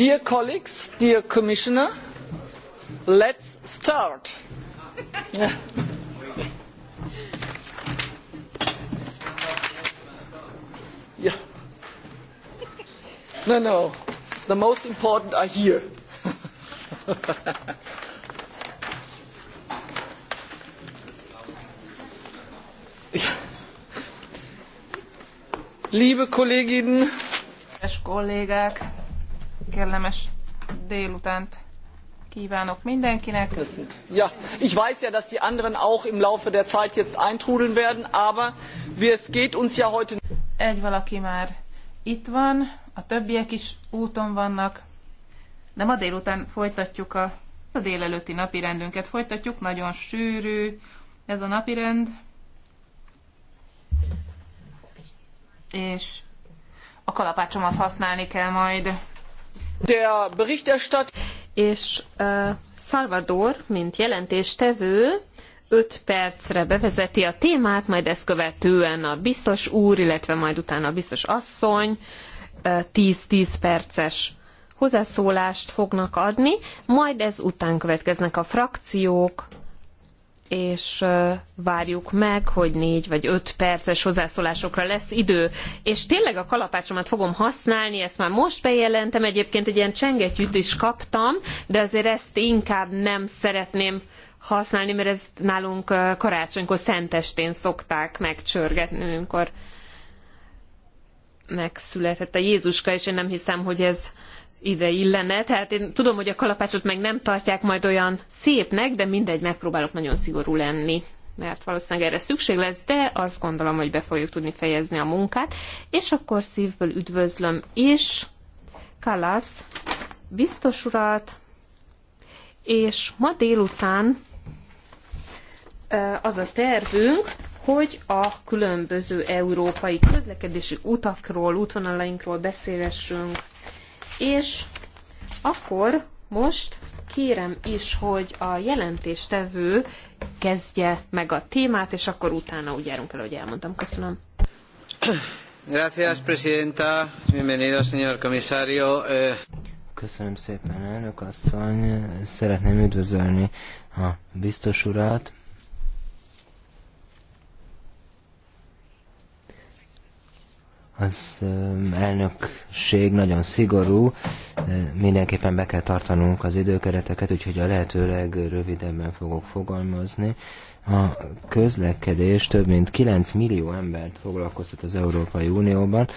Dear colleagues, dear commissioner, let's start. yeah. No, no. The most important are here. Liebe Kolleginnen, kollégák, kellemes délutánt kívánok mindenkinek. Ja, ich weiß ja, dass die anderen auch im Laufe der Zeit jetzt eintrudeln werden, aber wie es geht uns ja heute... Egy valaki már itt van, a többiek is úton vannak, de ma délután folytatjuk a, a délelőtti napirendünket. Folytatjuk, nagyon sűrű ez a napirend. És a kalapácsomat használni kell majd és uh, Salvador, mint jelentéstevő, 5 percre bevezeti a témát, majd ezt követően a biztos úr, illetve majd utána a biztos asszony 10-10 perces hozzászólást fognak adni, majd ez után következnek a frakciók és várjuk meg, hogy négy vagy öt perces hozzászólásokra lesz idő. És tényleg a kalapácsomat fogom használni, ezt már most bejelentem, egyébként egy ilyen csengetyűt is kaptam, de azért ezt inkább nem szeretném használni, mert ez nálunk karácsonykor szentestén szokták megcsörgetni, amikor megszületett a Jézuska, és én nem hiszem, hogy ez ide illene, tehát én tudom, hogy a kalapácsot meg nem tartják majd olyan szépnek, de mindegy, megpróbálok nagyon szigorú lenni mert valószínűleg erre szükség lesz, de azt gondolom, hogy be fogjuk tudni fejezni a munkát. És akkor szívből üdvözlöm is Kalasz biztos urat, és ma délután az a tervünk, hogy a különböző európai közlekedési utakról, útvonalainkról beszélessünk, és akkor most kérem is, hogy a jelentéstevő kezdje meg a témát, és akkor utána úgy járunk el, hogy elmondtam. Köszönöm. Gracias, presidenta. Bienvenido, señor comisario. Eh, Köszönöm szépen, elnök asszony. Szeretném üdvözölni a biztos urat, az elnökség nagyon szigorú, mindenképpen be kell tartanunk az időkereteket, úgyhogy a lehetőleg rövidebben fogok fogalmazni. A közlekedés több mint 9 millió embert foglalkoztat az Európai Unióban,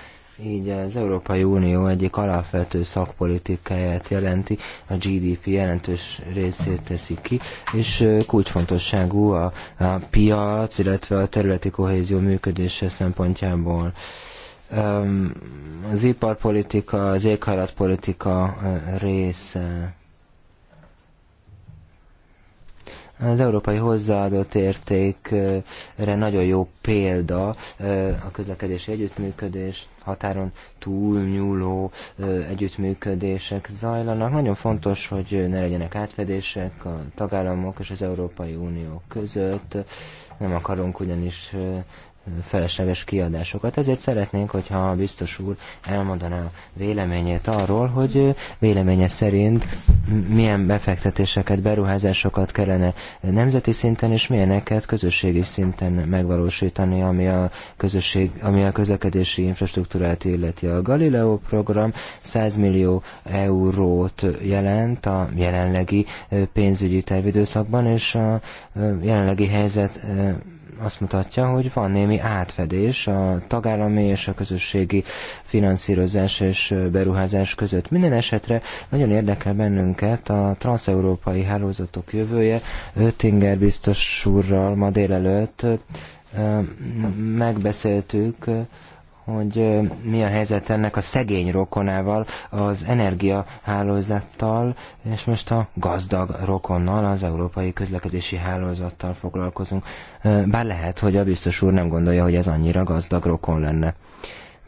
így az Európai Unió egyik alapvető szakpolitikáját jelenti, a GDP jelentős részét teszi ki, és kulcsfontosságú a, a piac, illetve a területi kohézió működése szempontjából az iparpolitika, az éghajlatpolitika része. Az európai hozzáadott értékre nagyon jó példa a közlekedési együttműködés, határon túlnyúló együttműködések zajlanak. Nagyon fontos, hogy ne legyenek átfedések a tagállamok és az Európai Unió között. Nem akarunk ugyanis felesleges kiadásokat. Ezért szeretnénk, hogyha a biztos úr elmondaná a véleményét arról, hogy véleménye szerint milyen befektetéseket, beruházásokat kellene nemzeti szinten, és milyeneket közösségi szinten megvalósítani, ami a, közösség, ami a közlekedési infrastruktúrát illeti. A Galileo program 100 millió eurót jelent a jelenlegi pénzügyi tervidőszakban, és a jelenlegi helyzet azt mutatja, hogy van némi átfedés a tagállami és a közösségi finanszírozás és beruházás között. Minden esetre nagyon érdekel bennünket a transeurópai hálózatok jövője. Öttinger biztos úrral ma délelőtt megbeszéltük, hogy mi a helyzet ennek a szegény rokonával, az energiahálózattal, és most a gazdag rokonnal, az európai közlekedési hálózattal foglalkozunk. Bár lehet, hogy a biztos úr nem gondolja, hogy ez annyira gazdag rokon lenne.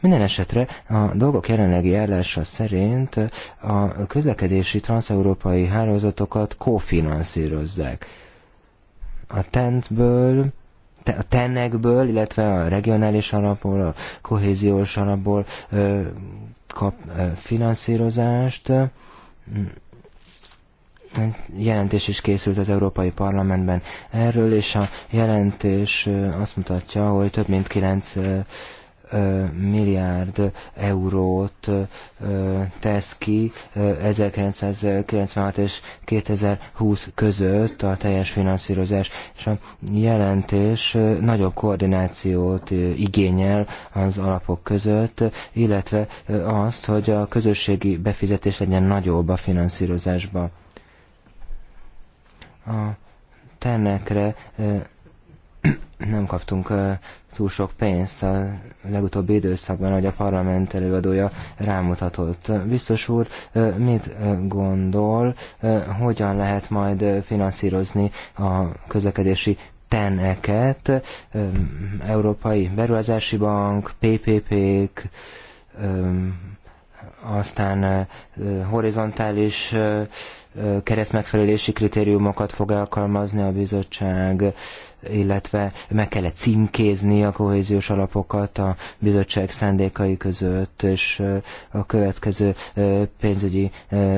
Minden esetre a dolgok jelenlegi állása szerint a közlekedési transeurópai hálózatokat kofinanszírozzák. A TENT-ből a tennekből, illetve a regionális alapból, a kohéziós alapból kap finanszírozást. Mm. Jelentés is készült az Európai Parlamentben erről, és a jelentés azt mutatja, hogy több mint 9 milliárd eurót tesz ki 1996 és 2020 között a teljes finanszírozás, és a jelentés nagyobb koordinációt igényel az alapok között, illetve azt, hogy a közösségi befizetés legyen nagyobb a finanszírozásba. A tennekre nem kaptunk túl sok pénzt a legutóbbi időszakban, hogy a parlament előadója rámutatott. Biztos úr, mit gondol, hogyan lehet majd finanszírozni a közlekedési teneket, Európai Beruházási Bank, PPP-k, aztán horizontális keresztmegfelelési kritériumokat fog alkalmazni a bizottság, illetve meg kellett címkézni a kohéziós alapokat a bizottság szándékai között, és a következő pénzügyi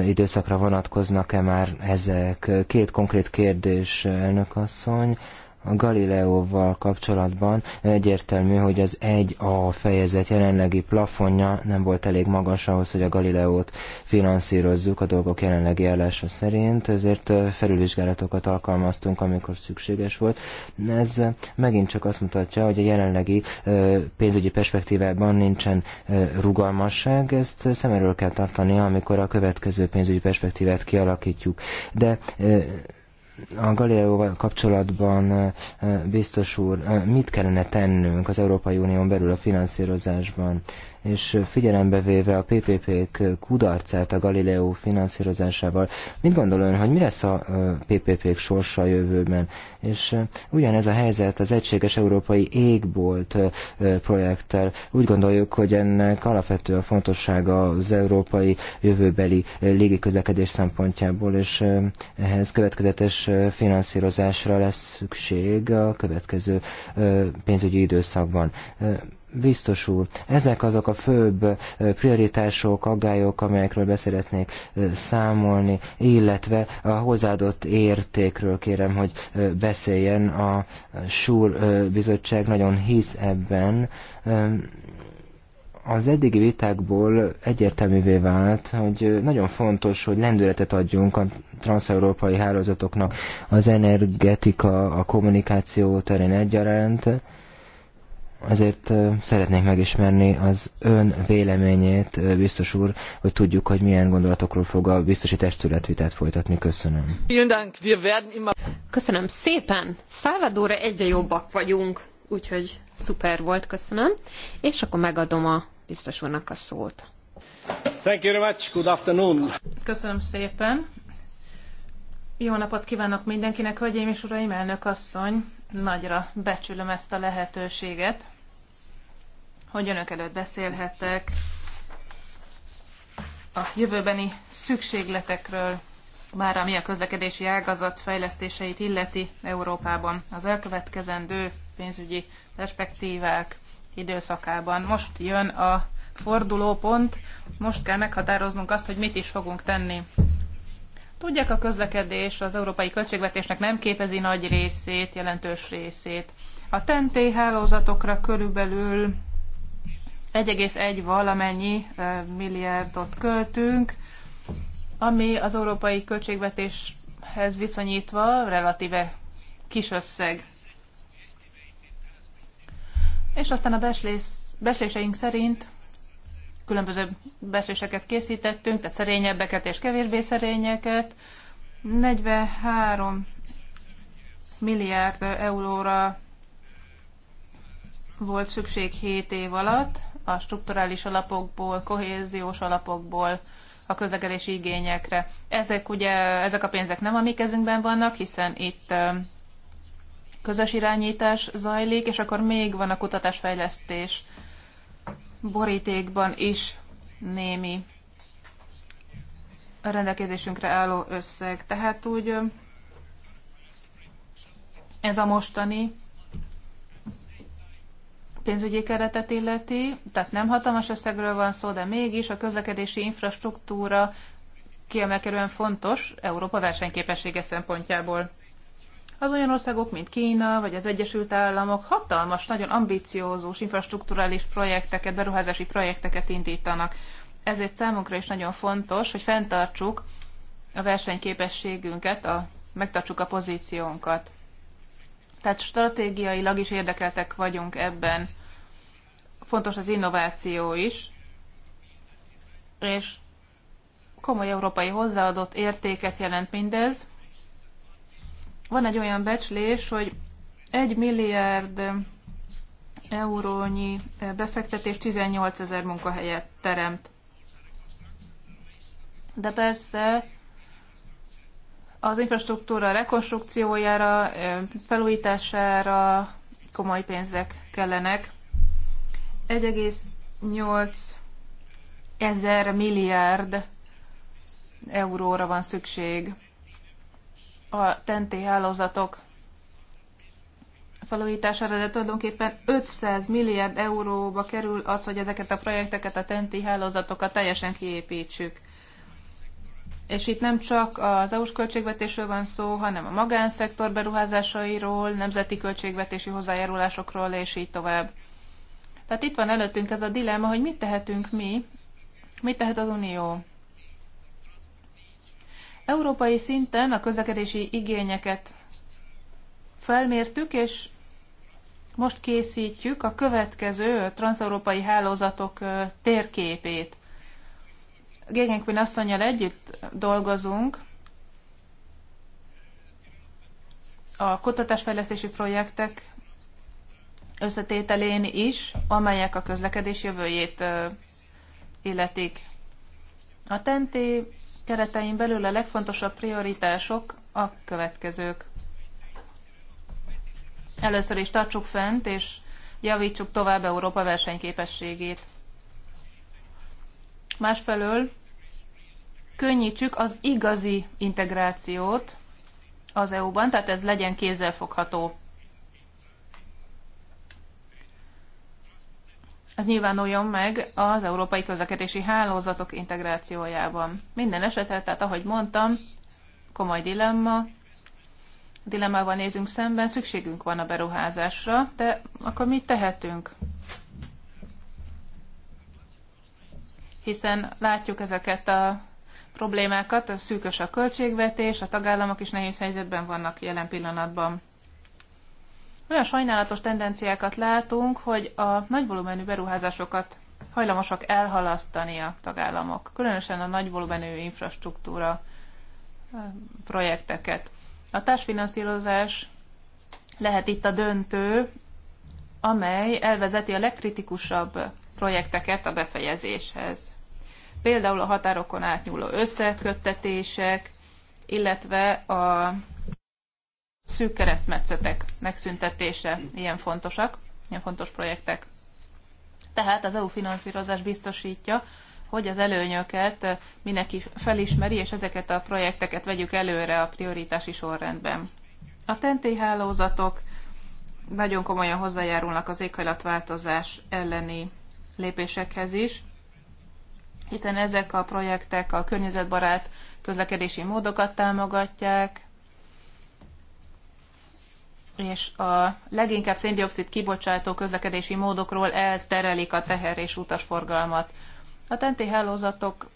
időszakra vonatkoznak-e már ezek? Két konkrét kérdés, elnök asszony a Galileóval kapcsolatban egyértelmű, hogy az egy a fejezet jelenlegi plafonja nem volt elég magas ahhoz, hogy a Galileót finanszírozzuk a dolgok jelenlegi állása szerint, ezért felülvizsgálatokat alkalmaztunk, amikor szükséges volt. Ez megint csak azt mutatja, hogy a jelenlegi pénzügyi perspektívában nincsen rugalmasság, ezt szem kell tartani, amikor a következő pénzügyi perspektívát kialakítjuk. De a Galileóval kapcsolatban biztos úr, mit kellene tennünk az Európai Unión belül a finanszírozásban? és figyelembe véve a PPP-k kudarcát a Galileo finanszírozásával, mit gondol ön, hogy mi lesz a PPP-k sorsa a jövőben? És ugyanez a helyzet az Egységes Európai Égbolt projekttel. Úgy gondoljuk, hogy ennek alapvető a fontossága az európai jövőbeli légiközlekedés szempontjából, és ehhez következetes finanszírozásra lesz szükség a következő pénzügyi időszakban. Biztos úr, ezek azok a főbb prioritások, aggályok, amelyekről beszeretnék számolni, illetve a hozzáadott értékről kérem, hogy beszéljen. A SUR bizottság nagyon hisz ebben. Az eddigi vitákból egyértelművé vált, hogy nagyon fontos, hogy lendületet adjunk a transeurópai hálózatoknak az energetika, a kommunikáció terén egyaránt, ezért szeretnénk megismerni az ön véleményét, biztos úr, hogy tudjuk, hogy milyen gondolatokról fog a biztosi testület vitát folytatni. Köszönöm. Köszönöm szépen! Szálladóra egyre jobbak vagyunk, úgyhogy szuper volt, köszönöm. És akkor megadom a biztos úrnak a szót. Thank you very much. Good afternoon. Köszönöm szépen. Jó napot kívánok mindenkinek, hölgyeim és uraim, elnök asszony! Nagyra becsülöm ezt a lehetőséget, hogy önök előtt beszélhettek a jövőbeni szükségletekről, már ami a közlekedési ágazat fejlesztéseit illeti Európában az elkövetkezendő pénzügyi perspektívák időszakában. Most jön a fordulópont, most kell meghatároznunk azt, hogy mit is fogunk tenni. Tudják, a közlekedés az európai költségvetésnek nem képezi nagy részét, jelentős részét. A TNT hálózatokra körülbelül 1,1 valamennyi milliárdot költünk, ami az európai költségvetéshez viszonyítva relatíve kis összeg. És aztán a beslés, besléseink szerint különböző besléseket készítettünk, tehát szerényebbeket és kevésbé szerényeket. 43 milliárd euróra volt szükség 7 év alatt, a strukturális alapokból, kohéziós alapokból a közlekedési igényekre. Ezek ugye, ezek a pénzek nem a mi kezünkben vannak, hiszen itt közös irányítás zajlik, és akkor még van a kutatásfejlesztés borítékban is némi rendelkezésünkre álló összeg. Tehát úgy ez a mostani pénzügyi keretet illeti, tehát nem hatalmas összegről van szó, de mégis a közlekedési infrastruktúra kiemelkedően fontos Európa versenyképessége szempontjából. Az olyan országok, mint Kína vagy az Egyesült Államok hatalmas, nagyon ambiciózus infrastruktúrális projekteket, beruházási projekteket indítanak. Ezért számunkra is nagyon fontos, hogy fenntartsuk a versenyképességünket, a, megtartsuk a pozíciónkat. Tehát stratégiailag is érdekeltek vagyunk ebben. Fontos az innováció is, és komoly európai hozzáadott értéket jelent mindez. Van egy olyan becslés, hogy egy milliárd eurónyi befektetés 18 ezer munkahelyet teremt. De persze az infrastruktúra rekonstrukciójára, felújítására komoly pénzek kellenek. 1,8 ezer milliárd euróra van szükség a TNT hálózatok felújítására, de tulajdonképpen 500 milliárd euróba kerül az, hogy ezeket a projekteket, a tenti hálózatokat teljesen kiépítsük. És itt nem csak az EU-s költségvetésről van szó, hanem a magánszektor beruházásairól, nemzeti költségvetési hozzájárulásokról, és így tovább. Tehát itt van előttünk ez a dilemma, hogy mit tehetünk mi, mit tehet az Unió. Európai szinten a közlekedési igényeket felmértük, és most készítjük a következő transeurópai hálózatok térképét. Gégenquin asszonyjal együtt dolgozunk a kutatásfejlesztési projektek összetételén is, amelyek a közlekedés jövőjét illetik. A TENTI keretein belül a legfontosabb prioritások a következők. Először is tartsuk fent, és javítsuk tovább Európa versenyképességét. Másfelől könnyítsük az igazi integrációt az EU-ban, tehát ez legyen kézzelfogható. Ez nyilvánuljon meg az európai közlekedési hálózatok integrációjában. Minden esetre, tehát ahogy mondtam, komoly dilemma, dilemmával nézünk szemben, szükségünk van a beruházásra, de akkor mit tehetünk? hiszen látjuk ezeket a problémákat, a szűkös a költségvetés, a tagállamok is nehéz helyzetben vannak jelen pillanatban. Olyan sajnálatos tendenciákat látunk, hogy a nagyvolumenű beruházásokat hajlamosak elhalasztani a tagállamok, különösen a nagyvolumenű infrastruktúra projekteket. A társfinanszírozás lehet itt a döntő, amely elvezeti a legkritikusabb projekteket a befejezéshez például a határokon átnyúló összeköttetések, illetve a szűk keresztmetszetek megszüntetése ilyen fontosak, ilyen fontos projektek. Tehát az EU finanszírozás biztosítja, hogy az előnyöket mindenki felismeri, és ezeket a projekteket vegyük előre a prioritási sorrendben. A TNT hálózatok nagyon komolyan hozzájárulnak az éghajlatváltozás elleni lépésekhez is hiszen ezek a projektek a környezetbarát közlekedési módokat támogatják, és a leginkább széndiokszid kibocsátó közlekedési módokról elterelik a teher és utasforgalmat. A tenti hálózatoknak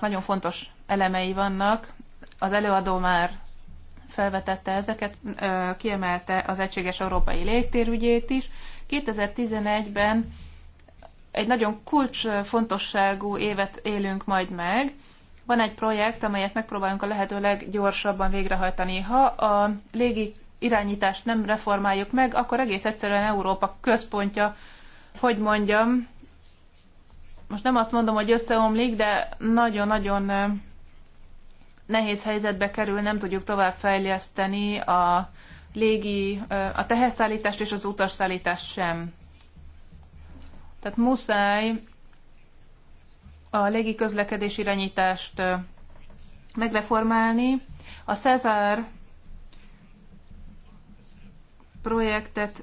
nagyon fontos elemei vannak. Az előadó már felvetette ezeket, kiemelte az egységes európai légtérügyét is. 2011-ben egy nagyon kulcsfontosságú évet élünk majd meg. Van egy projekt, amelyet megpróbálunk a lehető leggyorsabban végrehajtani. Ha a légi irányítást nem reformáljuk meg, akkor egész egyszerűen Európa központja, hogy mondjam, most nem azt mondom, hogy összeomlik, de nagyon-nagyon nehéz helyzetbe kerül, nem tudjuk tovább fejleszteni a légi, a teherszállítást és az utasszállítást sem. Tehát muszáj a közlekedés irányítást megreformálni. A Cezár projektet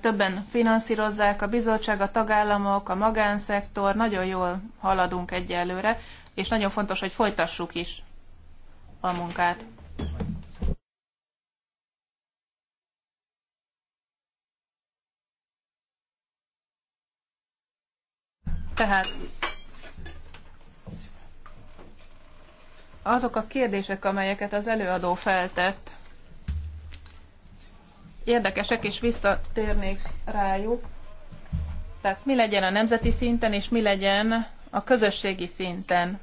többen finanszírozzák, a bizottság, a tagállamok, a magánszektor, nagyon jól haladunk egyelőre, és nagyon fontos, hogy folytassuk is a munkát. Tehát azok a kérdések, amelyeket az előadó feltett, érdekesek, és visszatérnék rájuk. Tehát mi legyen a nemzeti szinten, és mi legyen a közösségi szinten.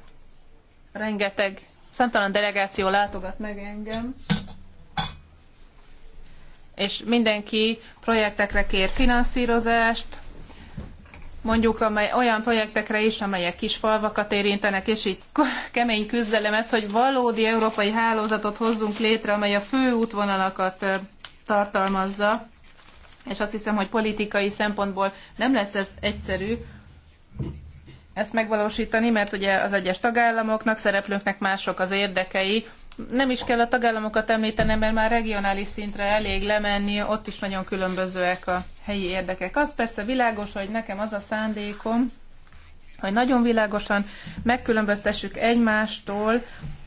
Rengeteg számtalan delegáció látogat meg engem, és mindenki projektekre kér finanszírozást, mondjuk amely, olyan projektekre is, amelyek kis falvakat érintenek, és így kemény küzdelem ez, hogy valódi európai hálózatot hozzunk létre, amely a fő útvonalakat tartalmazza, és azt hiszem, hogy politikai szempontból nem lesz ez egyszerű, ezt megvalósítani, mert ugye az egyes tagállamoknak, szereplőknek mások az érdekei, nem is kell a tagállamokat említenem, mert már regionális szintre elég lemenni, ott is nagyon különbözőek a helyi érdekek. Az persze világos, hogy nekem az a szándékom, hogy nagyon világosan megkülönböztessük egymástól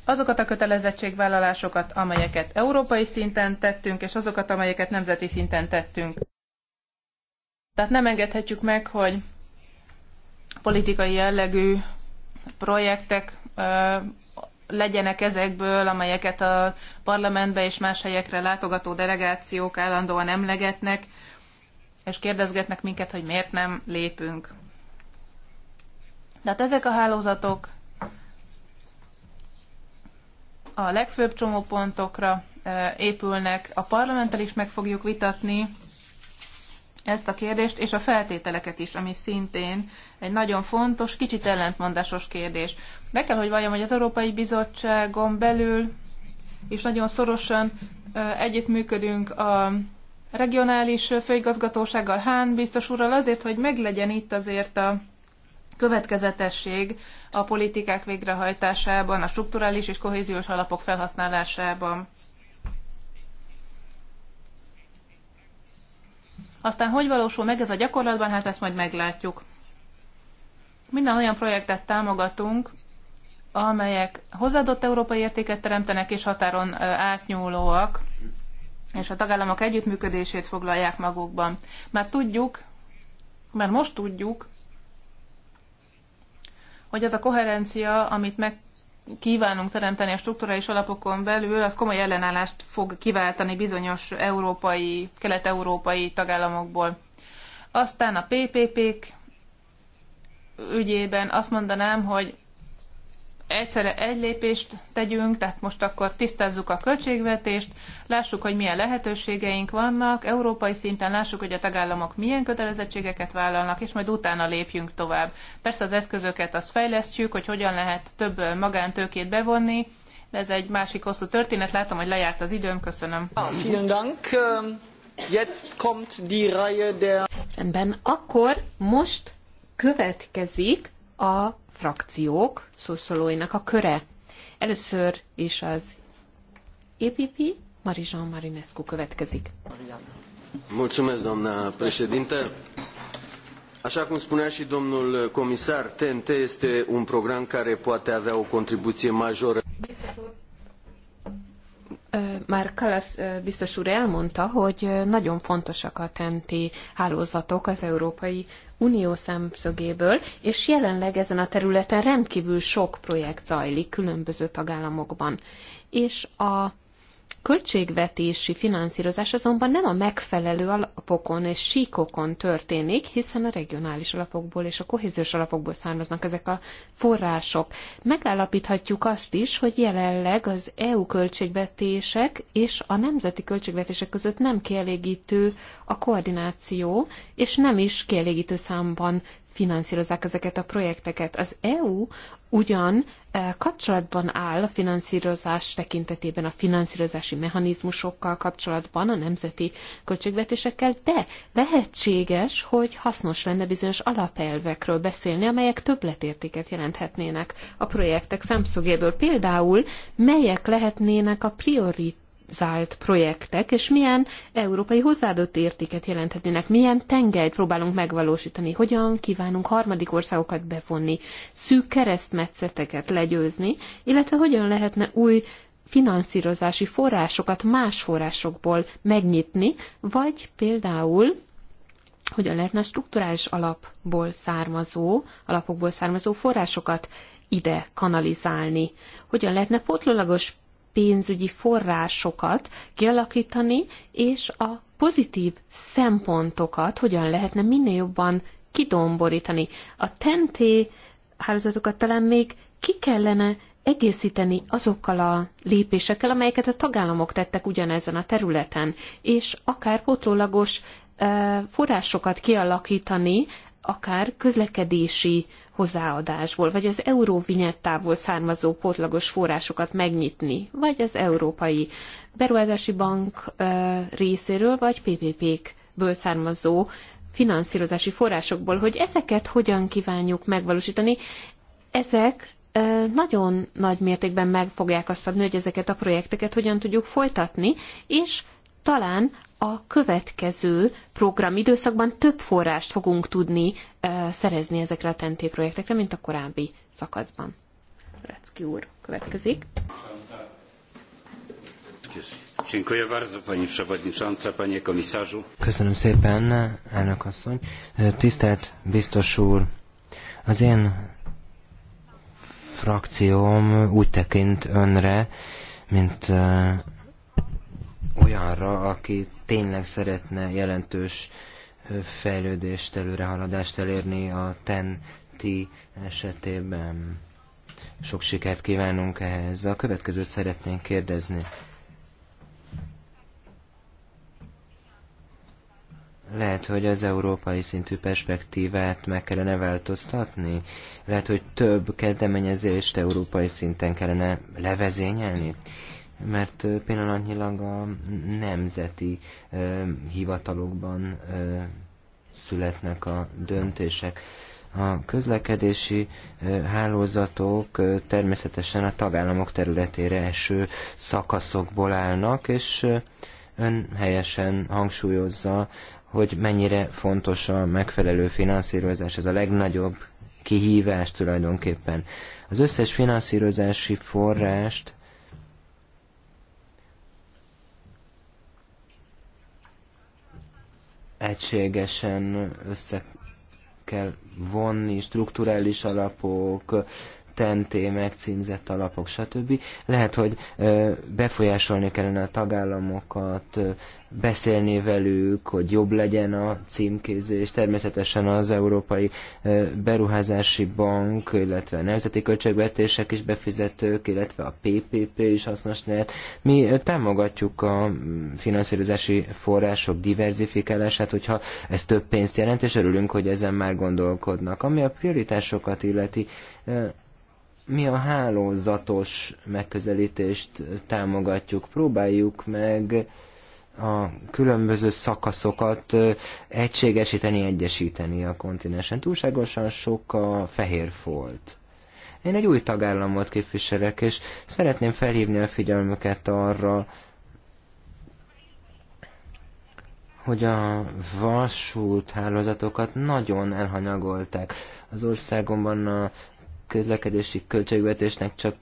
azokat a kötelezettségvállalásokat, amelyeket európai szinten tettünk, és azokat, amelyeket nemzeti szinten tettünk. Tehát nem engedhetjük meg, hogy politikai jellegű projektek legyenek ezekből, amelyeket a parlamentbe és más helyekre látogató delegációk állandóan emlegetnek, és kérdezgetnek minket, hogy miért nem lépünk. Tehát ezek a hálózatok a legfőbb csomópontokra e, épülnek. A parlamenttel is meg fogjuk vitatni ezt a kérdést, és a feltételeket is, ami szintén egy nagyon fontos, kicsit ellentmondásos kérdés. Be kell, hogy valljam, hogy az Európai Bizottságon belül is nagyon szorosan együttműködünk a regionális főigazgatósággal, Hán biztos úrral azért, hogy meglegyen itt azért a következetesség a politikák végrehajtásában, a strukturális és kohéziós alapok felhasználásában. Aztán hogy valósul meg ez a gyakorlatban, hát ezt majd meglátjuk. Minden olyan projektet támogatunk, amelyek hozzáadott európai értéket teremtenek és határon átnyúlóak, és a tagállamok együttműködését foglalják magukban. Már tudjuk, már most tudjuk, hogy az a koherencia, amit meg kívánunk teremteni a strukturális alapokon belül, az komoly ellenállást fog kiváltani bizonyos európai, kelet-európai tagállamokból. Aztán a PPP-k ügyében azt mondanám, hogy egyszerre egy lépést tegyünk, tehát most akkor tisztázzuk a költségvetést, lássuk, hogy milyen lehetőségeink vannak, európai szinten lássuk, hogy a tagállamok milyen kötelezettségeket vállalnak, és majd utána lépjünk tovább. Persze az eszközöket azt fejlesztjük, hogy hogyan lehet több magántőkét bevonni, de ez egy másik hosszú történet, látom, hogy lejárt az időm, köszönöm. Vielen Dank. Ähm, jetzt kommt die Reihe der... Rendben, akkor most következik a frakciók szószólóinak a köre. Először is az EPP, Marizsan Marinescu következik. Mulțumesc, doamna președinte. Așa cum spunea și domnul comisar, TNT este un program care poate avea o contribuție majoră. Már Kalasz biztos úr elmondta, hogy nagyon fontosak a TNT hálózatok az európai Unió szemszögéből, és jelenleg ezen a területen rendkívül sok projekt zajlik különböző tagállamokban. És a költségvetési finanszírozás azonban nem a megfelelő alapokon és síkokon történik, hiszen a regionális alapokból és a kohéziós alapokból származnak ezek a források. Megállapíthatjuk azt is, hogy jelenleg az EU költségvetések és a nemzeti költségvetések között nem kielégítő a koordináció, és nem is kielégítő számban finanszírozzák ezeket a projekteket. Az EU ugyan e, kapcsolatban áll a finanszírozás tekintetében, a finanszírozási mechanizmusokkal kapcsolatban, a nemzeti költségvetésekkel, de lehetséges, hogy hasznos lenne bizonyos alapelvekről beszélni, amelyek többletértéket jelenthetnének a projektek szemszögéből. Például melyek lehetnének a priorit zárt projektek, és milyen európai hozzáadott értéket jelenthetnének, milyen tengelyt próbálunk megvalósítani, hogyan kívánunk harmadik országokat bevonni, szűk keresztmetszeteket legyőzni, illetve hogyan lehetne új finanszírozási forrásokat más forrásokból megnyitni, vagy például hogyan lehetne a strukturális alapból származó, alapokból származó forrásokat ide kanalizálni? Hogyan lehetne potlólagos pénzügyi forrásokat kialakítani, és a pozitív szempontokat hogyan lehetne minél jobban kidomborítani. A tenté hálózatokat talán még ki kellene egészíteni azokkal a lépésekkel, amelyeket a tagállamok tettek ugyanezen a területen, és akár pótlólagos forrásokat kialakítani, akár közlekedési hozzáadásból, vagy az euróvinyettából származó pótlagos forrásokat megnyitni, vagy az Európai Beruházási Bank részéről, vagy PPP-kből származó finanszírozási forrásokból, hogy ezeket hogyan kívánjuk megvalósítani, ezek nagyon nagy mértékben meg fogják azt adni, hogy ezeket a projekteket hogyan tudjuk folytatni, és talán a következő programidőszakban több forrást fogunk tudni szerezni ezekre a TNT projektekre, mint a korábbi szakaszban. Recki úr következik. Köszönöm szépen, elnök asszony. Tisztelt biztos úr, az én frakcióm úgy tekint önre, mint olyanra, aki tényleg szeretne jelentős fejlődést, előrehaladást elérni a ten ti esetében. Sok sikert kívánunk ehhez. A következőt szeretnénk kérdezni. Lehet, hogy az európai szintű perspektívát meg kellene változtatni? Lehet, hogy több kezdeményezést európai szinten kellene levezényelni? mert pillanatnyilag a nemzeti hivatalokban születnek a döntések. A közlekedési hálózatok természetesen a tagállamok területére eső szakaszokból állnak, és ön helyesen hangsúlyozza, hogy mennyire fontos a megfelelő finanszírozás, ez a legnagyobb kihívás tulajdonképpen. Az összes finanszírozási forrást egységesen össze kell vonni, strukturális alapok, TNT megcímzett alapok, stb. Lehet, hogy befolyásolni kellene a tagállamokat, beszélni velük, hogy jobb legyen a címkézés. Természetesen az Európai Beruházási Bank, illetve a Nemzeti Költségvetések is befizetők, illetve a PPP is hasznos lehet. Mi támogatjuk a finanszírozási források diversifikálását, hogyha ez több pénzt jelent, és örülünk, hogy ezen már gondolkodnak. Ami a prioritásokat illeti, mi a hálózatos megközelítést támogatjuk. Próbáljuk meg a különböző szakaszokat egységesíteni, egyesíteni a kontinensen. Túlságosan sok a fehér folt. Én egy új tagállamot képviselek, és szeretném felhívni a figyelmüket arra, hogy a vasúthálózatokat nagyon elhanyagolták. Az országomban a közlekedési költségvetésnek csak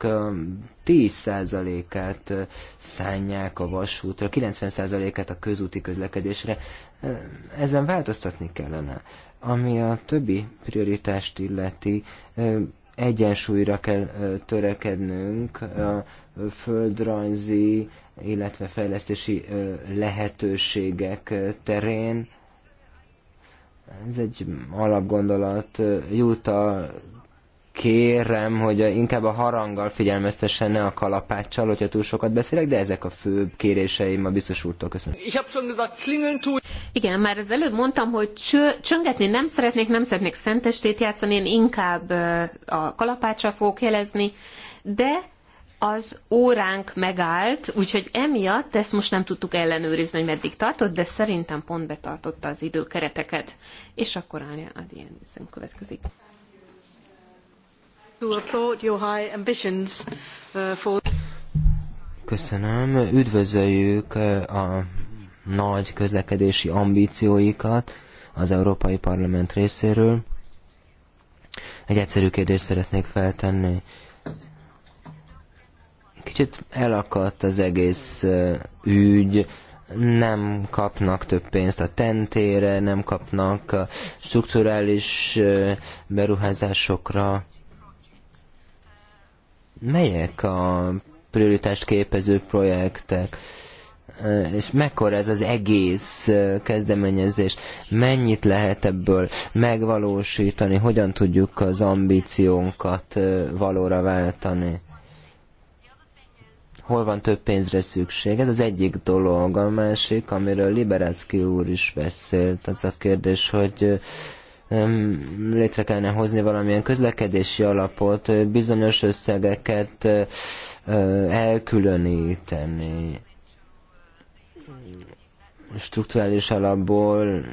10%-át um, uh, szánják a vasútra, 90%-át a közúti közlekedésre. Uh, ezen változtatni kellene. Ami a többi prioritást illeti, uh, egyensúlyra kell törekednünk a földrajzi, illetve fejlesztési lehetőségek terén. Ez egy alapgondolat. Jut a kérem, hogy inkább a haranggal figyelmeztessen, ne a kalapáccsal, hogyha túl sokat beszélek, de ezek a fő kéréseim a biztos úrtól. Köszönöm. Igen, már az előbb mondtam, hogy cső, csöngetni nem szeretnék, nem szeretnék szentestét játszani, én inkább a kalapáccsal fogok jelezni, de az óránk megállt, úgyhogy emiatt ezt most nem tudtuk ellenőrizni, hogy meddig tartott, de szerintem pont betartotta az időkereteket. És akkor állja Adi következik. Uh, Köszönöm. Üdvözöljük uh, a nagy közlekedési ambícióikat az Európai Parlament részéről. Egy egyszerű kérdést szeretnék feltenni. Kicsit elakadt az egész uh, ügy, nem kapnak több pénzt a tentére, nem kapnak a strukturális beruházásokra melyek a prioritást képező projektek, és mekkora ez az egész kezdeményezés, mennyit lehet ebből megvalósítani, hogyan tudjuk az ambíciónkat valóra váltani. Hol van több pénzre szükség? Ez az egyik dolog. A másik, amiről Liberácki úr is beszélt, az a kérdés, hogy létre kellene hozni valamilyen közlekedési alapot, bizonyos összegeket elkülöníteni strukturális alapból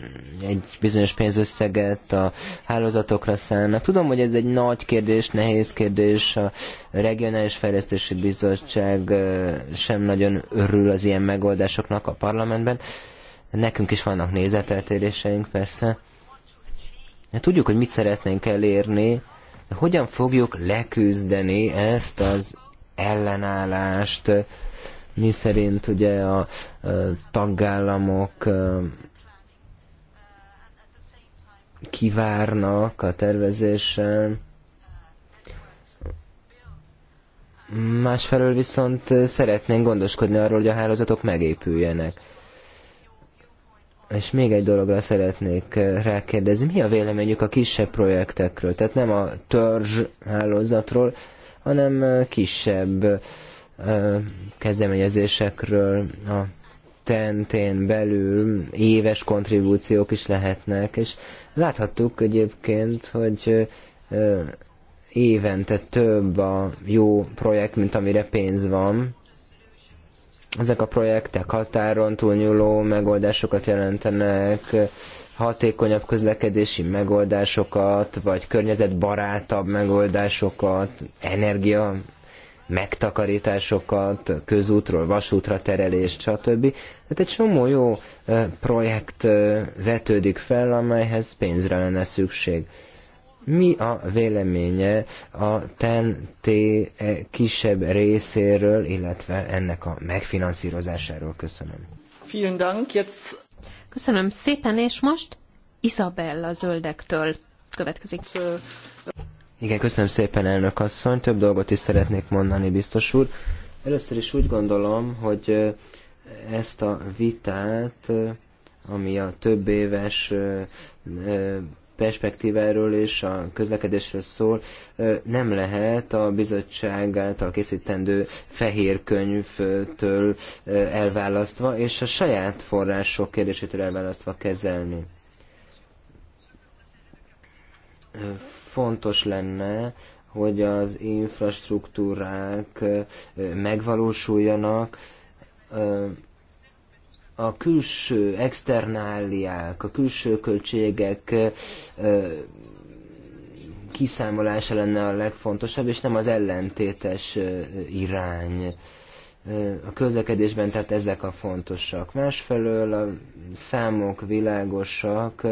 egy bizonyos pénzösszeget a hálózatokra szállnak. Tudom, hogy ez egy nagy kérdés, nehéz kérdés. A Regionális Fejlesztési Bizottság sem nagyon örül az ilyen megoldásoknak a parlamentben. Nekünk is vannak nézeteltéréseink persze. Mert tudjuk, hogy mit szeretnénk elérni, de hogyan fogjuk leküzdeni ezt az ellenállást, mi szerint ugye a, a tagállamok a, kivárnak a tervezésen, másfelől viszont szeretnénk gondoskodni arról, hogy a hálózatok megépüljenek. És még egy dologra szeretnék eh, rákérdezni, mi a véleményük a kisebb projektekről? Tehát nem a törzs hálózatról, hanem eh, kisebb eh, kezdeményezésekről a tentén belül éves kontribúciók is lehetnek, és láthattuk egyébként, hogy évente több a jó projekt, mint amire pénz van, ezek a projektek határon túlnyúló megoldásokat jelentenek, hatékonyabb közlekedési megoldásokat, vagy környezetbarátabb megoldásokat, energia megtakarításokat, közútról, vasútra terelést, stb. Tehát egy csomó jó projekt vetődik fel, amelyhez pénzre lenne szükség. Mi a véleménye a TEN-T kisebb részéről, illetve ennek a megfinanszírozásáról? Köszönöm. Vielen Dank, jetzt... Köszönöm szépen, és most Isabella zöldektől következik. Igen, köszönöm szépen, elnök asszony. Több dolgot is szeretnék mondani, biztos úr. Először is úgy gondolom, hogy ezt a vitát, ami a több éves perspektíváról és a közlekedésről szól, nem lehet a bizottság által készítendő fehér könyvtől elválasztva, és a saját források kérdésétől elválasztva kezelni. Fontos lenne, hogy az infrastruktúrák megvalósuljanak, a külső externáliák, a külső költségek kiszámolása lenne a legfontosabb, és nem az ellentétes irány a közlekedésben, tehát ezek a fontosak. Másfelől a számok világosak,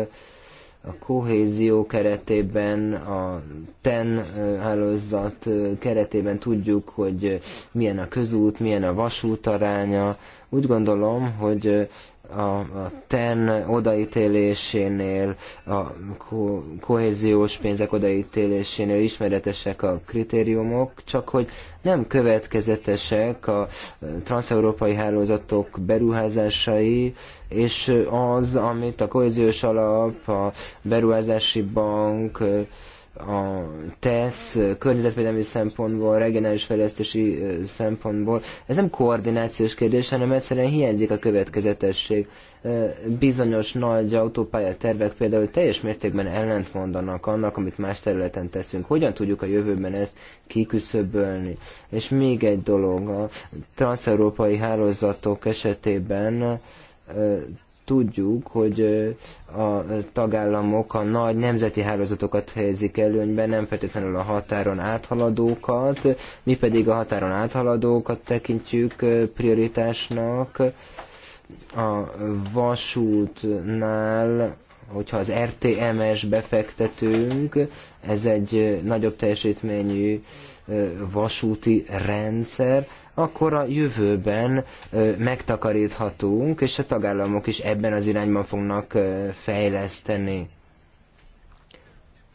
a kohézió keretében, a TEN hálózat keretében tudjuk, hogy milyen a közút, milyen a vasút aránya, úgy gondolom, hogy a, a TEN odaítélésénél, a ko- kohéziós pénzek odaítélésénél ismeretesek a kritériumok, csak hogy nem következetesek a transeurópai hálózatok beruházásai, és az, amit a kohéziós alap, a beruházási bank, a TESZ környezetvédelmi szempontból, regionális fejlesztési szempontból. Ez nem koordinációs kérdés, hanem egyszerűen hiányzik a következetesség. Bizonyos nagy autópálya tervek például teljes mértékben ellentmondanak annak, amit más területen teszünk. Hogyan tudjuk a jövőben ezt kiküszöbölni? És még egy dolog, a transeurópai hálózatok esetében Tudjuk, hogy a tagállamok a nagy nemzeti hálózatokat helyezik előnyben, nem feltétlenül a határon áthaladókat, mi pedig a határon áthaladókat tekintjük prioritásnak. A vasútnál hogyha az RTMS befektetünk, ez egy nagyobb teljesítményű vasúti rendszer, akkor a jövőben megtakaríthatunk, és a tagállamok is ebben az irányban fognak fejleszteni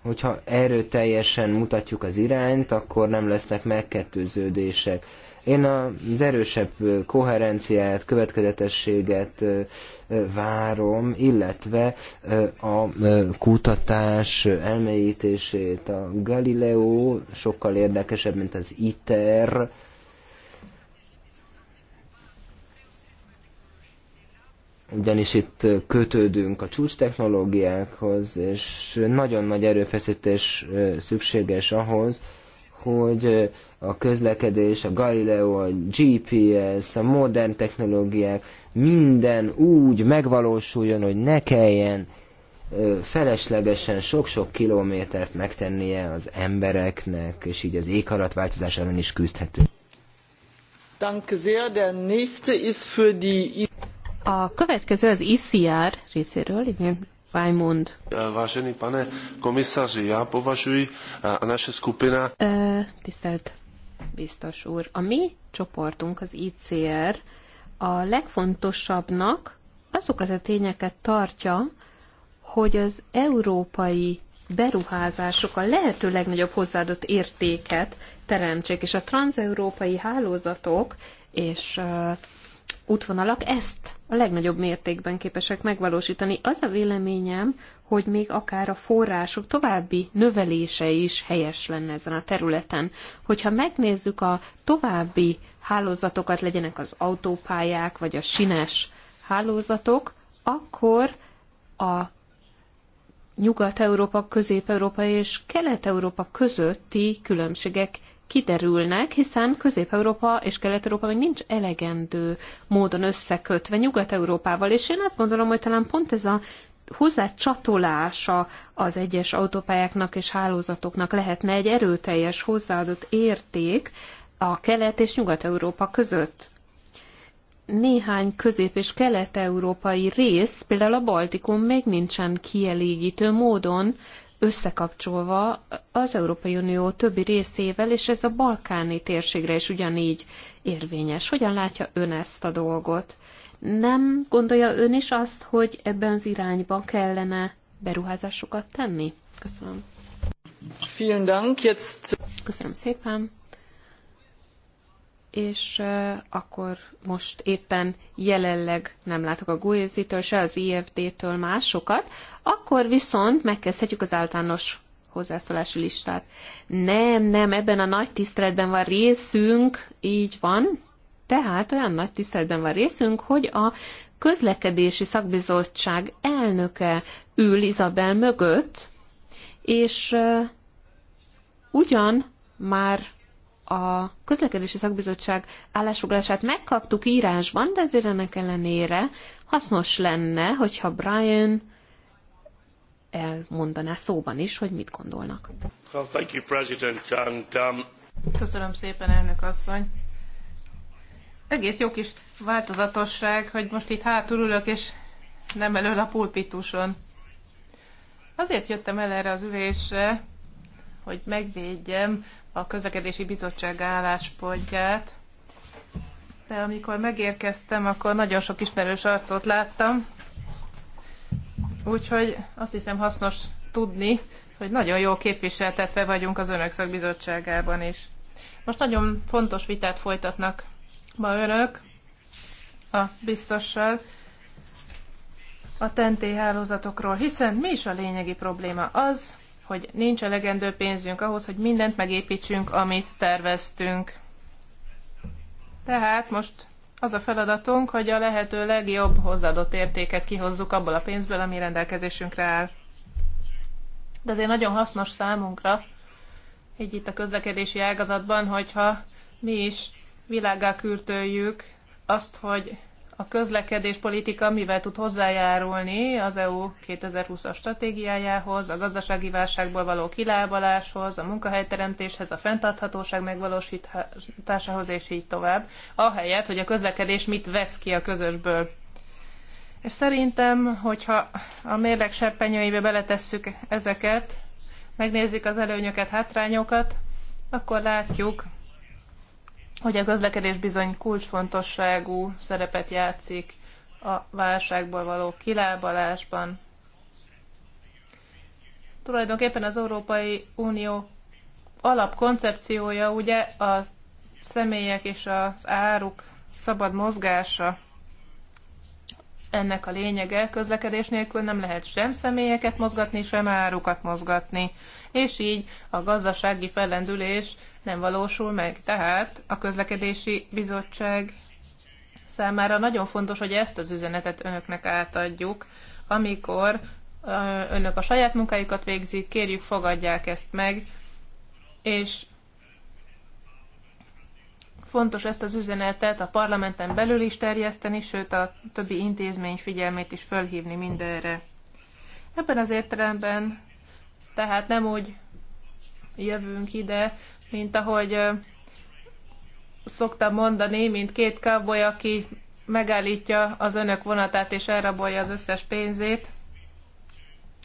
hogyha erőteljesen mutatjuk az irányt, akkor nem lesznek megkettőződések. Én az erősebb koherenciát, következetességet várom, illetve a kutatás elmélyítését. A Galileo sokkal érdekesebb, mint az ITER, ugyanis itt kötődünk a csúcs technológiákhoz, és nagyon nagy erőfeszítés szükséges ahhoz, hogy a közlekedés, a Galileo, a GPS, a modern technológiák, minden úgy megvalósuljon, hogy ne kelljen feleslegesen sok-sok kilométert megtennie az embereknek, és így az éghajlatváltozás ellen is küzdhető. Danke sehr. Der nächste ist für die a következő az ICR részéről, igen, Vájmond. Eh, vážený pane komisaři, já považuji eh, a naše skupina... Eh, tisztelt biztos úr, a mi csoportunk, az ICR, a legfontosabbnak azokat a tényeket tartja, hogy az európai beruházások a lehető legnagyobb hozzáadott értéket teremtsék, és a transeurópai hálózatok és uh, útvonalak ezt a legnagyobb mértékben képesek megvalósítani. Az a véleményem, hogy még akár a források további növelése is helyes lenne ezen a területen. Hogyha megnézzük a további hálózatokat, legyenek az autópályák vagy a sines hálózatok, akkor a Nyugat-Európa, Közép-Európa és Kelet-Európa közötti különbségek kiderülnek, hiszen Közép-Európa és Kelet-Európa még nincs elegendő módon összekötve Nyugat-Európával, és én azt gondolom, hogy talán pont ez a hozzácsatolása az egyes autópályáknak és hálózatoknak lehetne egy erőteljes hozzáadott érték a Kelet és Nyugat-Európa között néhány közép- és kelet-európai rész, például a Baltikum még nincsen kielégítő módon összekapcsolva az Európai Unió többi részével, és ez a balkáni térségre is ugyanígy érvényes. Hogyan látja ön ezt a dolgot? Nem gondolja ön is azt, hogy ebben az irányban kellene beruházásokat tenni? Köszönöm. Vielen Dank. Jetzt... Köszönöm szépen és akkor most éppen jelenleg nem látok a GUEZ-től, se az IFD-től másokat, akkor viszont megkezdhetjük az általános hozzászólási listát. Nem, nem, ebben a nagy tiszteletben van részünk, így van, tehát olyan nagy tiszteletben van részünk, hogy a közlekedési szakbizottság elnöke ül Izabel mögött, és uh, ugyan már a közlekedési szakbizottság állásfoglalását megkaptuk írásban, de azért ennek ellenére hasznos lenne, hogyha Brian elmondaná szóban is, hogy mit gondolnak. Well, thank you, President, and, um... Köszönöm szépen, elnök asszony. Egész jó kis változatosság, hogy most itt hátul ülök, és nem elől a pulpituson. Azért jöttem el erre az ülésre, hogy megvédjem a közlekedési bizottság álláspontját, de amikor megérkeztem, akkor nagyon sok ismerős arcot láttam, úgyhogy azt hiszem hasznos tudni, hogy nagyon jól képviseltetve vagyunk az Önök Szakbizottságában is. Most nagyon fontos vitát folytatnak ma Önök a biztossal a tentéhálózatokról, hiszen mi is a lényegi probléma az, hogy nincs elegendő pénzünk ahhoz, hogy mindent megépítsünk, amit terveztünk. Tehát most az a feladatunk, hogy a lehető legjobb hozzáadott értéket kihozzuk abból a pénzből, ami rendelkezésünkre áll. De azért nagyon hasznos számunkra, így itt a közlekedési ágazatban, hogyha mi is világá kürtöljük azt, hogy a közlekedéspolitika mivel tud hozzájárulni az EU 2020-as stratégiájához, a gazdasági válságból való kilábaláshoz, a munkahelyteremtéshez, a fenntarthatóság megvalósításához, és így tovább, ahelyett, hogy a közlekedés mit vesz ki a közösből. És szerintem, hogyha a mérleg serpenyőibe beletesszük ezeket, megnézzük az előnyöket, hátrányokat, akkor látjuk, hogy a közlekedés bizony kulcsfontosságú szerepet játszik a válságból való kilábalásban. Tulajdonképpen az Európai Unió alapkoncepciója ugye a személyek és az áruk szabad mozgása ennek a lényege, közlekedés nélkül nem lehet sem személyeket mozgatni, sem árukat mozgatni, és így a gazdasági fellendülés nem valósul meg. Tehát a közlekedési bizottság számára nagyon fontos, hogy ezt az üzenetet önöknek átadjuk, amikor önök a saját munkájukat végzik, kérjük, fogadják ezt meg, és Fontos ezt az üzenetet a parlamenten belül is terjeszteni, sőt a többi intézmény figyelmét is fölhívni mindenre. Ebben az értelemben tehát nem úgy jövünk ide, mint ahogy szoktam mondani, mint két cowboy, aki megállítja az önök vonatát és elrabolja az összes pénzét,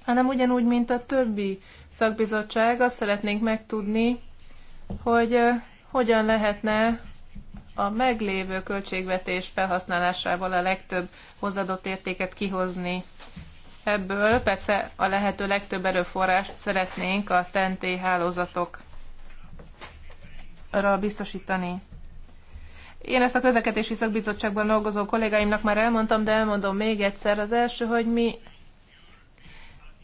hanem ugyanúgy, mint a többi szakbizottság, azt szeretnénk megtudni, hogy hogyan lehetne a meglévő költségvetés felhasználásával a legtöbb hozadott értéket kihozni ebből. Persze a lehető legtöbb erőforrást szeretnénk a TNT hálózatokra biztosítani. Én ezt a közlekedési szakbizottságban dolgozó kollégáimnak már elmondtam, de elmondom még egyszer. Az első, hogy mi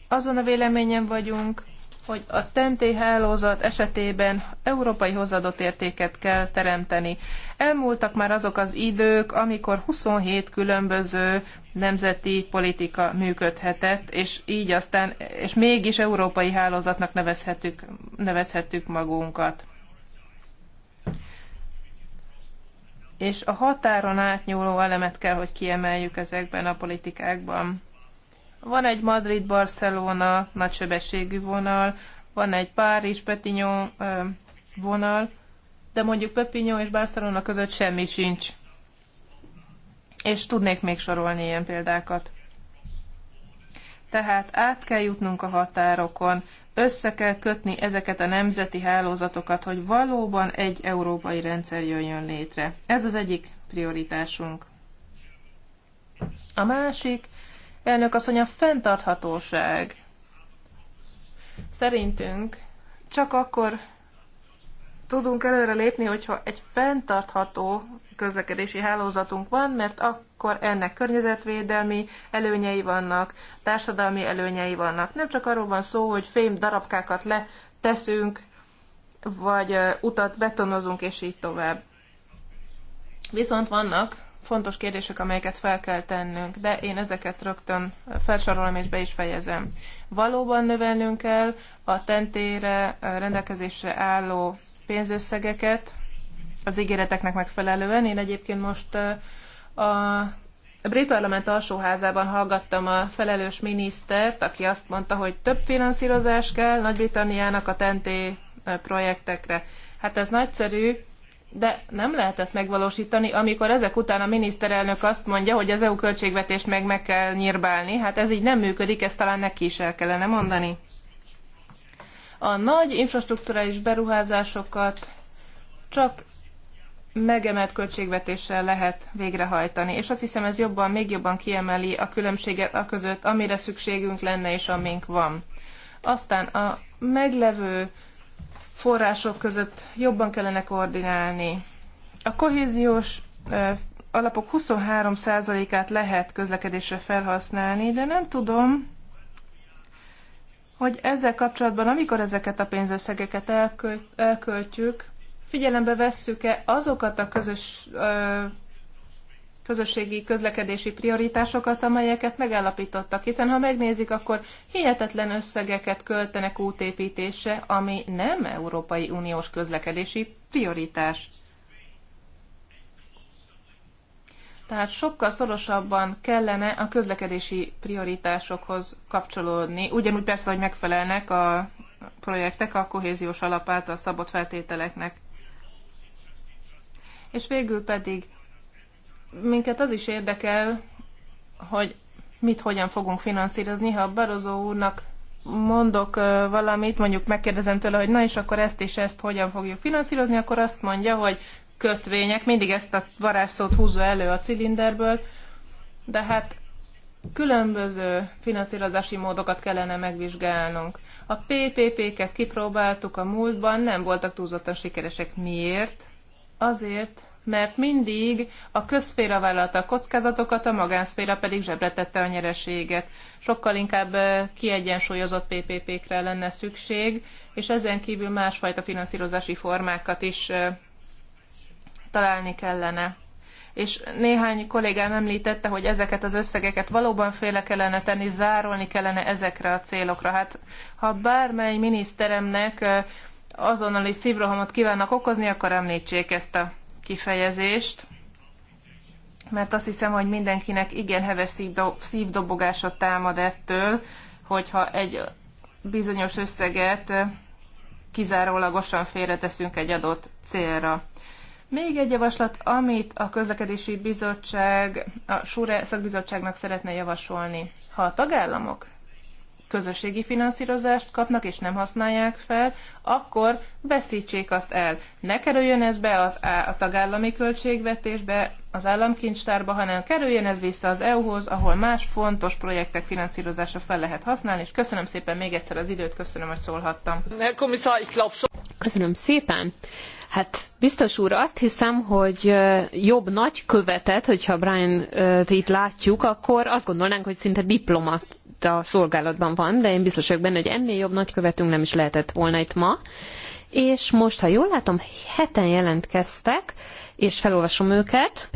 azon a véleményen vagyunk, hogy a TENTÉ hálózat esetében európai hozadott értéket kell teremteni. Elmúltak már azok az idők, amikor 27 különböző nemzeti politika működhetett, és így aztán, és mégis európai hálózatnak nevezhetük, nevezhetük magunkat. És a határon átnyúló elemet kell, hogy kiemeljük ezekben a politikákban. Van egy Madrid-Barcelona nagysebességű vonal, van egy Párizs-Petinyó vonal, de mondjuk Pepinyó és Barcelona között semmi sincs. És tudnék még sorolni ilyen példákat. Tehát át kell jutnunk a határokon, össze kell kötni ezeket a nemzeti hálózatokat, hogy valóban egy európai rendszer jöjjön létre. Ez az egyik prioritásunk. A másik Elnök asszony, a fenntarthatóság szerintünk csak akkor tudunk előre lépni, hogyha egy fenntartható közlekedési hálózatunk van, mert akkor ennek környezetvédelmi előnyei vannak, társadalmi előnyei vannak. Nem csak arról van szó, hogy fém darabkákat leteszünk, vagy utat betonozunk, és így tovább. Viszont vannak fontos kérdések, amelyeket fel kell tennünk, de én ezeket rögtön felsorolom és be is fejezem. Valóban növelnünk kell a tentére rendelkezésre álló pénzösszegeket az ígéreteknek megfelelően. Én egyébként most a eh, a brit parlament alsóházában hallgattam a felelős minisztert, aki azt mondta, hogy több finanszírozás kell Nagy-Britanniának a TNT eh, projektekre. Hát ez nagyszerű, de nem lehet ezt megvalósítani, amikor ezek után a miniszterelnök azt mondja, hogy az EU költségvetést meg meg kell nyírbálni. Hát ez így nem működik, ezt talán neki is el kellene mondani. A nagy infrastruktúrális beruházásokat csak megemelt költségvetéssel lehet végrehajtani. És azt hiszem, ez jobban, még jobban kiemeli a különbséget a között, amire szükségünk lenne és amink van. Aztán a meglevő források között jobban kellene koordinálni. A kohéziós alapok 23%-át lehet közlekedésre felhasználni, de nem tudom, hogy ezzel kapcsolatban, amikor ezeket a pénzösszegeket elkölt, elköltjük, figyelembe vesszük-e azokat a közös közösségi közlekedési prioritásokat, amelyeket megállapítottak, hiszen ha megnézik, akkor hihetetlen összegeket költenek útépítésre, ami nem Európai Uniós közlekedési prioritás. Tehát sokkal szorosabban kellene a közlekedési prioritásokhoz kapcsolódni, ugyanúgy persze, hogy megfelelnek a projektek a kohéziós alapát a szabott feltételeknek. És végül pedig minket az is érdekel, hogy mit hogyan fogunk finanszírozni. Ha a Barozó úrnak mondok valamit, mondjuk megkérdezem tőle, hogy na és akkor ezt és ezt hogyan fogjuk finanszírozni, akkor azt mondja, hogy kötvények, mindig ezt a varázsszót húzza elő a cilinderből, de hát különböző finanszírozási módokat kellene megvizsgálnunk. A PPP-ket kipróbáltuk a múltban, nem voltak túlzottan sikeresek. Miért? Azért, mert mindig a közszféra vállalta a kockázatokat, a magánszféra pedig zsebretette a nyereséget. Sokkal inkább kiegyensúlyozott PPP-kre lenne szükség, és ezen kívül másfajta finanszírozási formákat is találni kellene. És néhány kollégám említette, hogy ezeket az összegeket valóban féle kellene tenni, zárolni kellene ezekre a célokra. Hát ha bármely miniszteremnek azonnali szívrohamot kívánnak okozni, akkor említsék ezt a kifejezést, mert azt hiszem, hogy mindenkinek igen heves szívdobogása támad ettől, hogyha egy bizonyos összeget kizárólagosan félreteszünk egy adott célra. Még egy javaslat, amit a közlekedési bizottság, a SURE szakbizottságnak szeretne javasolni. Ha a tagállamok közösségi finanszírozást kapnak és nem használják fel, akkor veszítsék azt el. Ne kerüljön ez be az á, a tagállami költségvetésbe, az államkincstárba, hanem kerüljön ez vissza az EU-hoz, ahol más fontos projektek finanszírozása fel lehet használni, és köszönöm szépen még egyszer az időt, köszönöm, hogy szólhattam. Köszönöm szépen. Hát biztos úr, azt hiszem, hogy jobb nagy követet, hogyha Brian t itt látjuk, akkor azt gondolnánk, hogy szinte diplomat a szolgálatban van, de én biztos vagyok benne, hogy ennél jobb nagykövetünk nem is lehetett volna itt ma. És most, ha jól látom, heten jelentkeztek, és felolvasom őket.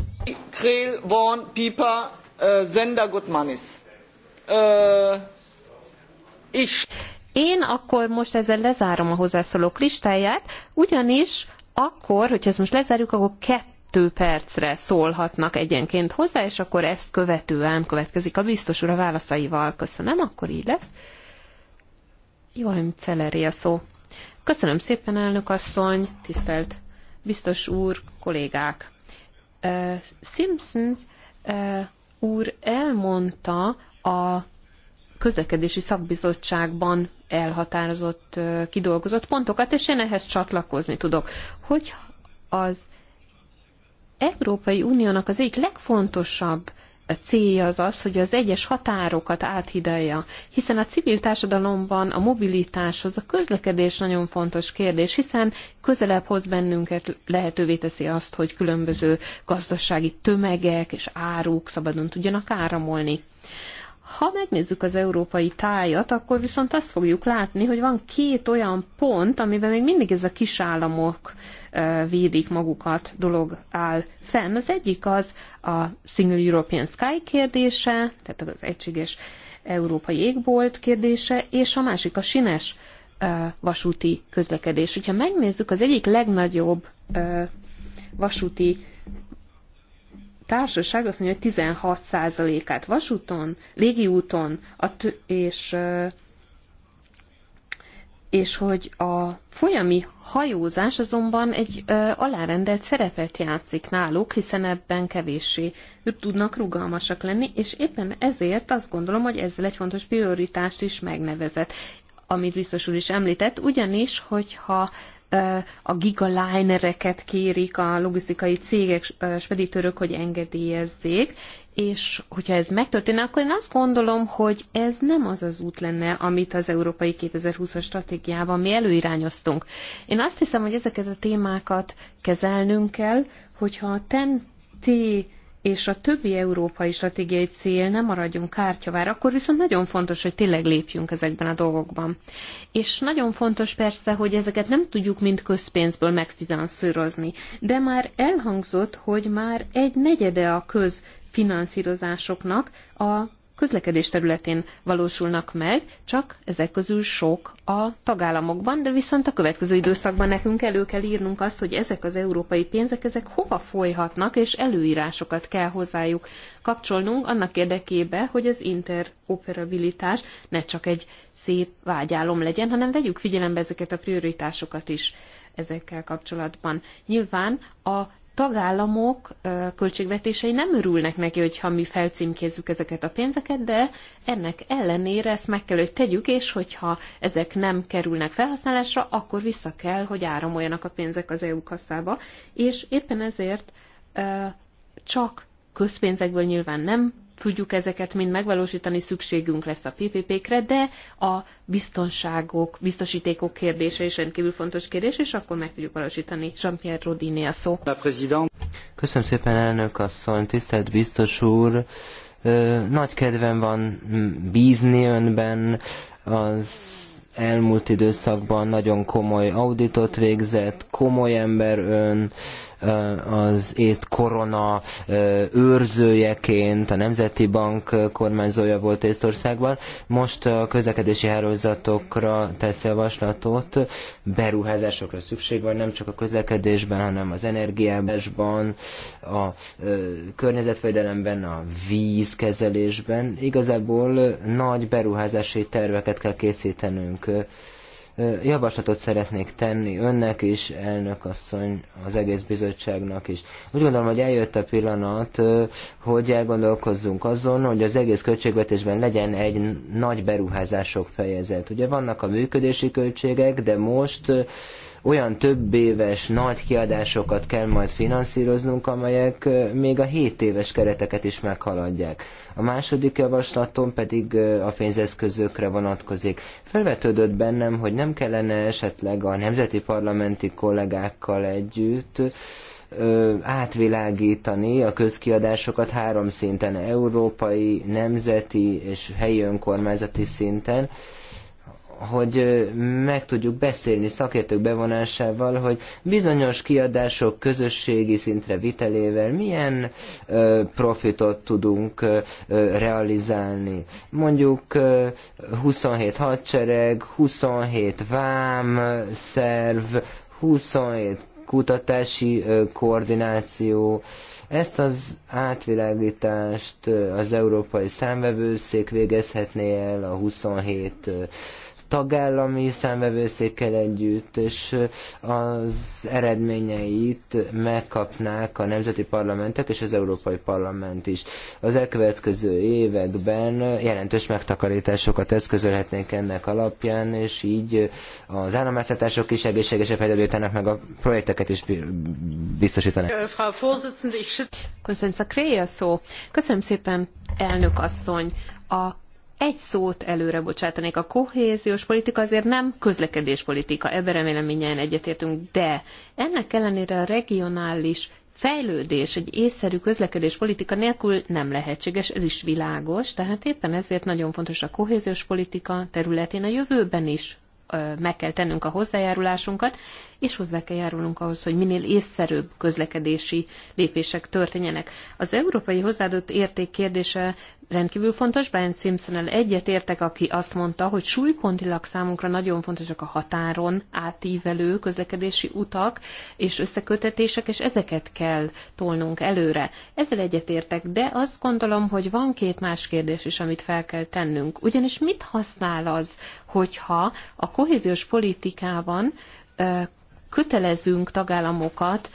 Krél, Born, Pipa, Zenda, Gutmanis. is. Én akkor most ezzel lezárom a hozzászólók listáját, ugyanis akkor, hogyha ezt most lezárjuk, akkor kettő kettő percre szólhatnak egyenként hozzá, és akkor ezt követően következik a biztos úr a válaszaival. Köszönöm, akkor így lesz. Jó Celeri a szó. Köszönöm szépen, elnök asszony, tisztelt biztos úr, kollégák. Uh, Simpson úr elmondta a közlekedési szakbizottságban elhatározott, kidolgozott pontokat, és én ehhez csatlakozni tudok, hogy az Európai Uniónak az egyik legfontosabb célja az az, hogy az egyes határokat áthidalja, hiszen a civil társadalomban a mobilitáshoz a közlekedés nagyon fontos kérdés, hiszen közelebb hoz bennünket, lehetővé teszi azt, hogy különböző gazdasági tömegek és áruk szabadon tudjanak áramolni. Ha megnézzük az európai tájat, akkor viszont azt fogjuk látni, hogy van két olyan pont, amiben még mindig ez a kisállamok védik magukat dolog áll fenn. Az egyik az a Single European Sky kérdése, tehát az egységes európai égbolt kérdése, és a másik a sines vasúti közlekedés. Hogyha megnézzük, az egyik legnagyobb vasúti társaság azt mondja, hogy 16%-át vasúton, légiúton és és hogy a folyami hajózás azonban egy ö, alárendelt szerepet játszik náluk, hiszen ebben kevéssé tudnak rugalmasak lenni, és éppen ezért azt gondolom, hogy ezzel egy fontos prioritást is megnevezett, amit biztos úr is említett, ugyanis, hogyha a gigalinereket kérik a logisztikai cégek, speditőrök, hogy engedélyezzék, és hogyha ez megtörténne, akkor én azt gondolom, hogy ez nem az az út lenne, amit az Európai 2020-as stratégiában mi előirányoztunk. Én azt hiszem, hogy ezeket a témákat kezelnünk kell, hogyha a TEN-T és a többi európai stratégiai cél nem maradjon kártyavár, akkor viszont nagyon fontos, hogy tényleg lépjünk ezekben a dolgokban. És nagyon fontos persze, hogy ezeket nem tudjuk mind közpénzből megfinanszírozni, de már elhangzott, hogy már egy negyede a közfinanszírozásoknak a közlekedés területén valósulnak meg, csak ezek közül sok a tagállamokban, de viszont a következő időszakban nekünk elő kell írnunk azt, hogy ezek az európai pénzek, ezek hova folyhatnak, és előírásokat kell hozzájuk kapcsolnunk annak érdekébe, hogy az interoperabilitás ne csak egy szép vágyálom legyen, hanem vegyük figyelembe ezeket a prioritásokat is ezekkel kapcsolatban. Nyilván a tagállamok költségvetései nem örülnek neki, hogyha mi felcímkézzük ezeket a pénzeket, de ennek ellenére ezt meg kell, hogy tegyük, és hogyha ezek nem kerülnek felhasználásra, akkor vissza kell, hogy áramoljanak a pénzek az EU kasszába, és éppen ezért csak közpénzekből nyilván nem tudjuk ezeket mind megvalósítani, szükségünk lesz a PPP-kre, de a biztonságok, biztosítékok kérdése is rendkívül fontos kérdés, és akkor meg tudjuk valósítani. Jean-Pierre Rodiné a szó. Köszönöm szépen, elnök asszony, tisztelt biztos úr. Nagy kedvem van bízni önben, az elmúlt időszakban nagyon komoly auditot végzett, komoly ember ön, az észt korona őrzőjeként, a Nemzeti Bank kormányzója volt Észtországban. Most a közlekedési hálózatokra tesz javaslatot, beruházásokra szükség van, nem csak a közlekedésben, hanem az energiában, a környezetvédelemben, a vízkezelésben. Igazából nagy beruházási terveket kell készítenünk javaslatot szeretnék tenni önnek is, elnök asszony, az egész bizottságnak is. Úgy gondolom, hogy eljött a pillanat, hogy elgondolkozzunk azon, hogy az egész költségvetésben legyen egy nagy beruházások fejezet. Ugye vannak a működési költségek, de most olyan több éves nagy kiadásokat kell majd finanszíroznunk, amelyek még a 7 éves kereteket is meghaladják. A második javaslatom pedig a pénzeszközökre vonatkozik. Felvetődött bennem, hogy nem kellene esetleg a nemzeti parlamenti kollégákkal együtt átvilágítani a közkiadásokat három szinten, európai, nemzeti és helyi önkormányzati szinten, hogy meg tudjuk beszélni szakértők bevonásával, hogy bizonyos kiadások közösségi szintre vitelével milyen profitot tudunk realizálni. Mondjuk 27 hadsereg, 27 vám szerv, 27 kutatási koordináció, ezt az átvilágítást az Európai Számvevőszék végezhetné el a 27 tagállami számvevőszékkel együtt, és az eredményeit megkapnák a nemzeti parlamentek és az Európai Parlament is. Az elkövetkező években jelentős megtakarításokat eszközölhetnénk ennek alapján, és így az államháztartások is egészségesebb helyzetbe jutnának, meg a projekteket is biztosítanak. Köszönöm, Köszönöm szépen, elnök asszony. A egy szót előre bocsátanék. A kohéziós politika azért nem közlekedéspolitika, ebben remélem mindjárt egyetértünk, de ennek ellenére a regionális fejlődés egy észszerű közlekedés politika nélkül nem lehetséges, ez is világos, tehát éppen ezért nagyon fontos a kohéziós politika területén a jövőben is meg kell tennünk a hozzájárulásunkat, és hozzá kell járulnunk ahhoz, hogy minél észszerűbb közlekedési lépések történjenek. Az európai hozzáadott érték kérdése rendkívül fontos. Brian Simpson-el egyet értek, aki azt mondta, hogy súlypontilag számunkra nagyon fontosak a határon átívelő közlekedési utak és összekötetések, és ezeket kell tolnunk előre. Ezzel egyetértek, de azt gondolom, hogy van két más kérdés is, amit fel kell tennünk. Ugyanis mit használ az, hogyha a kohéziós politikában kötelezünk tagállamokat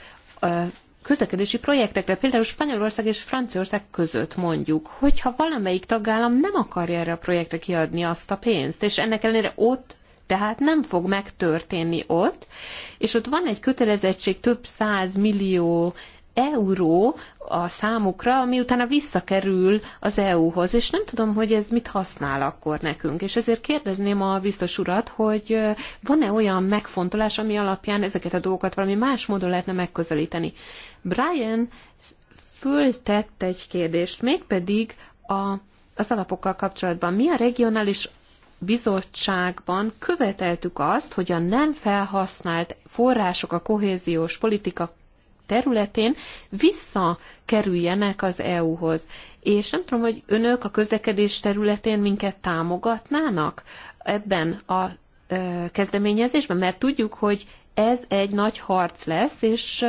közlekedési projektekre, például Spanyolország és Franciaország között mondjuk, hogyha valamelyik tagállam nem akarja erre a projektre kiadni azt a pénzt, és ennek ellenére ott tehát nem fog megtörténni ott, és ott van egy kötelezettség több száz millió euró a számukra, ami utána visszakerül az EU-hoz, és nem tudom, hogy ez mit használ akkor nekünk. És ezért kérdezném a biztos urat, hogy van-e olyan megfontolás, ami alapján ezeket a dolgokat valami más módon lehetne megközelíteni. Brian föltett egy kérdést, mégpedig a, az alapokkal kapcsolatban. Mi a regionális bizottságban követeltük azt, hogy a nem felhasznált források a kohéziós politika területén visszakerüljenek az EU-hoz. És nem tudom, hogy önök a közlekedés területén minket támogatnának ebben a kezdeményezésben, mert tudjuk, hogy ez egy nagy harc lesz, és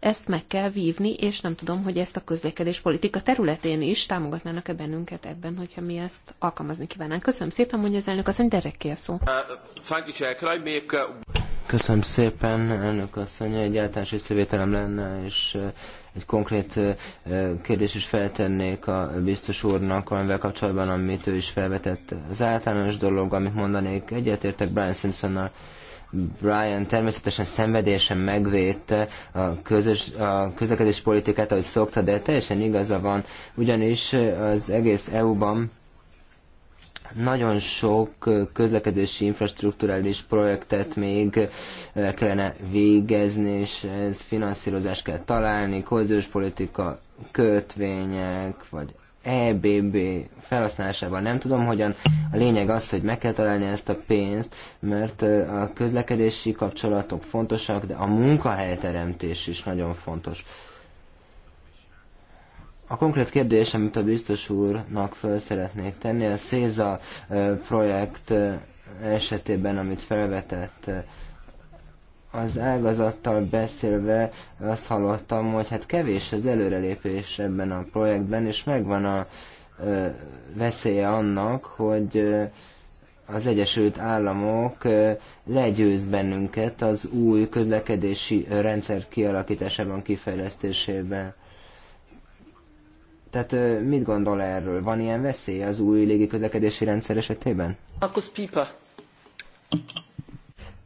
ezt meg kell vívni, és nem tudom, hogy ezt a közlekedés politika területén is támogatnának-e bennünket ebben, hogyha mi ezt alkalmazni kívánnánk. Köszönöm szépen, mondja az elnök, azt mondja, derekké a szó. Uh, uh, Köszönöm szépen, elnök asszony, egy általános észrevételem lenne, és egy konkrét kérdés is feltennék a biztos úrnak, amivel kapcsolatban, amit ő is felvetett. Az általános dolog, amit mondanék, egyetértek Brian Simpsonnal, Brian természetesen szenvedésen megvédte a, közös, a közlekedés politikát, ahogy szokta, de teljesen igaza van, ugyanis az egész EU-ban nagyon sok közlekedési infrastruktúrális projektet még kellene végezni, és ez finanszírozást kell találni, kohéziós politika, kötvények, vagy EBB felhasználásával nem tudom hogyan. A lényeg az, hogy meg kell találni ezt a pénzt, mert a közlekedési kapcsolatok fontosak, de a munkahelyteremtés is nagyon fontos. A konkrét kérdés, amit a biztos úrnak föl szeretnék tenni, a CESA projekt esetében, amit felvetett, az ágazattal beszélve azt hallottam, hogy hát kevés az előrelépés ebben a projektben, és megvan a ö, veszélye annak, hogy ö, az Egyesült Államok ö, legyőz bennünket az új közlekedési rendszer kialakításában, kifejlesztésében. Tehát mit gondol erről? Van ilyen veszély az új közlekedési rendszer esetében? Markus Pieper.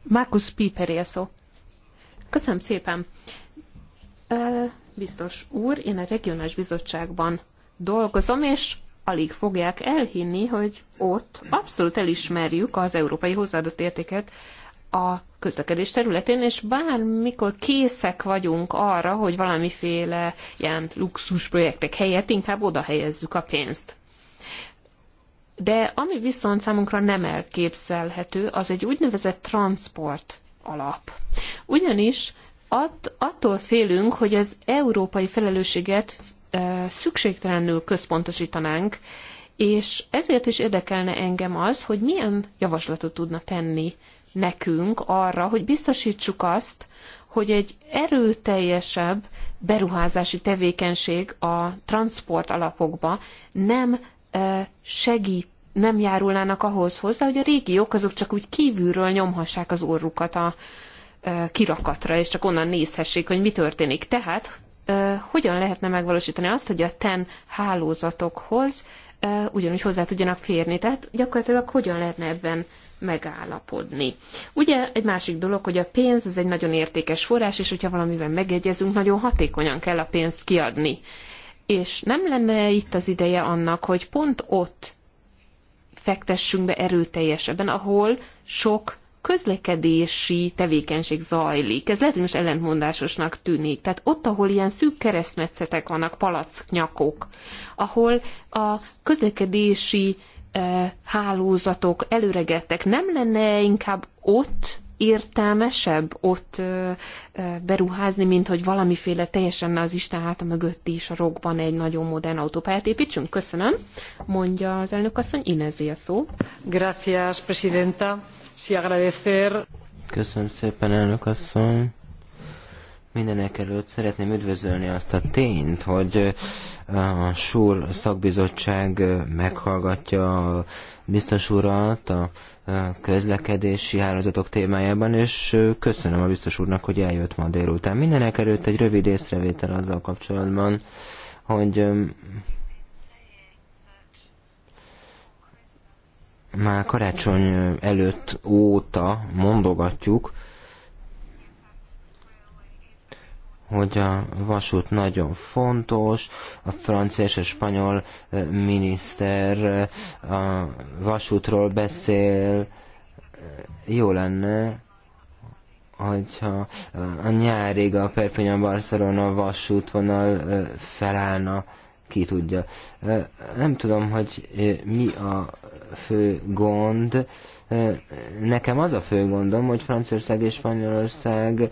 Markus Pieper szó. Köszönöm szépen. Biztos úr, én a regionális bizottságban dolgozom, és alig fogják elhinni, hogy ott abszolút elismerjük az európai hozzáadott értéket a közlekedés területén, és bármikor készek vagyunk arra, hogy valamiféle ilyen luxus projektek helyett inkább oda helyezzük a pénzt. De ami viszont számunkra nem elképzelhető, az egy úgynevezett transport alap. Ugyanis att, attól félünk, hogy az európai felelősséget e, szükségtelenül központosítanánk, és ezért is érdekelne engem az, hogy milyen javaslatot tudna tenni nekünk arra, hogy biztosítsuk azt, hogy egy erőteljesebb beruházási tevékenység a transport alapokba nem segít nem járulnának ahhoz hozzá, hogy a régiók azok csak úgy kívülről nyomhassák az orrukat a kirakatra, és csak onnan nézhessék, hogy mi történik. Tehát hogyan lehetne megvalósítani azt, hogy a TEN hálózatokhoz ugyanúgy hozzá tudjanak férni. Tehát gyakorlatilag hogyan lehetne ebben megállapodni. Ugye egy másik dolog, hogy a pénz az egy nagyon értékes forrás, és hogyha valamiben megegyezünk, nagyon hatékonyan kell a pénzt kiadni. És nem lenne itt az ideje annak, hogy pont ott fektessünk be erőteljesebben, ahol sok közlekedési tevékenység zajlik. Ez lehet, hogy most ellentmondásosnak tűnik. Tehát ott, ahol ilyen szűk keresztmetszetek vannak, palacknyakok, ahol a közlekedési hálózatok előregettek. Nem lenne inkább ott értelmesebb ott beruházni, mint hogy valamiféle teljesen az Isten háta a rokban egy nagyon modern autópályát építsünk? Köszönöm, mondja az elnök asszony, Inezi a szó. Gracias, presidenta. Si agradecer. Köszönöm szépen, elnök asszony. Mindenek előtt szeretném üdvözölni azt a tényt, hogy a SUR szakbizottság meghallgatja a biztos urat a közlekedési hálózatok témájában, és köszönöm a biztos úrnak, hogy eljött ma délután. Mindenek előtt egy rövid észrevétel azzal kapcsolatban, hogy már karácsony előtt óta mondogatjuk, hogy a vasút nagyon fontos, a francia és a spanyol eh, miniszter eh, a vasútról beszél, eh, jó lenne, hogyha a nyárig a Perpignan-Barcelona vasútvonal felállna, ki tudja. Nem tudom, hogy mi a fő gond, Nekem az a fő gondom, hogy Franciaország és Spanyolország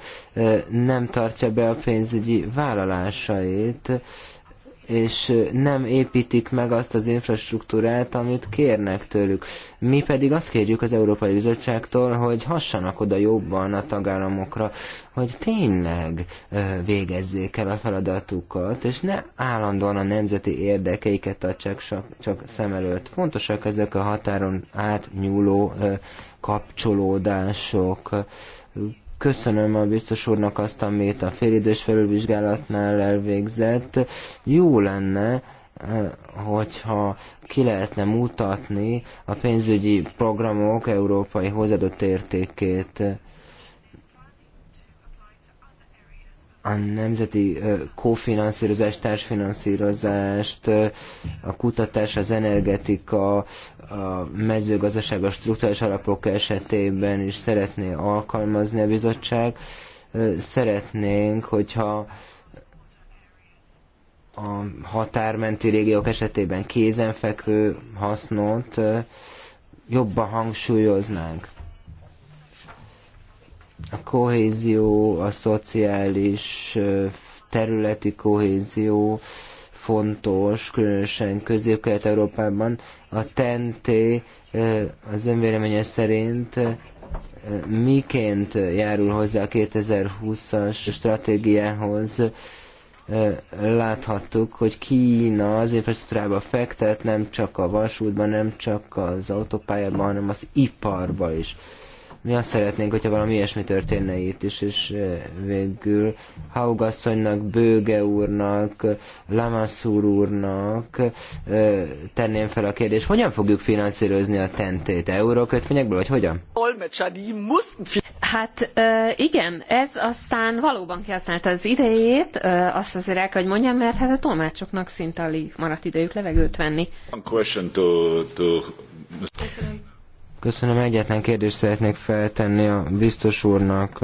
nem tartja be a pénzügyi vállalásait, és nem építik meg azt az infrastruktúrát, amit kérnek tőlük. Mi pedig azt kérjük az Európai Bizottságtól, hogy hassanak oda jobban a tagállamokra, hogy tényleg végezzék el a feladatukat, és ne állandóan a nemzeti érdekeiket tartsák csak szem előtt. Fontosak ezek a határon átnyúló kapcsolódások Köszönöm a biztos úrnak azt, amit a félidős felülvizsgálatnál elvégzett. Jó lenne, eh, hogyha ki lehetne mutatni a pénzügyi programok európai hozadott értékét a nemzeti kófinanszírozást, társfinanszírozást, a kutatás, az energetika, a mezőgazdaság, a struktúrás alapok esetében is szeretné alkalmazni a bizottság. Szeretnénk, hogyha a határmenti régiók esetében kézenfekvő hasznot jobban hangsúlyoznánk. A kohézió, a szociális területi kohézió fontos, különösen Közép-Kelet-Európában. A TNT az önvéleménye szerint miként járul hozzá a 2020-as stratégiához, láthattuk, hogy Kína az infrastruktúrába fektet, nem csak a vasútban, nem csak az autópályában, hanem az iparba is. Mi azt szeretnénk, hogyha valami ilyesmi történne itt is, és végül Haugasszonynak, Bőge úrnak, Lamassur úrnak tenném fel a kérdést, hogyan fogjuk finanszírozni a tentét? Eurókötvényekből, vagy hogyan? Hát igen, ez aztán valóban kihasználta az idejét, azt azért el kell, hogy mondjam, mert hát a tolmácsoknak szinte alig maradt idejük levegőt venni. One question to, to... Köszönöm, egyetlen kérdést szeretnék feltenni a biztos úrnak.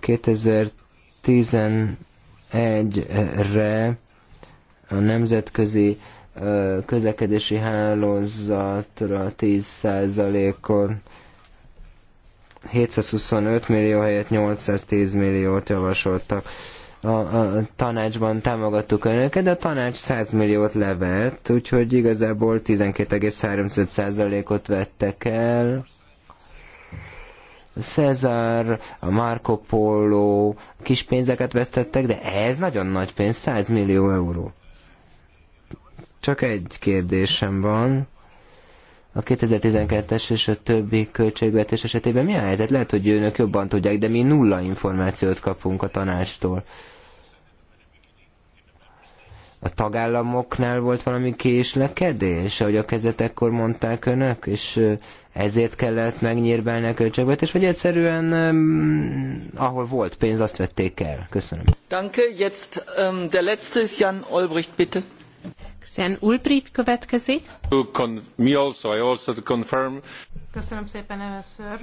2011-re a nemzetközi közlekedési hálózatra 10%-on 725 millió helyett 810 milliót javasoltak a, a tanácsban támogattuk önöket, de a tanács 100 milliót levett, úgyhogy igazából 12,35%-ot vettek el. Cezár, a Marco Polo kis pénzeket vesztettek, de ez nagyon nagy pénz, 100 millió euró. Csak egy kérdésem van. A 2012-es és a többi költségvetés esetében mi a helyzet? Lehet, hogy önök jobban tudják, de mi nulla információt kapunk a tanácstól. A tagállamoknál volt valami késlekedés, ahogy a kezetekkor mondták önök, és ezért kellett megnyírbálni a költségvetés, vagy egyszerűen ahol volt pénz, azt vették el. Köszönöm. Danke, jetzt um, der letzte ist Jan Olbricht, bitte. Szen Ulbrit következik. Me also, I also confirm. Köszönöm szépen először.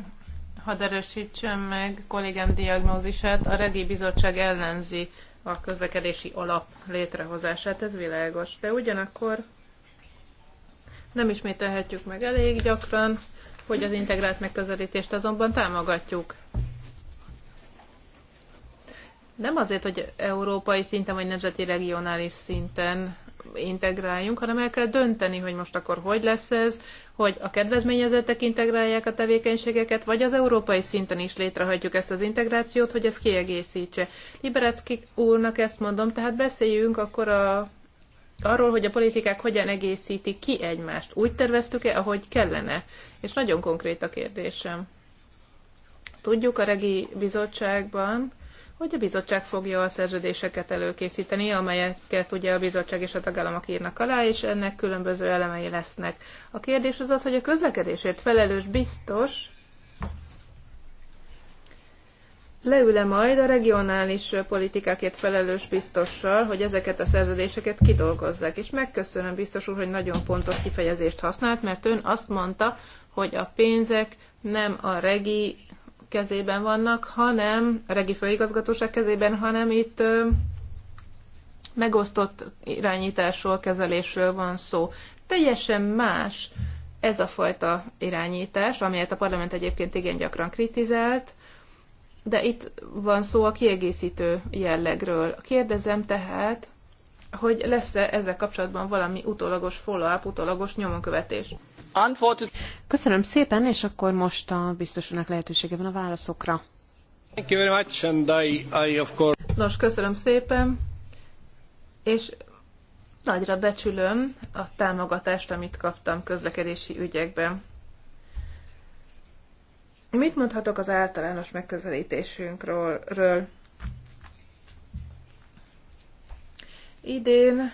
Hadd erősítsem meg kollégám diagnózisát. A Regi Bizottság ellenzi a közlekedési alap létrehozását, ez világos. De ugyanakkor nem ismételhetjük meg elég gyakran, hogy az integrált megközelítést azonban támogatjuk. Nem azért, hogy európai szinten vagy nemzeti regionális szinten integráljunk, hanem el kell dönteni, hogy most akkor hogy lesz ez, hogy a kedvezményezettek integrálják a tevékenységeket, vagy az európai szinten is létrehagyjuk ezt az integrációt, hogy ez kiegészítse. Liberecki úrnak ezt mondom, tehát beszéljünk akkor a arról, hogy a politikák hogyan egészítik ki egymást. Úgy terveztük-e, ahogy kellene? És nagyon konkrét a kérdésem. Tudjuk a regi bizottságban, hogy a bizottság fogja a szerződéseket előkészíteni, amelyeket ugye a bizottság és a tagállamok írnak alá, és ennek különböző elemei lesznek. A kérdés az az, hogy a közlekedésért felelős biztos leül-e majd a regionális politikákért felelős biztossal, hogy ezeket a szerződéseket kidolgozzák. És megköszönöm biztos úr, hogy nagyon pontos kifejezést használt, mert ön azt mondta, hogy a pénzek nem a regi kezében vannak, hanem a regi főigazgatóság kezében, hanem itt ö, megosztott irányításról, kezelésről van szó. Teljesen más ez a fajta irányítás, amelyet a parlament egyébként igen gyakran kritizált, de itt van szó a kiegészítő jellegről. Kérdezem tehát, hogy lesz-e ezzel kapcsolatban valami utólagos follow-up, utólagos nyomonkövetés? Köszönöm szépen, és akkor most a biztosnak lehetősége van a válaszokra. Thank you very much, and I, I of course... Nos, köszönöm szépen, és nagyra becsülöm a támogatást, amit kaptam közlekedési ügyekben. Mit mondhatok az általános megközelítésünkről? Idén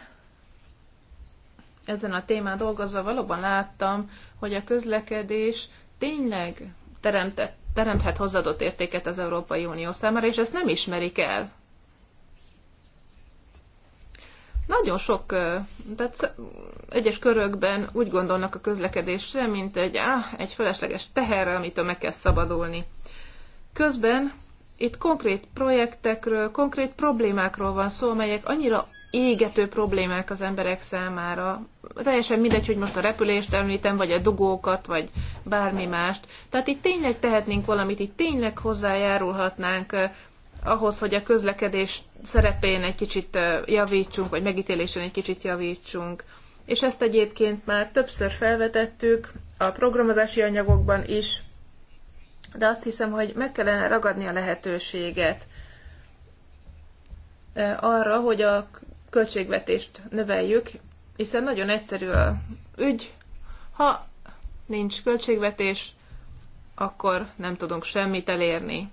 ezen a témán dolgozva valóban láttam, hogy a közlekedés tényleg teremtett, teremthet hozzáadott értéket az Európai Unió számára, és ezt nem ismerik el. Nagyon sok, tehát egyes körökben úgy gondolnak a közlekedésre, mint egy, áh, egy felesleges teherre, amitől meg kell szabadulni. Közben itt konkrét projektekről, konkrét problémákról van szó, amelyek annyira égető problémák az emberek számára. Teljesen mindegy, hogy most a repülést említem, vagy a dugókat, vagy bármi mást. Tehát itt tényleg tehetnénk valamit, itt tényleg hozzájárulhatnánk eh, ahhoz, hogy a közlekedés szerepén egy kicsit eh, javítsunk, vagy megítélésen egy kicsit javítsunk. És ezt egyébként már többször felvetettük a programozási anyagokban is, de azt hiszem, hogy meg kellene ragadni a lehetőséget arra, hogy a költségvetést növeljük, hiszen nagyon egyszerű a ügy. Ha nincs költségvetés, akkor nem tudunk semmit elérni.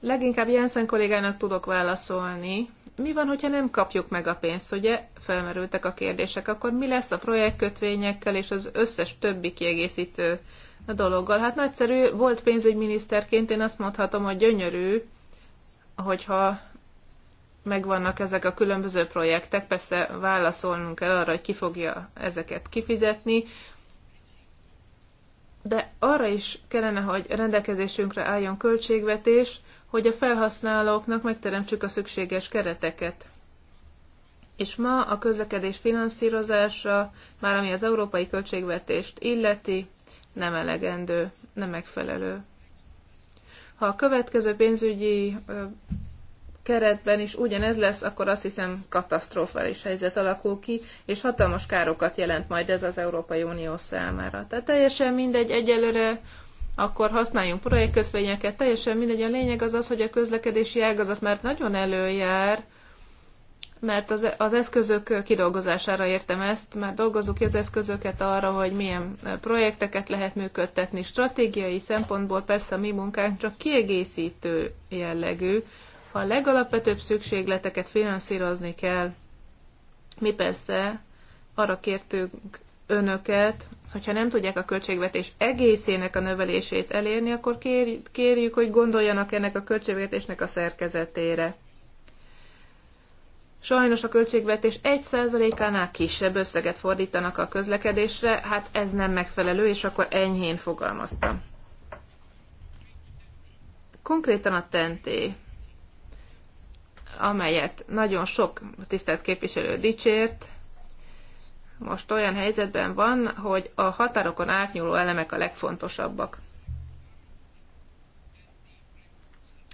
Leginkább Jensen kollégának tudok válaszolni, mi van, hogyha nem kapjuk meg a pénzt, ugye? Felmerültek a kérdések. Akkor mi lesz a projektkötvényekkel és az összes többi kiegészítő a dologgal? Hát nagyszerű, volt pénzügyminiszterként, én azt mondhatom, hogy gyönyörű, hogyha megvannak ezek a különböző projektek, persze válaszolnunk kell arra, hogy ki fogja ezeket kifizetni, de arra is kellene, hogy rendelkezésünkre álljon költségvetés, hogy a felhasználóknak megteremtsük a szükséges kereteket. És ma a közlekedés finanszírozása, már ami az európai költségvetést illeti, nem elegendő, nem megfelelő. Ha a következő pénzügyi keretben is ugyanez lesz, akkor azt hiszem katasztrofális helyzet alakul ki, és hatalmas károkat jelent majd ez az Európai Unió számára. Tehát teljesen mindegy, egyelőre akkor használjunk projektkötvényeket, teljesen mindegy. A lényeg az az, hogy a közlekedési ágazat már nagyon előjár, mert az, az eszközök kidolgozására értem ezt, már dolgozunk az eszközöket arra, hogy milyen projekteket lehet működtetni. Stratégiai szempontból persze a mi munkánk csak kiegészítő jellegű, a legalapvetőbb szükségleteket finanszírozni kell. Mi persze arra kértünk önöket, hogyha nem tudják a költségvetés egészének a növelését elérni, akkor kérjük, hogy gondoljanak ennek a költségvetésnek a szerkezetére. Sajnos a költségvetés 1%-ánál kisebb összeget fordítanak a közlekedésre, hát ez nem megfelelő, és akkor enyhén fogalmaztam. Konkrétan a tenté, amelyet nagyon sok tisztelt képviselő dicsért, most olyan helyzetben van, hogy a határokon átnyúló elemek a legfontosabbak.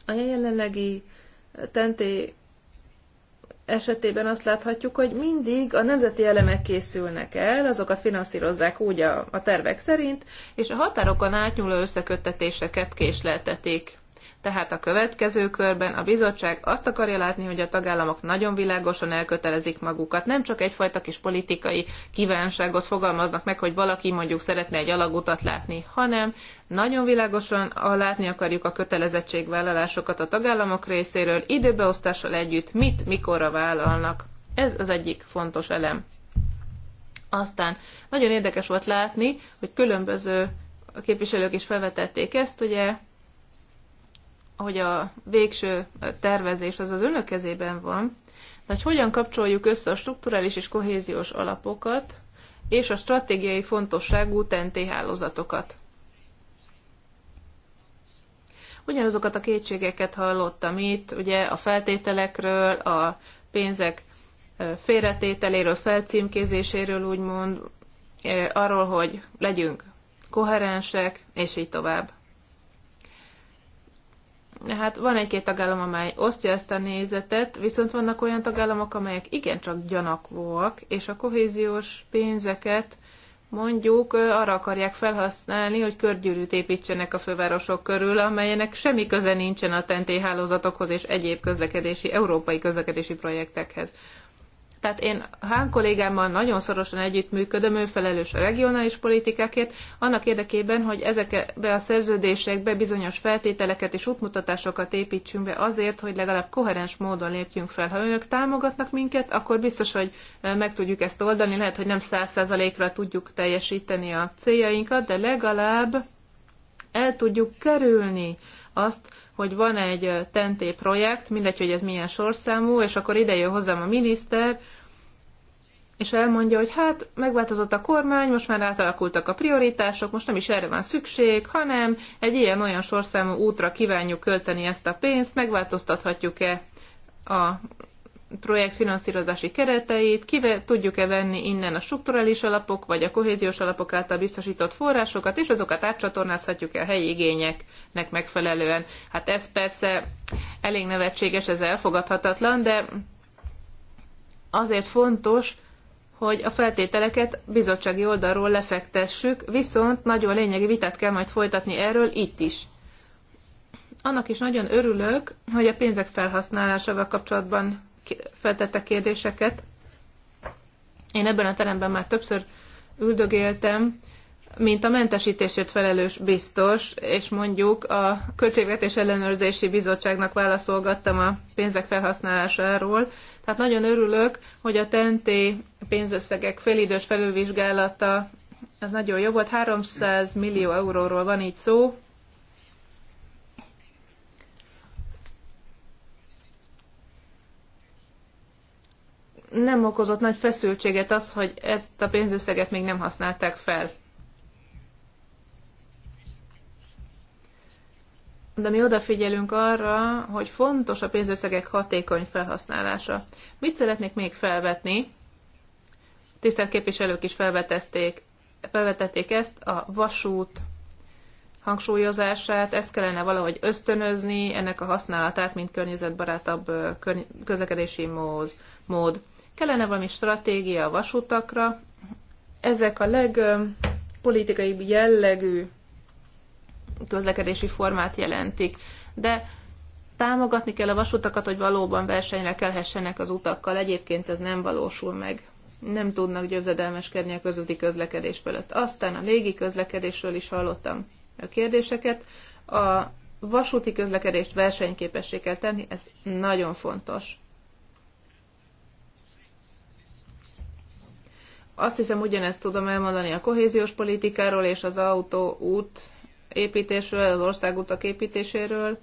A jelenlegi tenté esetében azt láthatjuk, hogy mindig a nemzeti elemek készülnek el, azokat finanszírozzák úgy a, a tervek szerint, és a határokon átnyúló összeköttetéseket késleltetik. Tehát a következő körben a bizottság azt akarja látni, hogy a tagállamok nagyon világosan elkötelezik magukat. Nem csak egyfajta kis politikai kívánságot fogalmaznak meg, hogy valaki mondjuk szeretne egy alagutat látni, hanem nagyon világosan a látni akarjuk a kötelezettségvállalásokat a tagállamok részéről, időbeosztással együtt mit, mikorra vállalnak. Ez az egyik fontos elem. Aztán nagyon érdekes volt látni, hogy különböző képviselők is felvetették ezt, ugye hogy a végső tervezés az az önök kezében van, de hogy hogyan kapcsoljuk össze a strukturális és kohéziós alapokat és a stratégiai fontosságú TNT hálózatokat. Ugyanazokat a kétségeket hallottam itt, ugye a feltételekről, a pénzek félretételéről, felcímkézéséről úgymond, arról, hogy legyünk koherensek, és így tovább hát van egy-két tagállam, amely osztja ezt a nézetet, viszont vannak olyan tagállamok, amelyek igencsak gyanakvóak, és a kohéziós pénzeket mondjuk arra akarják felhasználni, hogy körgyűrűt építsenek a fővárosok körül, amelyenek semmi köze nincsen a TNT hálózatokhoz és egyéb közlekedési, európai közlekedési projektekhez. Tehát én Hán kollégámmal nagyon szorosan együttműködöm, ő felelős a regionális politikákért, annak érdekében, hogy ezekbe a szerződésekbe bizonyos feltételeket és útmutatásokat építsünk be azért, hogy legalább koherens módon lépjünk fel. Ha önök támogatnak minket, akkor biztos, hogy eh, meg tudjuk ezt oldani, lehet, hogy nem száz százalékra tudjuk teljesíteni a céljainkat, de legalább el tudjuk kerülni azt, hogy van egy tenté projekt, mindegy, hogy ez milyen sorszámú, és akkor ide jön hozzám a miniszter, és elmondja, hogy hát megváltozott a kormány, most már átalakultak a prioritások, most nem is erre van szükség, hanem egy ilyen-olyan sorszámú útra kívánjuk költeni ezt a pénzt, megváltoztathatjuk-e a projekt finanszírozási kereteit, kive tudjuk-e venni innen a strukturális alapok vagy a kohéziós alapok által biztosított forrásokat, és azokat átcsatornázhatjuk-e a helyi igényeknek megfelelően. Hát ez persze elég nevetséges, ez elfogadhatatlan, de azért fontos, hogy a feltételeket bizottsági oldalról lefektessük, viszont nagyon lényegi vitát kell majd folytatni erről itt is. Annak is nagyon örülök, hogy a pénzek felhasználásával kapcsolatban feltettek kérdéseket. Én ebben a teremben már többször üldögéltem, mint a mentesítésért felelős biztos, és mondjuk a Költségvetés Ellenőrzési Bizottságnak válaszolgattam a pénzek felhasználásáról. Tehát nagyon örülök, hogy a TNT pénzösszegek félidős felülvizsgálata az nagyon jó volt, 300 millió euróról van így szó, nem okozott nagy feszültséget az, hogy ezt a pénzösszeget még nem használták fel. de mi odafigyelünk arra, hogy fontos a pénzösszegek hatékony felhasználása. Mit szeretnék még felvetni? Tisztelt képviselők is felvetették, felvetették ezt, a vasút hangsúlyozását, ezt kellene valahogy ösztönözni, ennek a használatát, mint környezetbarátabb közlekedési mód. Kellene valami stratégia a vasutakra. Ezek a legpolitikai jellegű közlekedési formát jelentik, de támogatni kell a vasutakat, hogy valóban versenyre kelhessenek az utakkal. Egyébként ez nem valósul meg. Nem tudnak győzedelmeskedni a közúti közlekedés fölött. Aztán a légi közlekedésről is hallottam a kérdéseket. A vasúti közlekedést versenyképessé kell tenni, ez nagyon fontos. Azt hiszem, ugyanezt tudom elmondani a kohéziós politikáról és az autóút építésről, az országutak építéséről.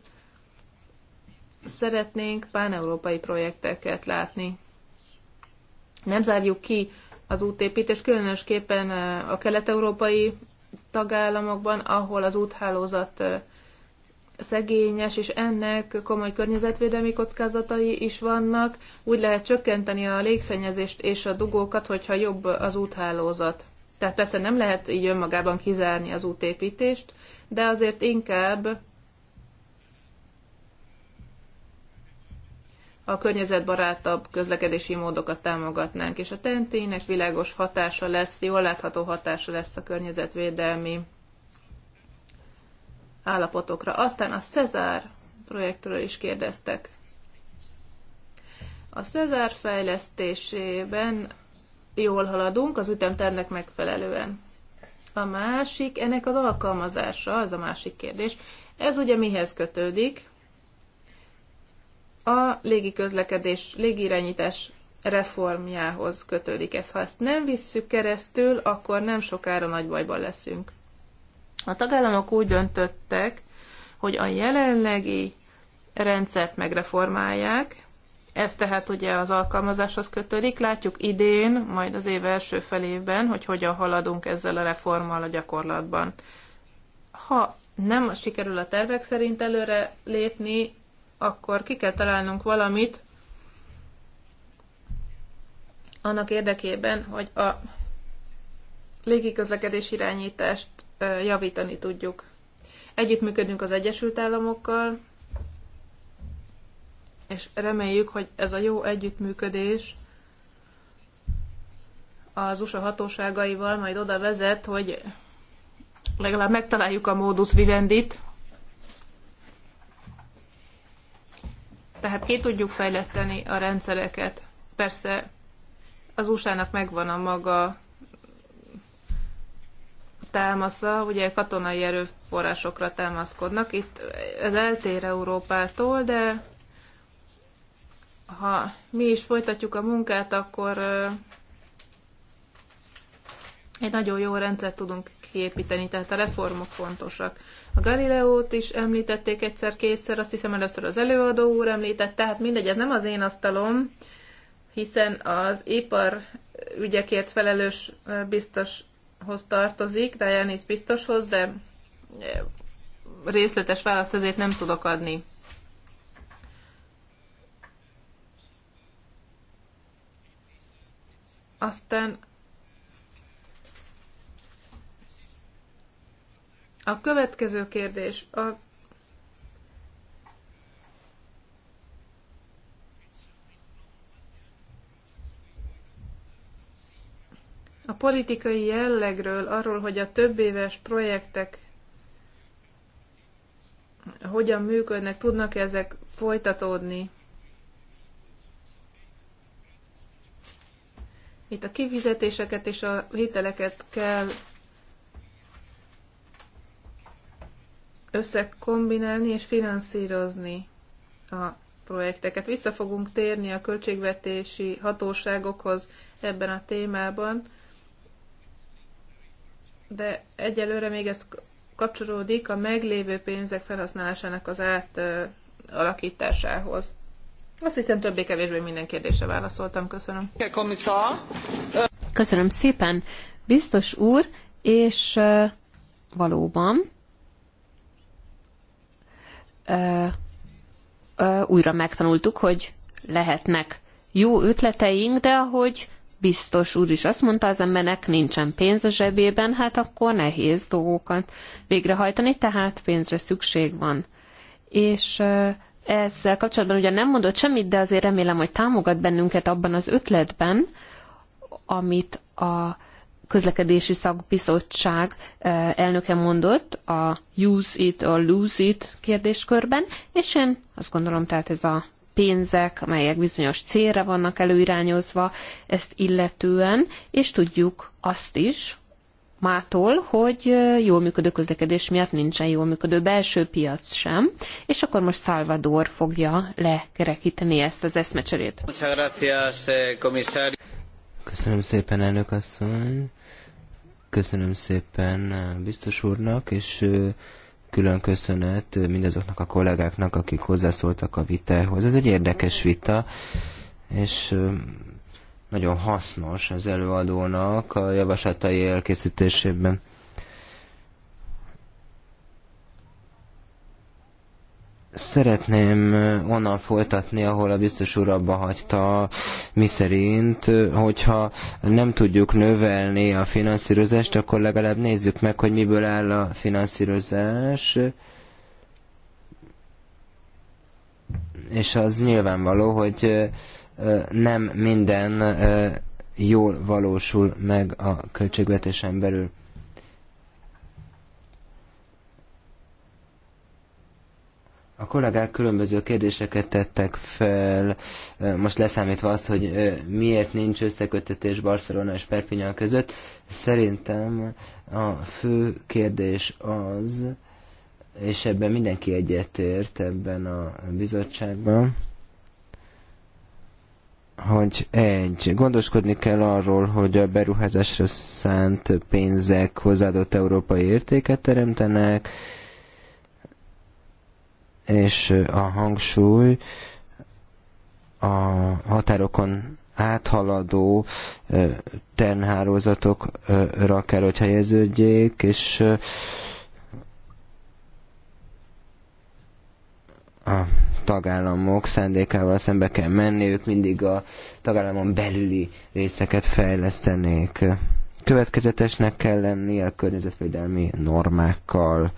Szeretnénk páneurópai projekteket látni. Nem zárjuk ki az útépítést, különösképpen eh, a kelet-európai tagállamokban, ahol az úthálózat eh, szegényes, és ennek komoly környezetvédelmi kockázatai is vannak. Úgy lehet csökkenteni a légszennyezést és a dugókat, hogyha jobb az úthálózat. Tehát persze nem lehet így önmagában kizárni az útépítést, de azért inkább a környezetbarátabb közlekedési módokat támogatnánk, és a tentének világos hatása lesz, jól látható hatása lesz a környezetvédelmi állapotokra. Aztán a Cezár projektről is kérdeztek. A Cezár fejlesztésében jól haladunk az ütemtervnek megfelelően. A másik, ennek az alkalmazása, az a másik kérdés. Ez ugye mihez kötődik? A légiközlekedés, légirányítás reformjához kötődik ez. Ha ezt nem visszük keresztül, akkor nem sokára nagy bajban leszünk. A tagállamok úgy döntöttek, hogy a jelenlegi rendszert megreformálják, ez tehát ugye az alkalmazáshoz kötődik. Látjuk idén, majd az év első felében, hogy hogyan haladunk ezzel a reformmal a gyakorlatban. Ha nem sikerül a tervek szerint előre lépni, akkor ki kell találnunk valamit annak érdekében, hogy a légiközlekedés irányítás javítani tudjuk. Együttműködünk az Egyesült Államokkal, és reméljük, hogy ez a jó együttműködés az USA hatóságaival majd oda vezet, hogy legalább megtaláljuk a módusz vivendit, tehát ki tudjuk fejleszteni a rendszereket. Persze az USA-nak megvan a maga támasza ugye katonai erőforrásokra támaszkodnak. Itt ez eltér Európától, de ha mi is folytatjuk a munkát, akkor egy nagyon jó rendszert tudunk kiépíteni, tehát a reformok fontosak. A Galileót is említették egyszer-kétszer, azt hiszem először az előadó úr említett, tehát mindegy, ez nem az én asztalom, hiszen az ipar ügyekért felelős biztos hoz tartozik, Dianis biztoshoz, de e, részletes választ ezért nem tudok adni. Aztán a következő kérdés. A A politikai jellegről, arról, hogy a több éves projektek hogyan működnek, tudnak -e ezek folytatódni. Itt a kifizetéseket és a hiteleket kell összekombinálni és finanszírozni a projekteket. Vissza fogunk térni a költségvetési hatóságokhoz ebben a témában, de egyelőre még ez kapcsolódik a meglévő pénzek felhasználásának az átalakításához. Azt hiszem többé-kevésbé minden kérdésre válaszoltam. Köszönöm. Köszönöm szépen, biztos úr, és valóban újra megtanultuk, hogy lehetnek jó ötleteink, de ahogy biztos úr is azt mondta, az embernek nincsen pénz a zsebében, hát akkor nehéz dolgokat végrehajtani, tehát pénzre szükség van. És ezzel kapcsolatban ugye nem mondott semmit, de azért remélem, hogy támogat bennünket abban az ötletben, amit a közlekedési szakbizottság elnöke mondott a use it or lose it kérdéskörben, és én azt gondolom, tehát ez a pénzek, amelyek bizonyos célra vannak előirányozva ezt illetően, és tudjuk azt is, mától, hogy jól működő közlekedés miatt nincsen jól működő belső piac sem, és akkor most Salvador fogja lekerekíteni ezt az eszmecserét. Eh, Köszönöm szépen, elnök asszony. Köszönöm szépen eh, biztos úrnak, és külön köszönet mindazoknak a kollégáknak, akik hozzászóltak a vitához. Ez egy érdekes vita, és nagyon hasznos az előadónak a javaslatai elkészítésében. Szeretném onnan folytatni, ahol a biztos úr abba hagyta, mi szerint, hogyha nem tudjuk növelni a finanszírozást, akkor legalább nézzük meg, hogy miből áll a finanszírozás. És az nyilvánvaló, hogy nem minden jól valósul meg a költségvetésen belül. A kollégák különböző kérdéseket tettek fel, most leszámítva azt, hogy miért nincs összekötetés Barcelona és Perpignan között. Szerintem a fő kérdés az, és ebben mindenki egyetért ebben a bizottságban, hogy egy, gondoskodni kell arról, hogy a beruházásra szánt pénzek hozzáadott európai értéket teremtenek, és a hangsúly a határokon áthaladó tenhározatokra kell, hogy helyeződjék, és a tagállamok szándékával szembe kell menni, ők mindig a tagállamon belüli részeket fejlesztenék. Következetesnek kell lenni a környezetvédelmi normákkal.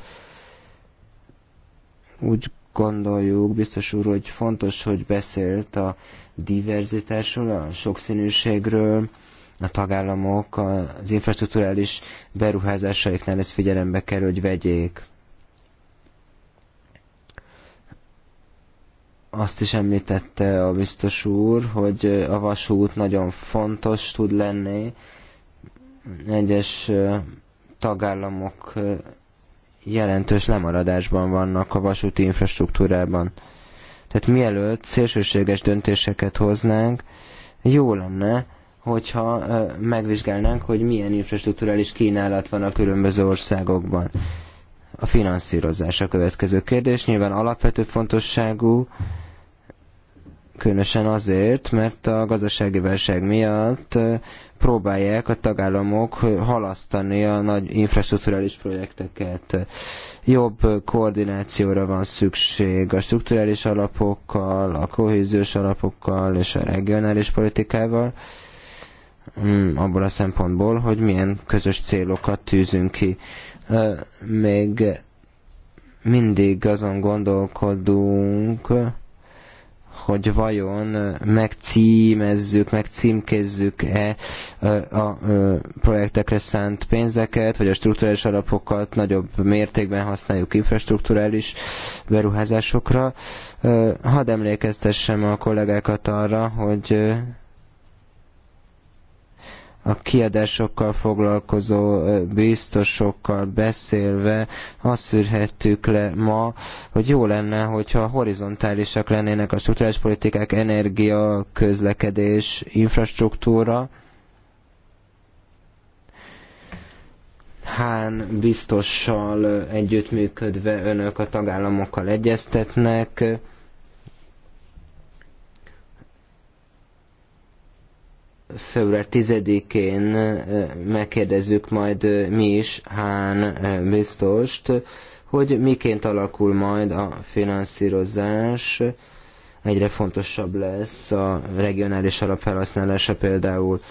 Úgy gondoljuk, biztos úr, hogy fontos, hogy beszélt a diverzitásról, a sokszínűségről, a tagállamok az infrastruktúrális beruházásaiknál ezt figyelembe kell, hogy vegyék. Azt is említette a biztos úr, hogy a vasút nagyon fontos tud lenni. Egyes tagállamok jelentős lemaradásban vannak a vasúti infrastruktúrában. Tehát mielőtt szélsőséges döntéseket hoznánk, jó lenne, hogyha megvizsgálnánk, hogy milyen infrastruktúrális kínálat van a különböző országokban. A finanszírozás a következő kérdés. Nyilván alapvető fontosságú, Különösen azért, mert a gazdasági válság miatt próbálják a tagállamok halasztani a nagy infrastruktúrális projekteket. Jobb koordinációra van szükség a strukturális alapokkal, a kohéziós alapokkal és a regionális politikával, mm, abból a szempontból, hogy milyen közös célokat tűzünk ki. Még mindig azon gondolkodunk, hogy vajon megcímezzük, megcímkézzük-e a projektekre szánt pénzeket, vagy a strukturális alapokat nagyobb mértékben használjuk infrastruktúrális beruházásokra. Hadd emlékeztessem a kollégákat arra, hogy a kiadásokkal foglalkozó biztosokkal beszélve azt szűrhettük le ma, hogy jó lenne, hogyha horizontálisak lennének a struktúrás politikák, energia, közlekedés, infrastruktúra. Hán biztossal együttműködve önök a tagállamokkal egyeztetnek, február 10-én megkérdezzük majd mi is Hán biztost, hogy miként alakul majd a finanszírozás, egyre fontosabb lesz a regionális alap felhasználása például.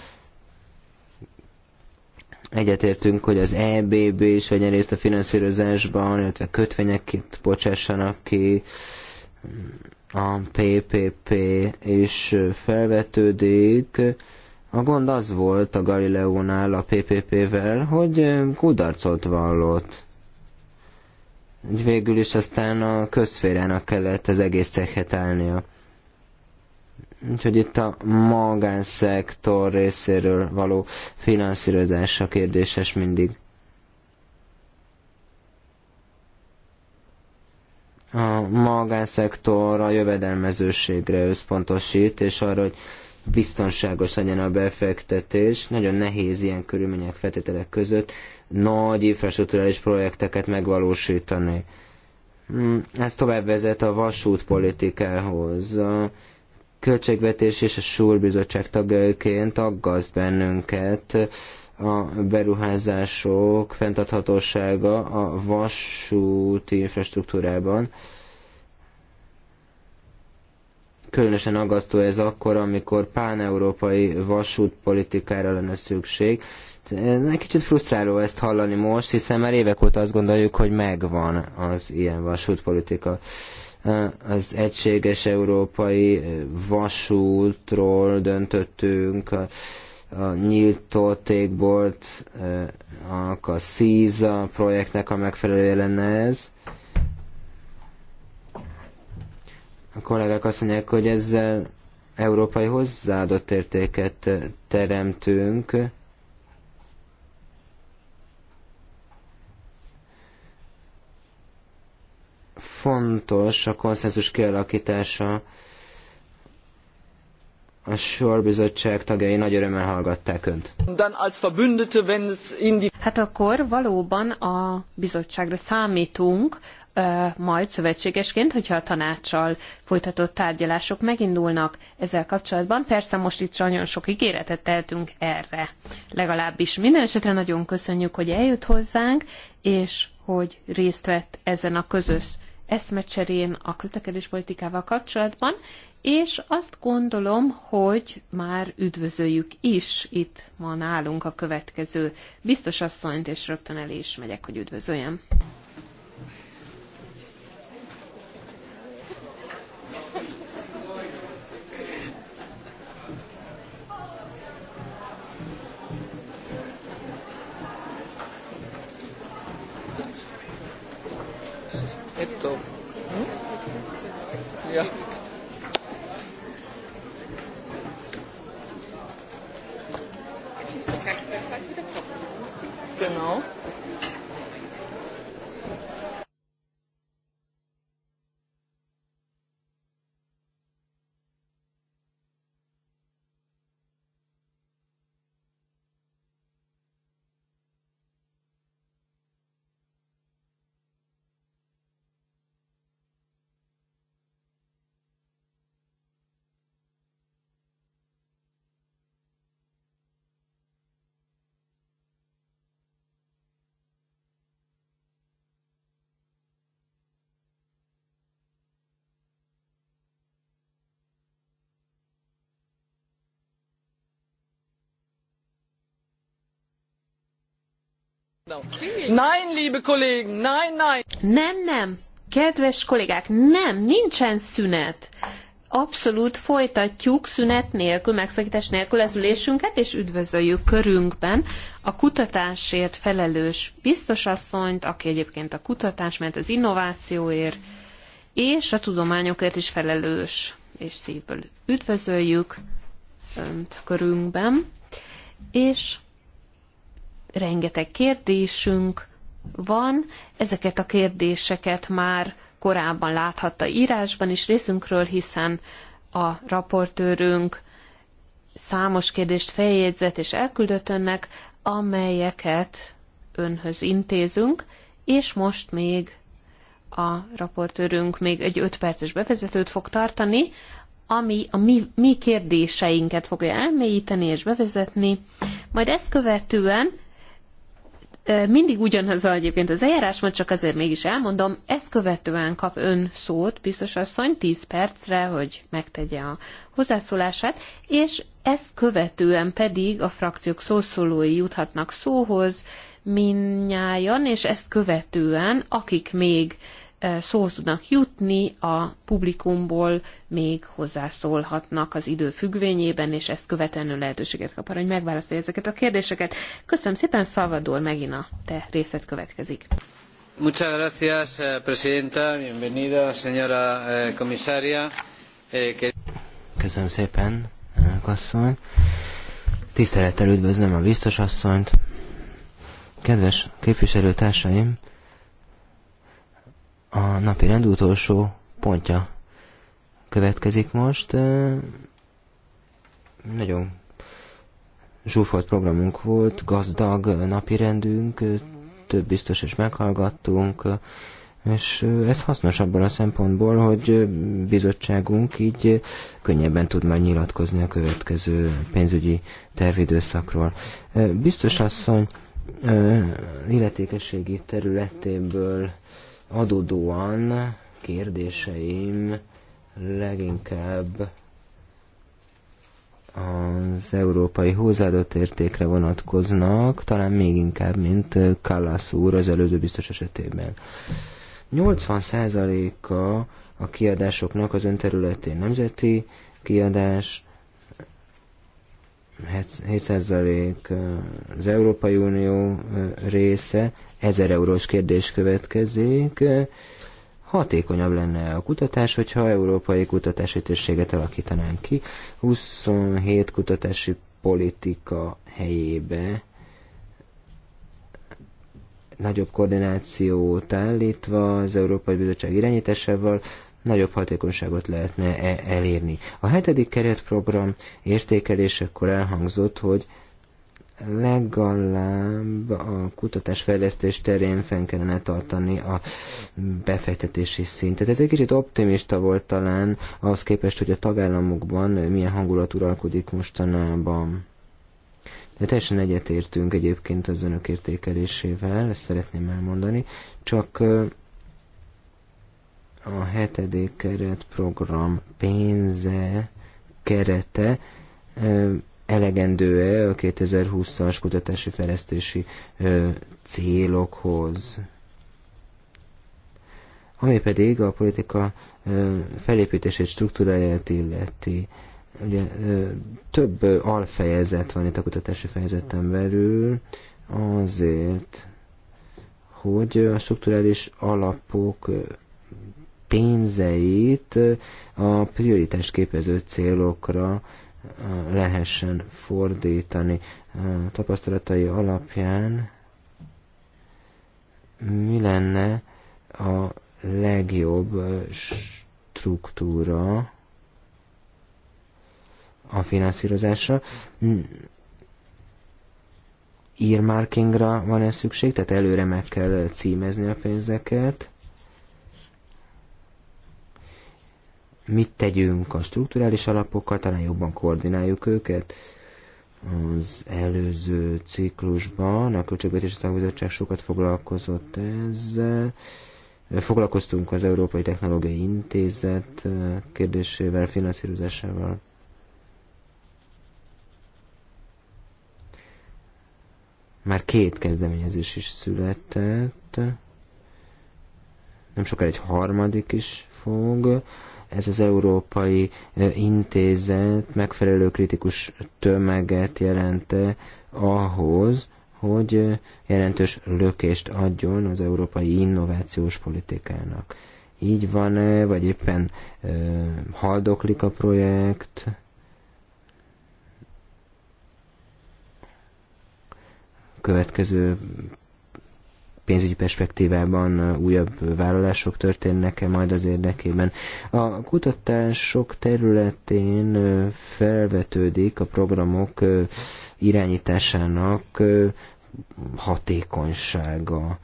Egyetértünk, hogy az EBB is vegyen részt a finanszírozásban, illetve kötvényeket bocsássanak ki, a PPP is felvetődik, a gond az volt a Galileónál, a PPP-vel, hogy kudarcot vallott. Végül is aztán a közférának kellett az egész cehet állnia. Úgyhogy itt a magánszektor részéről való finanszírozása kérdéses mindig. A magánszektor a jövedelmezőségre összpontosít, és arra, hogy biztonságos legyen a befektetés. Nagyon nehéz ilyen körülmények, feltételek között nagy infrastruktúrális projekteket megvalósítani. Hmm, ez tovább vezet a vasútpolitikához. A költségvetés és a súrbizottság tagjaiként aggaszt bennünket a beruházások fenntarthatósága a vasúti infrastruktúrában Különösen aggasztó ez akkor, amikor páneurópai vasútpolitikára lenne szükség. Kicsit frusztráló ezt hallani most, hiszen már évek óta azt gondoljuk, hogy megvan az ilyen vasútpolitika az egységes európai vasútról döntöttünk, a nyílt tótékbolt, a CISA projektnek a megfelelője lenne ez. A kollégák azt mondják, hogy ezzel európai hozzáadott értéket teremtünk. Fontos a konszenzus kialakítása. A sorbizottság tagjai nagy örömmel hallgatták önt. Hát akkor valóban a bizottságra számítunk majd szövetségesként, hogyha a tanácssal folytatott tárgyalások megindulnak ezzel kapcsolatban. Persze most itt nagyon sok ígéretet tehetünk erre. Legalábbis minden esetre nagyon köszönjük, hogy eljött hozzánk, és hogy részt vett ezen a közös eszmecserén a közlekedéspolitikával kapcsolatban, és azt gondolom, hogy már üdvözöljük is itt ma nálunk a következő biztos asszonyt, és rögtön el is megyek, hogy üdvözöljem. Nein, liebe Kollegen, nein, nein. Nem, nem. Kedves kollégák, nem, nincsen szünet. Abszolút folytatjuk szünet nélkül, megszakítás nélkül az ülésünket, és üdvözöljük körünkben a kutatásért felelős biztosasszonyt, aki egyébként a kutatás, mert az innovációért és a tudományokért is felelős, és szívből üdvözöljük önt körünkben, és rengeteg kérdésünk van, ezeket a kérdéseket már korábban láthatta írásban is részünkről, hiszen a raportőrünk számos kérdést feljegyzett és elküldött önnek, amelyeket önhöz intézünk, és most még a raportőrünk még egy 5 perces bevezetőt fog tartani, ami a mi, mi kérdéseinket fogja elmélyíteni és bevezetni, majd ezt követően mindig ugyanaz egyébként az eljárás, majd csak azért mégis elmondom, ezt követően kap ön szót, biztos asszony, 10 percre, hogy megtegye a hozzászólását, és ezt követően pedig a frakciók szószólói juthatnak szóhoz, minnyájan, és ezt követően, akik még szóhoz tudnak jutni, a publikumból még hozzászólhatnak az idő függvényében, és ezt követenő lehetőséget kap arra, hogy megválaszolja ezeket a kérdéseket. Köszönöm szépen, Salvador, megint a te részed következik. Muchas gracias, eh, presidenta. Bienvenida, señora eh, comisaria. Eh, Köszönöm szépen, elnök asszony. Tisztelettel üdvözlöm a biztos asszonyt. Kedves képviselőtársaim, a napi rend utolsó pontja következik most. Nagyon zsúfolt programunk volt, gazdag napirendünk, több biztos is meghallgattunk, és ez hasznos abban a szempontból, hogy bizottságunk így könnyebben tud majd nyilatkozni a következő pénzügyi tervidőszakról. Biztos asszony illetékességi területéből adódóan kérdéseim leginkább az európai hozzáadott értékre vonatkoznak, talán még inkább, mint Kallász úr az előző biztos esetében. 80%-a a kiadásoknak az önterületén nemzeti kiadás, 7% az Európai Unió része, ezer eurós kérdés következik. Hatékonyabb lenne a kutatás, hogyha európai kutatási térséget alakítanánk ki. 27 kutatási politika helyébe nagyobb koordinációt állítva az Európai Bizottság irányításával nagyobb hatékonyságot lehetne e- elérni. A hetedik keretprogram értékelésekor elhangzott, hogy legalább a kutatásfejlesztés terén fenn kellene tartani a befektetési szintet. Ez egy kicsit optimista volt talán ahhoz képest, hogy a tagállamokban milyen hangulat uralkodik mostanában. De teljesen egyetértünk egyébként az önök értékelésével, ezt szeretném elmondani, csak a hetedik keretprogram pénze, kerete elegendő-e a 2020-as kutatási fejlesztési célokhoz. Ami pedig a politika felépítését, struktúráját illeti. Ugye, több alfejezet van itt a kutatási fejezeten belül, azért, hogy a strukturális alapok pénzeit a prioritás képező célokra lehessen fordítani. A tapasztalatai alapján mi lenne a legjobb struktúra a finanszírozásra? Hm, earmarkingra van-e szükség, tehát előre meg kell címezni a pénzeket? mit tegyünk a strukturális alapokkal, talán jobban koordináljuk őket. Az előző ciklusban a Költségvetési Szakbizottság sokat foglalkozott ezzel. Foglalkoztunk az Európai Technológiai Intézet kérdésével, finanszírozásával. Már két kezdeményezés is született. Nem sokára egy harmadik is fog ez az Európai eh, Intézet megfelelő kritikus tömeget jelente ahhoz, hogy eh, jelentős lökést adjon az európai innovációs politikának. Így van-e, vagy éppen e, haldoklik a projekt? Következő pénzügyi perspektívában újabb vállalások történnek-e majd az érdekében. A kutatások területén felvetődik a programok irányításának hatékonysága.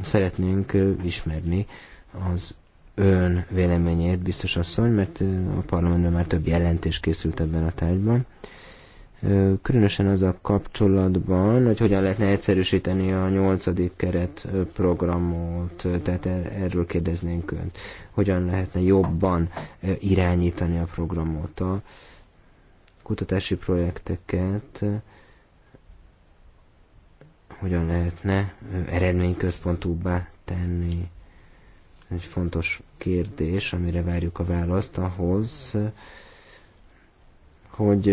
Szeretnénk ismerni az ön véleményét, biztos asszony, mert a parlamentben már több jelentés készült ebben a tárgyban különösen az a kapcsolatban, hogy hogyan lehetne egyszerűsíteni a nyolcadik keret programot, tehát er-, erről kérdeznénk önt, hogyan lehetne jobban irányítani a programot, a kutatási projekteket, hogyan lehetne eredményközpontúbbá tenni. Egy fontos kérdés, amire várjuk a választ ahhoz, hogy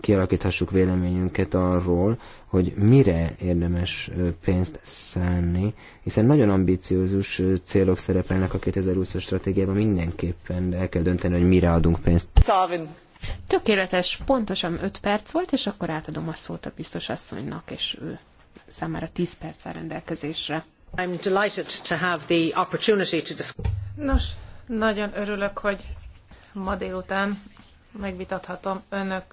kialakíthassuk véleményünket arról, hogy mire érdemes pénzt szánni, hiszen nagyon ambiciózus célok szerepelnek a 2020-as stratégiában mindenképpen, el kell dönteni, hogy mire adunk pénzt. Szávin. Tökéletes, pontosan 5 perc volt, és akkor átadom a szót a biztos asszonynak, és ő számára 10 perc a rendelkezésre. I'm delighted to have the opportunity to discuss. Nos, nagyon örülök, hogy ma délután megvitathatom önök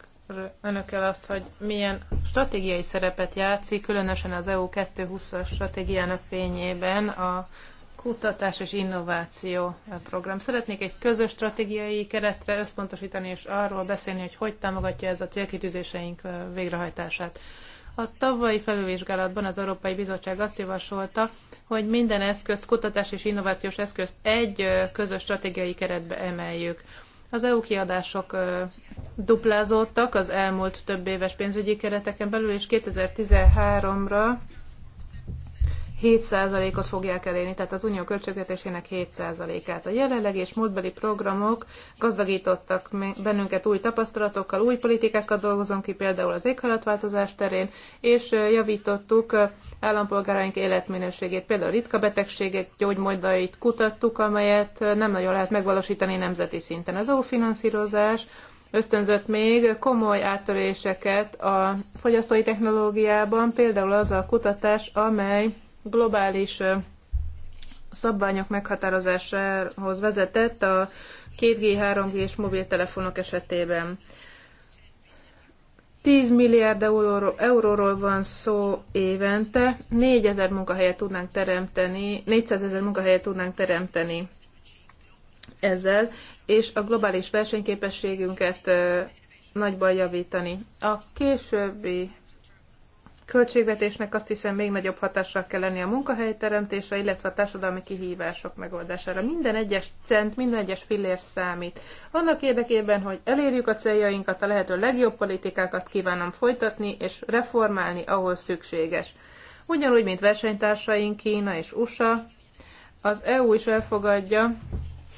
önökkel azt, hogy milyen stratégiai szerepet játszik, különösen az EU 2020-as stratégiának fényében a kutatás és innováció program. Szeretnék egy közös stratégiai keretre összpontosítani és arról beszélni, hogy hogy támogatja ez a célkitűzéseink végrehajtását. A tavalyi felülvizsgálatban az Európai Bizottság azt javasolta, hogy minden eszközt, kutatás és innovációs eszközt egy közös stratégiai keretbe emeljük. Az EU kiadások duplázódtak az elmúlt több éves pénzügyi kereteken belül, és 2013-ra 7%-ot fogják elérni, tehát az unió költségvetésének 7%-át. A jelenlegi és múltbeli programok gazdagítottak bennünket új tapasztalatokkal, új politikákkal dolgozunk ki, például az éghajlatváltozás terén, és javítottuk állampolgáraink életminőségét, például ritka betegségek gyógymódait kutattuk, amelyet nem nagyon lehet megvalósítani nemzeti szinten. Az EU finanszírozás ösztönzött még komoly áttöréseket a fogyasztói technológiában, például az a kutatás, amely globális szabványok meghatározásához vezetett a 2G, 3G és mobiltelefonok esetében. 10 milliárd euróról, van szó évente, 4000 munkahelyet tudnánk teremteni, 400 ezer munkahelyet tudnánk teremteni ezzel, és a globális versenyképességünket nagyban javítani. A későbbi költségvetésnek azt hiszem még nagyobb hatással kell lenni a munkahelyteremtésre, illetve a társadalmi kihívások megoldására. Minden egyes cent, minden egyes fillér számít. Annak érdekében, hogy elérjük a céljainkat, a lehető legjobb politikákat kívánom folytatni és reformálni, ahol szükséges. Ugyanúgy, mint versenytársaink Kína és USA, az EU is elfogadja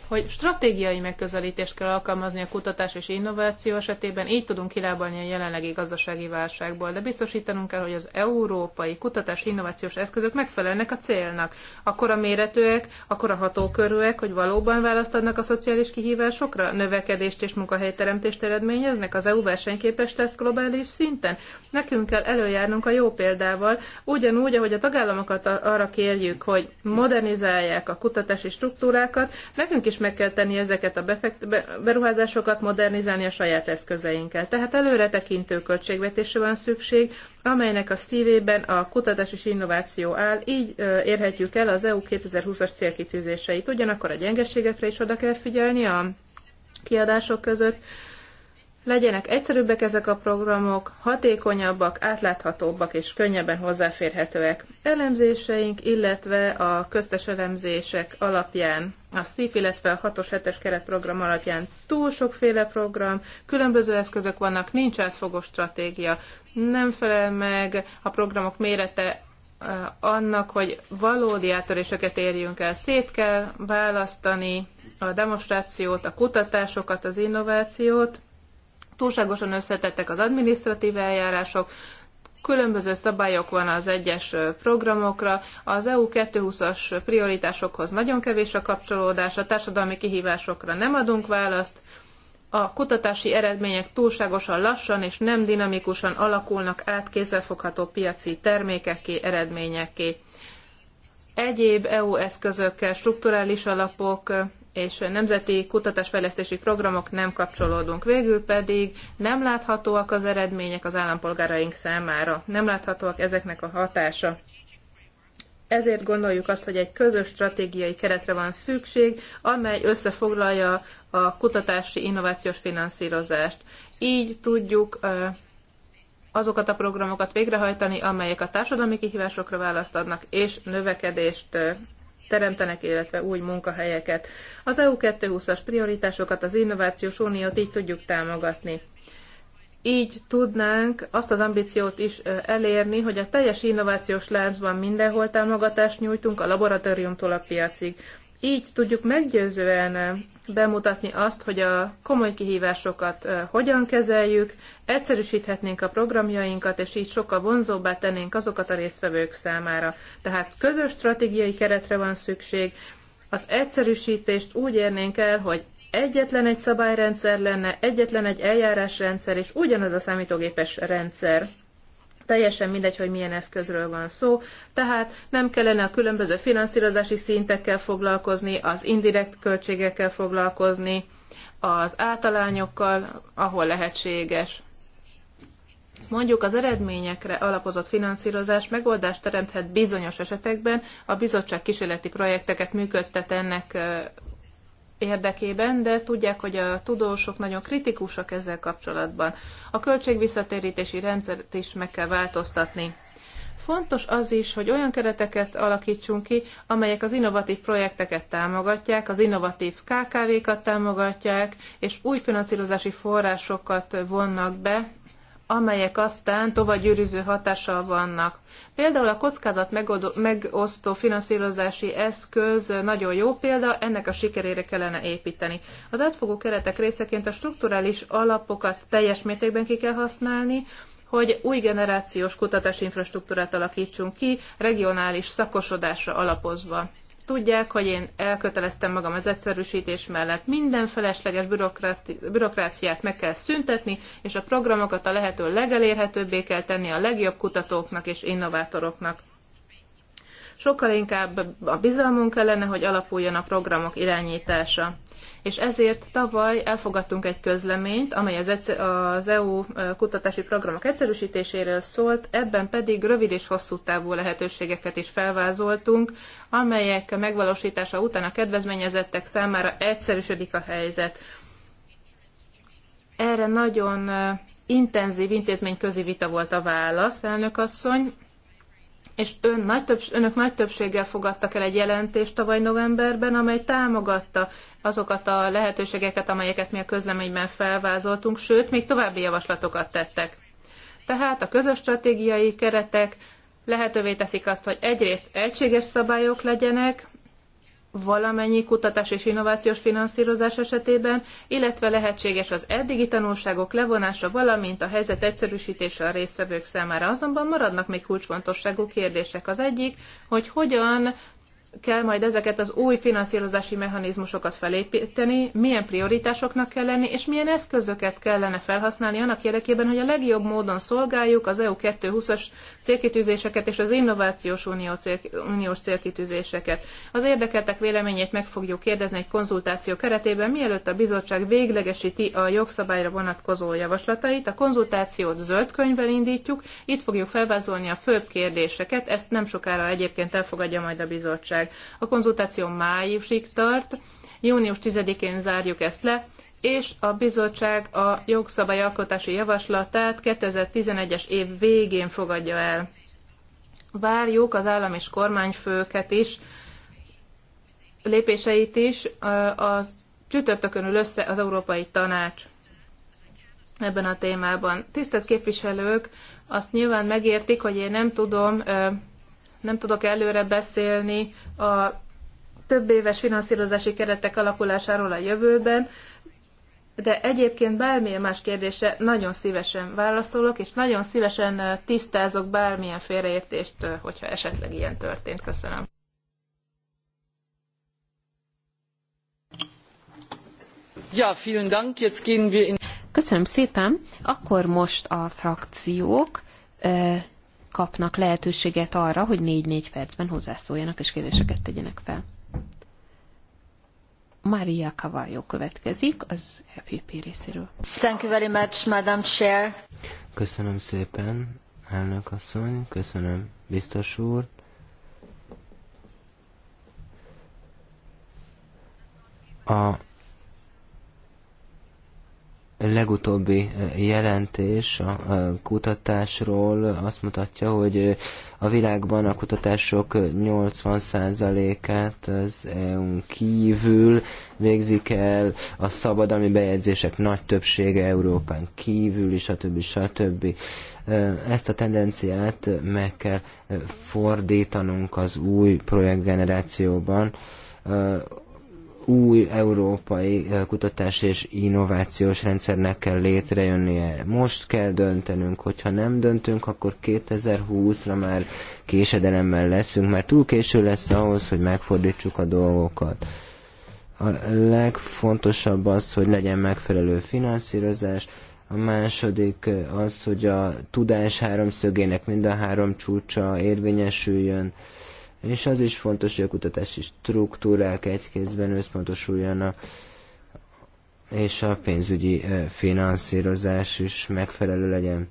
hogy stratégiai megközelítést kell alkalmazni a kutatás és innováció esetében, így tudunk kilábalni a jelenlegi gazdasági válságból, de biztosítanunk kell, hogy az európai kutatás innovációs eszközök megfelelnek a célnak. Akkor a méretűek, akkor a hatókörűek, hogy valóban választ adnak a szociális kihívásokra, növekedést és munkahelyteremtést eredményeznek, az EU versenyképes lesz globális szinten. Nekünk kell előjárnunk a jó példával, ugyanúgy, ahogy a tagállamokat arra kérjük, hogy modernizálják a kutatási struktúrákat, nekünk is is meg kell tenni ezeket a befekt, beruházásokat, modernizálni a saját eszközeinkkel. Tehát előretekintő költségvetésre van szükség, amelynek a szívében a kutatás és innováció áll, így érhetjük el az EU 2020-as célkitűzéseit. Ugyanakkor a gyengeségekre is oda kell figyelni a kiadások között, Legyenek egyszerűbbek ezek a programok, hatékonyabbak, átláthatóbbak és könnyebben hozzáférhetőek. Elemzéseink, illetve a köztes elemzések alapján, a SZIP, illetve a 6-os 7-es keretprogram alapján túl sokféle program, különböző eszközök vannak, nincs átfogó stratégia, nem felel meg a programok mérete eh, annak, hogy valódi átöréseket érjünk el. Szét kell választani a demonstrációt, a kutatásokat, az innovációt, túlságosan összetettek az adminisztratív eljárások, különböző szabályok van az egyes programokra, az EU 220-as prioritásokhoz nagyon kevés a kapcsolódás, a társadalmi kihívásokra nem adunk választ, a kutatási eredmények túlságosan lassan és nem dinamikusan alakulnak át kézzelfogható piaci termékekké, eredményekké. Egyéb EU eszközökkel, strukturális alapok, és nemzeti kutatásfejlesztési programok nem kapcsolódunk. Végül pedig nem láthatóak az eredmények az állampolgáraink számára, nem láthatóak ezeknek a hatása. Ezért gondoljuk azt, hogy egy közös stratégiai keretre van szükség, amely összefoglalja a kutatási innovációs finanszírozást. Így tudjuk azokat a programokat végrehajtani, amelyek a társadalmi kihívásokra választ adnak, és növekedést teremtenek, illetve új munkahelyeket. Az EU 2020-as prioritásokat, az Innovációs Uniót így tudjuk támogatni. Így tudnánk azt az ambíciót is elérni, hogy a teljes innovációs láncban mindenhol támogatást nyújtunk, a laboratóriumtól a piacig így tudjuk meggyőzően bemutatni azt, hogy a komoly kihívásokat hogyan kezeljük, egyszerűsíthetnénk a programjainkat, és így sokkal vonzóbbá tennénk azokat a résztvevők számára. Tehát közös stratégiai keretre van szükség, az egyszerűsítést úgy érnénk el, hogy egyetlen egy szabályrendszer lenne, egyetlen egy eljárásrendszer, és ugyanaz a számítógépes rendszer Teljesen mindegy, hogy milyen eszközről van szó, tehát nem kellene a különböző finanszírozási szintekkel foglalkozni, az indirekt költségekkel foglalkozni, az általányokkal, ahol lehetséges. Mondjuk az eredményekre alapozott finanszírozás megoldást teremthet bizonyos esetekben, a bizottság kísérleti projekteket működtet ennek érdekében, de tudják, hogy a tudósok nagyon kritikusak ezzel kapcsolatban. A költségvisszatérítési rendszert is meg kell változtatni. Fontos az is, hogy olyan kereteket alakítsunk ki, amelyek az innovatív projekteket támogatják, az innovatív KKV-kat támogatják, és új finanszírozási forrásokat vonnak be amelyek aztán tovább gyűrűző hatással vannak. Például a kockázat megosztó finanszírozási eszköz nagyon jó példa, ennek a sikerére kellene építeni. Az átfogó keretek részeként a strukturális alapokat teljes mértékben ki kell használni, hogy új generációs kutatási infrastruktúrát alakítsunk ki, regionális szakosodásra alapozva. Tudják, hogy én elköteleztem magam az egyszerűsítés mellett. Minden felesleges bürokráciát meg kell szüntetni, és a programokat a lehető legelérhetőbbé kell tenni a legjobb kutatóknak és innovátoroknak. Sokkal inkább a bizalmunk kellene, hogy alapuljon a programok irányítása és ezért tavaly elfogadtunk egy közleményt, amely az, az EU e, kutatási programok egyszerűsítéséről szólt, ebben pedig rövid és hosszú távú lehetőségeket is felvázoltunk, amelyek megvalósítása után a kedvezményezettek számára egyszerűsödik a helyzet. Erre nagyon e, intenzív intézményközi vita volt a válasz, elnök asszony, és ön nagy többs- önök nagy többséggel fogadtak el egy jelentést tavaly novemberben, amely támogatta azokat a lehetőségeket, amelyeket mi a közleményben felvázoltunk, sőt, még további javaslatokat tettek. Tehát a közös stratégiai keretek lehetővé teszik azt, hogy egyrészt egységes szabályok legyenek, valamennyi kutatás és innovációs finanszírozás esetében, illetve lehetséges az eddigi tanulságok levonása, valamint a helyzet egyszerűsítése a résztvevők számára. Azonban maradnak még kulcsfontosságú kérdések. Az egyik, hogy hogyan kell majd ezeket az új finanszírozási mechanizmusokat felépíteni, milyen prioritásoknak kell lenni, és milyen eszközöket kellene felhasználni annak érdekében, hogy a legjobb módon szolgáljuk az EU 2020-as célkitűzéseket és az Innovációs Unió cél, Uniós célkitűzéseket. Az érdekeltek véleményét meg fogjuk kérdezni egy konzultáció keretében, mielőtt a bizottság véglegesíti a jogszabályra vonatkozó javaslatait. A konzultációt zöld könyvvel indítjuk, itt fogjuk felvázolni a főbb kérdéseket, ezt nem sokára egyébként elfogadja majd a bizottság bizottság. A konzultáció májusig tart, június 10-én zárjuk ezt le, és a bizottság a jogszabályalkotási javaslatát 2011-es év végén fogadja el. Várjuk az állam és kormányfőket is, lépéseit is, az csütörtökön ül össze az Európai Tanács ebben a témában. Tisztelt képviselők, azt nyilván megértik, hogy én nem tudom nem tudok előre beszélni a több éves finanszírozási keretek alakulásáról a jövőben, de egyébként bármilyen más kérdése nagyon szívesen válaszolok, és nagyon szívesen eh, tisztázok bármilyen félreértést, eh, hogyha esetleg ilyen történt. Köszönöm. Ja, vielen Dank. Jetzt gehen wir in... Köszönöm szépen. Akkor most a frakciók eh, kapnak lehetőséget arra, hogy 4-4 percben hozzászóljanak és kérdéseket tegyenek fel. Maria Cavallo következik az EPP részéről. Thank you very much, Madam Chair. Köszönöm szépen, elnök asszony, köszönöm, biztos úr. A legutóbbi eh, jelentés a eh, kutatásról azt mutatja, hogy eh, a világban a kutatások 80%-át az EU-n kívül végzik el, a szabadalmi bejegyzések nagy többsége Európán kívül, stb. stb. Ezt a tendenciát meg kell fordítanunk az új projektgenerációban, új európai eh, kutatás és innovációs rendszernek kell létrejönnie. Most kell döntenünk, hogyha nem döntünk, akkor 2020-ra már késedelemmel leszünk, mert túl késő lesz ahhoz, hogy megfordítsuk a dolgokat. A legfontosabb az, hogy legyen megfelelő finanszírozás, a második eh, az, hogy a tudás háromszögének mind a három csúcsa érvényesüljön, és az is fontos, hogy a kutatási struktúrák egykézben összpontosuljanak, és a pénzügyi finanszírozás is megfelelő legyen.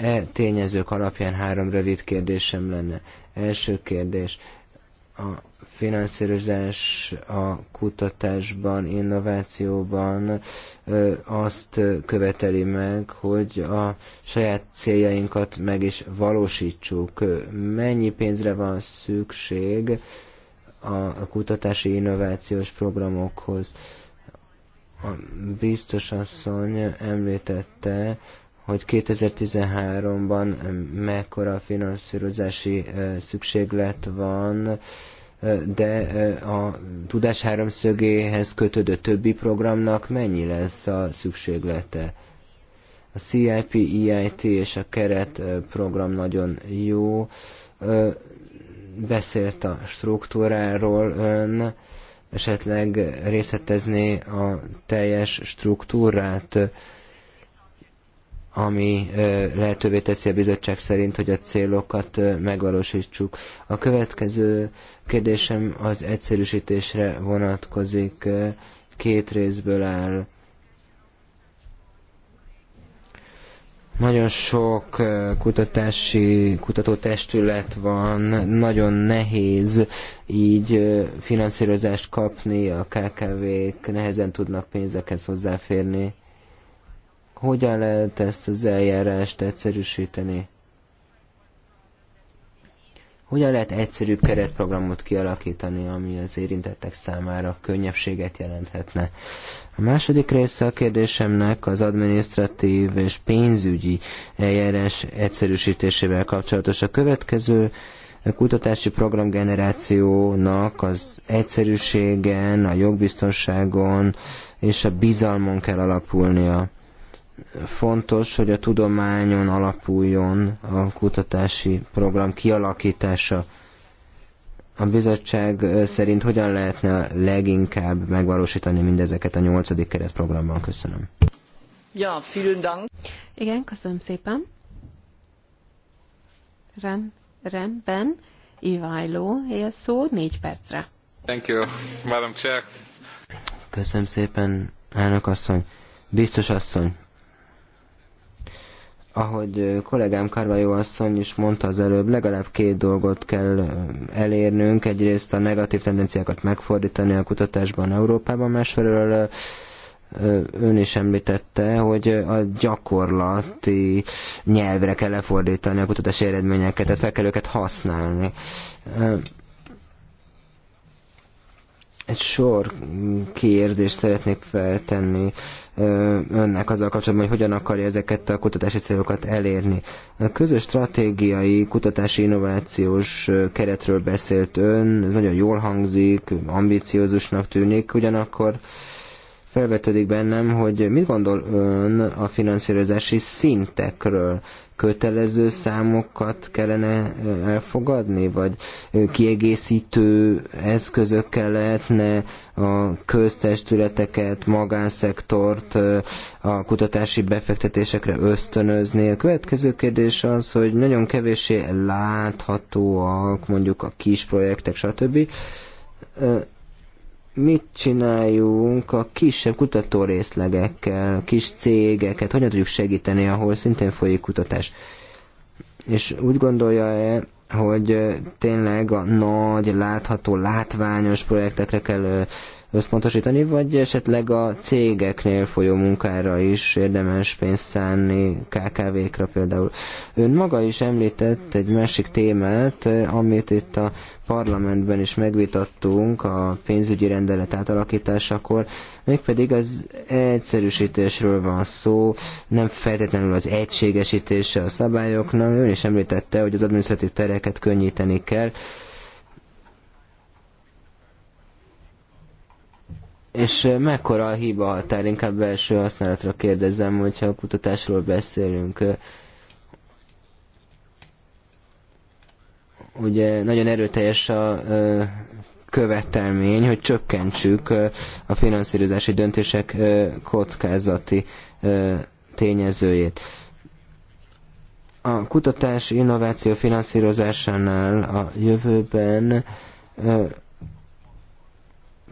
E tényezők alapján három rövid kérdésem lenne. Első kérdés, a finanszírozás a kutatásban, innovációban azt követeli meg, hogy a saját céljainkat meg is valósítsuk. Mennyi pénzre van szükség a kutatási innovációs programokhoz? A biztos asszony említette, hogy 2013-ban mekkora finanszírozási szükséglet van, de eh, a tudás háromszögéhez kötődő többi programnak mennyi lesz a szükséglete? A CIP, EIT és a keret eh, program nagyon jó. Eh, beszélt a struktúráról ön, esetleg részletezné a teljes struktúrát, ami lehetővé teszi a bizottság szerint, hogy a célokat megvalósítsuk. A következő kérdésem az egyszerűsítésre vonatkozik, két részből áll. Nagyon sok kutatási kutatótestület van, nagyon nehéz így finanszírozást kapni, a KKV-k nehezen tudnak pénzekhez hozzáférni hogyan lehet ezt az eljárást egyszerűsíteni? Hogyan lehet egyszerűbb keretprogramot kialakítani, ami az érintettek számára könnyebbséget jelenthetne? A második része a kérdésemnek az adminisztratív és pénzügyi eljárás egyszerűsítésével kapcsolatos. A következő a kutatási programgenerációnak az egyszerűségen, a jogbiztonságon és a bizalmon kell alapulnia fontos, hogy a tudományon alapuljon a kutatási program kialakítása. A bizottság szerint hogyan lehetne leginkább megvalósítani mindezeket a nyolcadik keretprogramban? Köszönöm. Ja, vielen Dank. Igen, köszönöm szépen. Ren, rendben, Iváló, él szó négy percre. Thank you, Madam Chair. Köszönöm szépen, elnök asszony. Biztos asszony, ahogy kollégám Karvajó asszony is mondta az előbb, legalább két dolgot kell elérnünk. Egyrészt a negatív tendenciákat megfordítani a kutatásban Európában, másfelől ön is említette, hogy a gyakorlati nyelvre kell lefordítani a kutatási eredményeket, tehát fel kell őket használni. Egy sor kérdést szeretnék feltenni önnek azzal kapcsolatban, hogy hogyan akarja ezeket a kutatási célokat elérni. A közös stratégiai kutatási innovációs keretről beszélt ön, ez nagyon jól hangzik, ambiciózusnak tűnik, ugyanakkor felvetődik bennem, hogy mit gondol ön a finanszírozási szintekről? kötelező számokat kellene elfogadni, vagy kiegészítő eszközökkel lehetne a köztestületeket, magánszektort a kutatási befektetésekre ösztönözni. A következő kérdés az, hogy nagyon kevéssé láthatóak mondjuk a kis projektek, stb mit csináljunk a kisebb kutatórészlegekkel, kis cégeket, hogyan tudjuk segíteni, ahol szintén folyik kutatás. És úgy gondolja-e, hogy tényleg a nagy, látható, látványos projektekre kell összpontosítani, vagy esetleg a cégeknél folyó munkára is érdemes pénzt szánni, KKV-kra például. Ön maga is említett egy másik témát, amit itt a parlamentben is megvitattunk a pénzügyi rendelet átalakításakor, mégpedig az egyszerűsítésről van szó, nem feltétlenül az egységesítése a szabályoknak. Ön is említette, hogy az adminisztratív tereket könnyíteni kell. És mekkora a hiba határ? Inkább belső használatra kérdezem, hogyha a kutatásról beszélünk. Ugye nagyon erőteljes a követelmény, hogy csökkentsük a finanszírozási döntések kockázati tényezőjét. A kutatás innováció finanszírozásánál a jövőben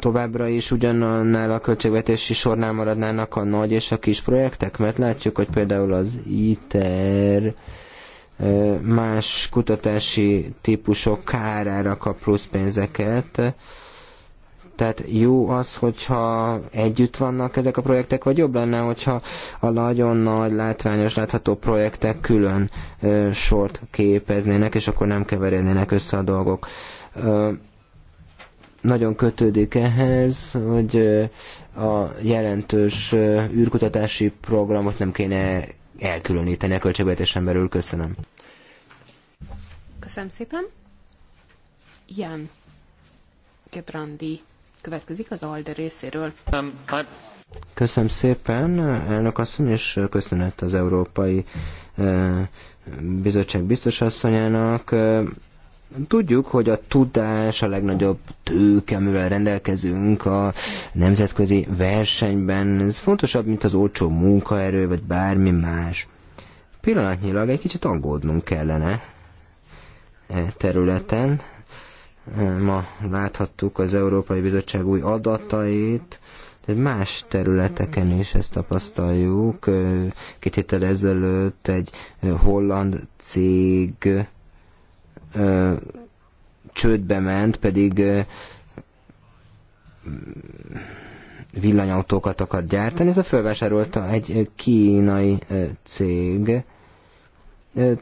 továbbra is ugyanannál a költségvetési sornál maradnának a nagy és a kis projektek? Mert látjuk, hogy például az ITER más kutatási típusok kárára kap plusz pénzeket. Tehát jó az, hogyha együtt vannak ezek a projektek, vagy jobb lenne, hogyha a nagyon nagy, látványos, látható projektek külön ö, sort képeznének, és akkor nem keverednének össze a dolgok. Ö, nagyon kötődik ehhez, hogy a jelentős űrkutatási programot nem kéne elkülöníteni a költségvetésen belül. Köszönöm. Köszönöm szépen. Jan Gebrandi következik az ALDE részéről. Um, Köszönöm szépen, elnök asszony, és köszönet az Európai Bizottság biztosasszonyának. Tudjuk, hogy a tudás a legnagyobb tőke, amivel rendelkezünk a nemzetközi versenyben. Ez fontosabb, mint az olcsó munkaerő, vagy bármi más. Pillanatnyilag egy kicsit aggódnunk kellene e területen. E, ma láthattuk az Európai Bizottság új adatait, de más területeken is ezt tapasztaljuk. E, két héttel ezelőtt egy holland cég csődbe ment, pedig villanyautókat akar gyártani. Ez a fölvásárolta egy kínai cég.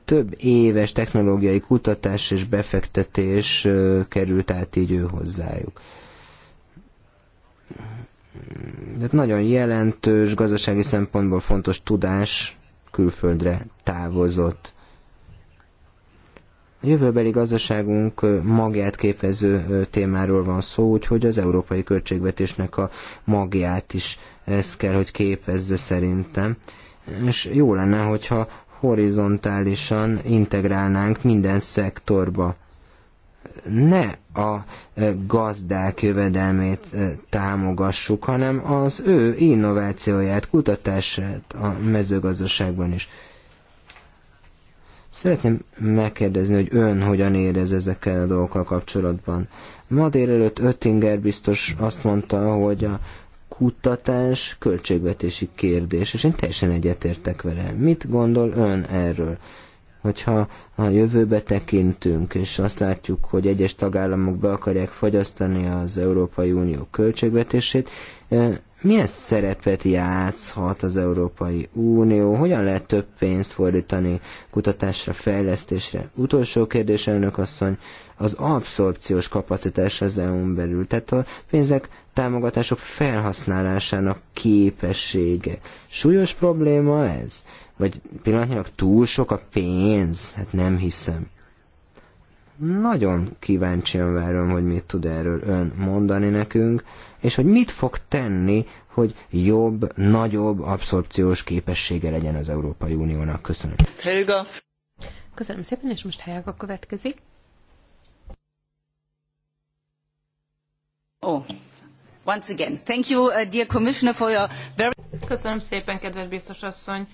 Több éves technológiai kutatás és befektetés került át így ő hozzájuk. De nagyon jelentős, gazdasági szempontból fontos tudás külföldre távozott jövőbeli gazdaságunk magját képező témáról van szó, úgyhogy az európai költségvetésnek a magját is ez kell, hogy képezze szerintem. És jó lenne, hogyha horizontálisan integrálnánk minden szektorba. Ne a gazdák jövedelmét támogassuk, hanem az ő innovációját, kutatását a mezőgazdaságban is. Szeretném megkérdezni, hogy ön hogyan érez ezekkel a dolgokkal kapcsolatban. Ma délelőtt Öttinger biztos azt mondta, hogy a kutatás költségvetési kérdés, és én teljesen egyetértek vele. Mit gondol ön erről? Hogyha a jövőbe tekintünk, és azt látjuk, hogy egyes tagállamok be akarják fogyasztani az Európai Unió költségvetését, eh, milyen szerepet játszhat az Európai Unió, hogyan lehet több pénzt fordítani kutatásra, fejlesztésre. Utolsó kérdés, elnök asszony, az abszorpciós kapacitás az EU-n belül, tehát a pénzek támogatások felhasználásának képessége. Súlyos probléma ez? Vagy pillanatnyilag túl sok a pénz? Hát nem hiszem. Nagyon kíváncsian várom, hogy mit tud erről ön mondani nekünk, és hogy mit fog tenni, hogy jobb, nagyobb abszorpciós képessége legyen az Európai Uniónak. Köszönöm. Köszönöm szépen, és most Helga következik. Oh. Once again, thank you, uh, dear commissioner, for your very... Köszönöm szépen, kedves biztos asszony,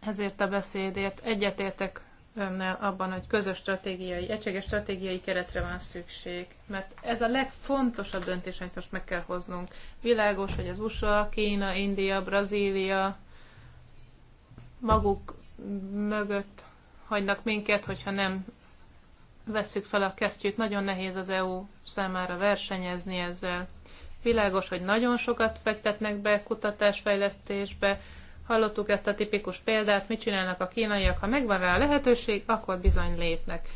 ezért a beszédért. Egyetértek önnel abban, hogy közös stratégiai, egységes stratégiai keretre van szükség. Mert ez a legfontosabb döntés, amit most meg kell hoznunk. Világos, hogy az USA, Kína, India, Brazília maguk mögött hagynak minket, hogyha nem vesszük fel a kesztyűt. Nagyon nehéz az EU számára versenyezni ezzel. Világos, hogy nagyon sokat fektetnek be kutatásfejlesztésbe, Hallottuk ezt a tipikus példát, mit csinálnak a kínaiak, ha megvan rá a lehetőség, akkor bizony lépnek.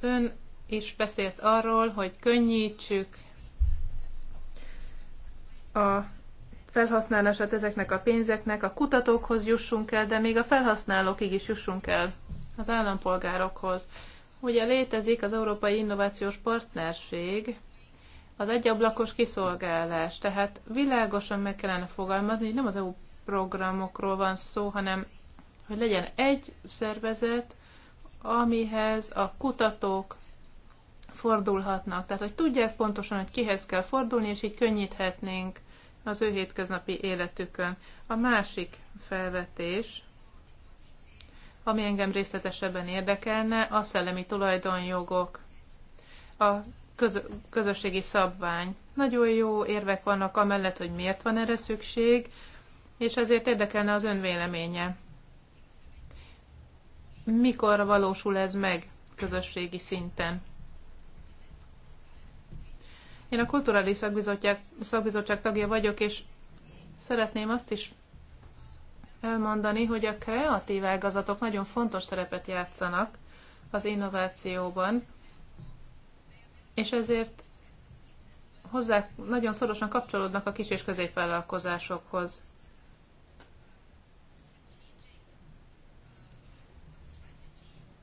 Ön is beszélt arról, hogy könnyítsük a felhasználását ezeknek a pénzeknek, a kutatókhoz jussunk el, de még a felhasználókig is jussunk el, az állampolgárokhoz. Ugye létezik az Európai Innovációs Partnerség, az egyablakos kiszolgálás, tehát világosan meg kellene fogalmazni, hogy nem az EU programokról van szó, hanem hogy legyen egy szervezet, amihez a kutatók fordulhatnak. Tehát, hogy tudják pontosan, hogy kihez kell fordulni, és így könnyíthetnénk az ő hétköznapi életükön. A másik felvetés, ami engem részletesebben érdekelne, a szellemi tulajdonjogok, a közösségi szabvány. Nagyon jó érvek vannak amellett, hogy miért van erre szükség, és ezért érdekelne az ön véleménye. Mikor valósul ez meg közösségi szinten? Én a Kulturális Szakbizottság, Szakbizottság tagja vagyok, és szeretném azt is elmondani, hogy a kreatív ágazatok nagyon fontos szerepet játszanak az innovációban, és ezért hozzá nagyon szorosan kapcsolódnak a kis- és középvállalkozásokhoz.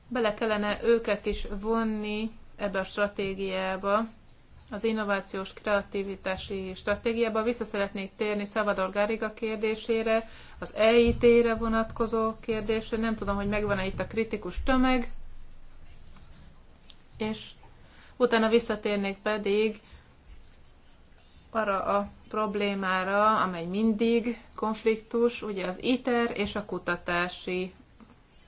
bele kellene őket is vonni ebbe a stratégiába, az innovációs kreativitási stratégiába. Vissza szeretnék térni Szabador Garriga kérdésére, az EIT-re vonatkozó kérdésre. Nem tudom, hogy megvan-e itt a kritikus tömeg, és utána visszatérnék pedig arra a problémára, amely mindig konfliktus, ugye az ITER és a kutatási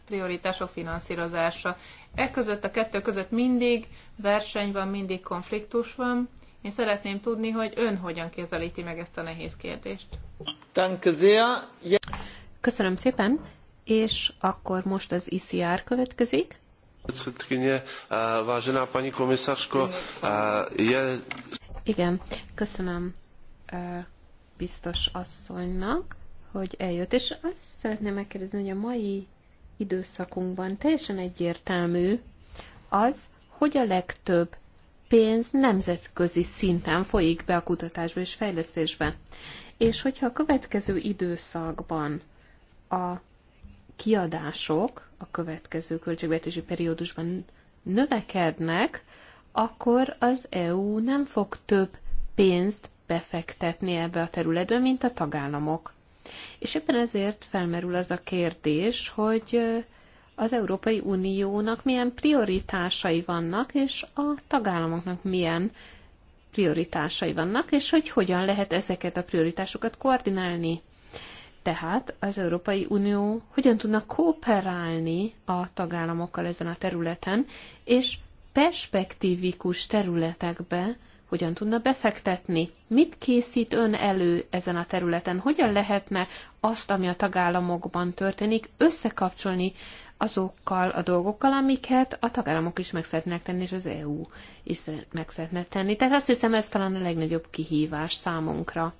prioritások finanszírozása. E között a kettő között mindig verseny van, mindig konfliktus van. Én szeretném tudni, hogy ön hogyan kezelíti meg ezt a nehéz kérdést. Köszönöm szépen, és akkor most az ICR következik. Eh, vážená eh, Igen, köszönöm eh, biztos asszonynak, hogy eljött, és azt szeretném megkérdezni, hogy a mai időszakunkban teljesen egyértelmű az, hogy a legtöbb pénz nemzetközi szinten folyik be a kutatásba és fejlesztésbe. És hogyha a következő időszakban a kiadások a következő költségvetési periódusban növekednek, akkor az EU nem fog több pénzt befektetni ebbe a területbe, mint a tagállamok. És éppen ezért felmerül az a kérdés, hogy az Európai Uniónak milyen prioritásai vannak, és a tagállamoknak milyen prioritásai vannak, és hogy hogyan lehet ezeket a prioritásokat koordinálni. Tehát az Európai Unió hogyan tudna kooperálni a tagállamokkal ezen a területen, és perspektívikus területekbe hogyan tudna befektetni, mit készít ön elő ezen a területen, hogyan lehetne azt, ami a tagállamokban történik, összekapcsolni azokkal a dolgokkal, amiket a tagállamok is meg szeretnek tenni, és az EU is meg szeretne tenni. Tehát azt hiszem, ez talán a legnagyobb kihívás számunkra.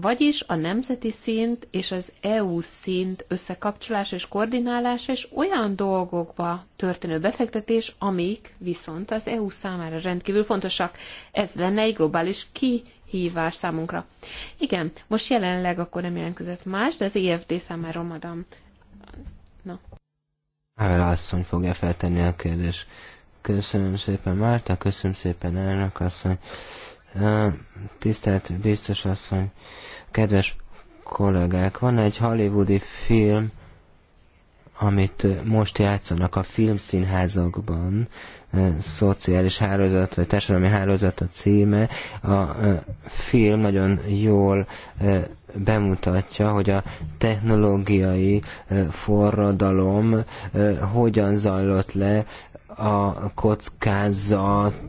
Vagyis a nemzeti szint és az EU szint összekapcsolása és koordinálás és olyan dolgokba történő befektetés, amik viszont az EU számára rendkívül fontosak. Ez lenne egy globális kihívás számunkra. Igen, most jelenleg akkor nem jelentkezett más, de az EFD számára madam. Na. Ável asszony fogja feltenni a kérdést. Köszönöm szépen Márta, köszönöm szépen elnök asszony. Tisztelt biztos asszony, kedves kollégák, van egy hollywoodi film, amit most játszanak a filmszínházakban, szociális hálózat, vagy társadalmi hálózat a címe. A film nagyon jól bemutatja, hogy a technológiai forradalom hogyan zajlott le a kockázaton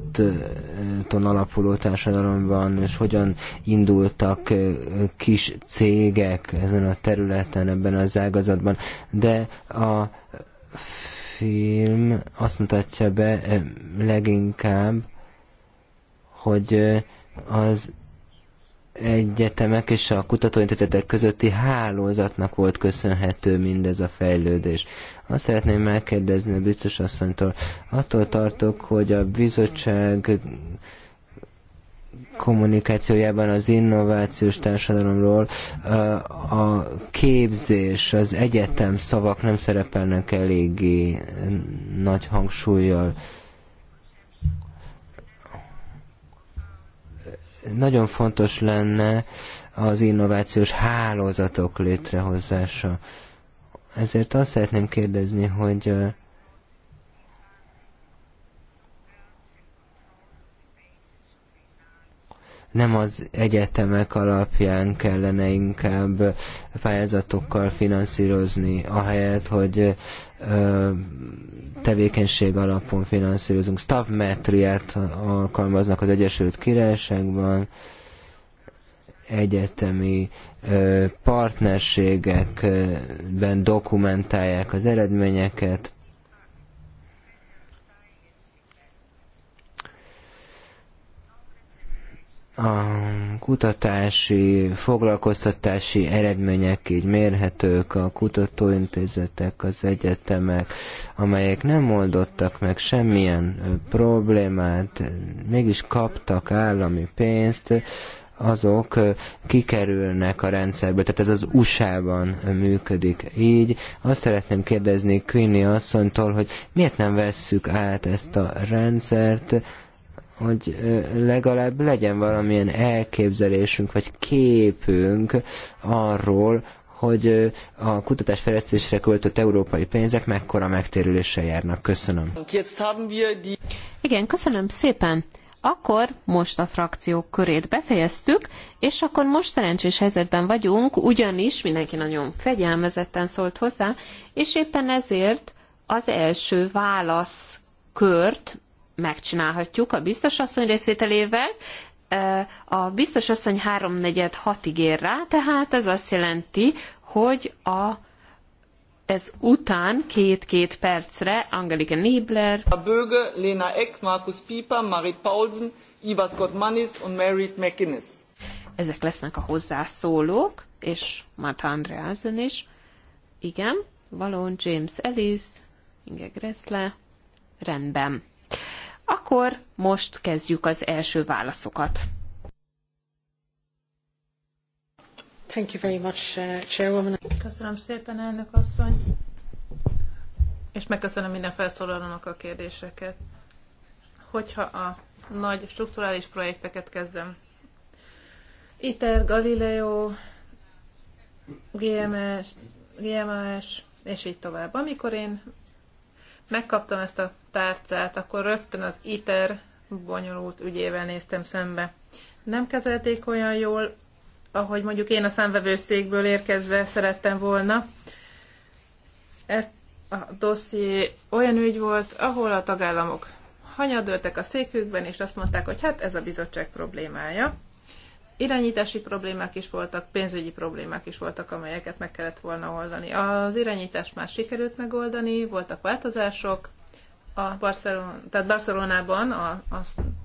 alapuló társadalomban, és hogyan indultak eh, kis cégek ezen a területen, ebben az ágazatban. De a film azt mutatja be eh, leginkább, hogy eh, az egyetemek és a kutatóintézetek közötti hálózatnak volt köszönhető mindez a fejlődés. Azt szeretném megkérdezni a biztos asszonytól, attól tartok, hogy a bizottság kommunikációjában az innovációs társadalomról a képzés, az egyetem szavak nem szerepelnek eléggé nagy hangsúlyjal. Nagyon fontos lenne az innovációs hálózatok létrehozása. Ezért azt szeretném kérdezni, hogy nem az egyetemek alapján kellene inkább pályázatokkal finanszírozni, ahelyett, hogy tevékenység alapon finanszírozunk. Stavmetriát alkalmaznak az Egyesült Királyságban, egyetemi partnerségekben dokumentálják az eredményeket, A kutatási, foglalkoztatási eredmények így mérhetők, a kutatóintézetek, az egyetemek, amelyek nem oldottak meg semmilyen problémát, mégis kaptak állami pénzt, azok kikerülnek a rendszerbe, tehát ez az USA-ban működik így. Azt szeretném kérdezni Queenie asszonytól, hogy miért nem vesszük át ezt a rendszert, hogy legalább legyen valamilyen elképzelésünk vagy képünk arról, hogy a kutatásfejlesztésre költött európai pénzek mekkora megtérüléssel járnak. Köszönöm. Igen, köszönöm szépen. Akkor most a frakciók körét befejeztük, és akkor most szerencsés helyzetben vagyunk, ugyanis mindenki nagyon fegyelmezetten szólt hozzá, és éppen ezért az első válasz kört, megcsinálhatjuk a biztos asszony részvételével, a biztos asszony háromnegyed hatig ér rá, tehát ez azt jelenti, hogy a ez után két-két percre Angelika Niebler, a Böge, Lena Eck, Markus Pieper, Marit Paulsen, Iva Scott Manis und Mary McInnes. Ezek lesznek a hozzászólók, és Marta Andreasen is. Igen, valóan James Ellis, Inge Gressle, rendben. Akkor most kezdjük az első válaszokat. Thank you very much, uh, Chairwoman. Köszönöm szépen, elnök asszony. És megköszönöm minden felszólalónak a kérdéseket. Hogyha a nagy strukturális projekteket kezdem. ITER, Galileo, GMS, GMS, és így tovább. Amikor én megkaptam ezt a tárcát, akkor rögtön az ITER bonyolult ügyével néztem szembe. Nem kezelték olyan jól, ahogy mondjuk én a számvevőszékből érkezve szerettem volna. Ez a dosszié olyan ügy volt, ahol a tagállamok hanyadöltek a székükben, és azt mondták, hogy hát ez a bizottság problémája irányítási problémák is voltak, pénzügyi problémák is voltak, amelyeket meg kellett volna oldani. Az irányítást már sikerült megoldani, voltak változások, a Barcelon, tehát Barcelonában a, a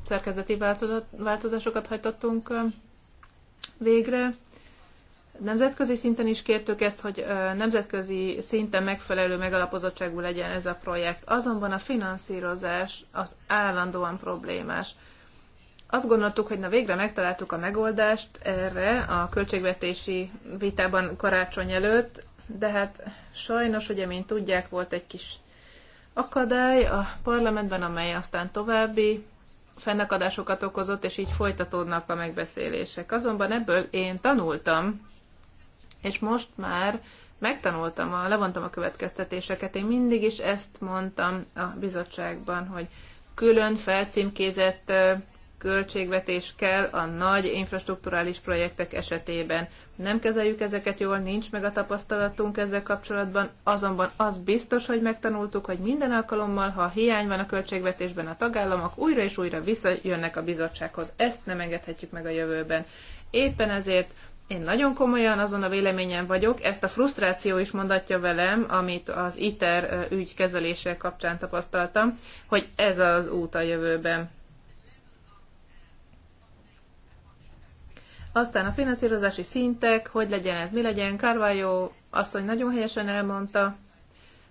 szerkezeti változásokat hajtottunk végre. Nemzetközi szinten is kértük ezt, hogy nemzetközi szinten megfelelő megalapozottságú legyen ez a projekt. Azonban a finanszírozás az állandóan problémás azt gondoltuk, hogy na végre megtaláltuk a megoldást erre a költségvetési vitában karácsony előtt, de hát sajnos, ugye, mint tudják, volt egy kis akadály a parlamentben, amely aztán további fennakadásokat okozott, és így folytatódnak a megbeszélések. Azonban ebből én tanultam, és most már megtanultam, a, levontam a következtetéseket. Én mindig is ezt mondtam a bizottságban, hogy külön felcímkézett költségvetés kell a nagy infrastruktúrális projektek esetében. Nem kezeljük ezeket jól, nincs meg a tapasztalatunk ezzel kapcsolatban, azonban az biztos, hogy megtanultuk, hogy minden alkalommal, ha hiány van a költségvetésben, a tagállamok újra és újra visszajönnek a bizottsághoz. Ezt nem engedhetjük meg a jövőben. Éppen ezért én nagyon komolyan azon a véleményen vagyok, ezt a frusztráció is mondatja velem, amit az ITER ügy kezelése kapcsán tapasztaltam, hogy ez az út a jövőben. Aztán a finanszírozási szintek, hogy legyen ez, mi legyen. Carvalho asszony nagyon helyesen elmondta,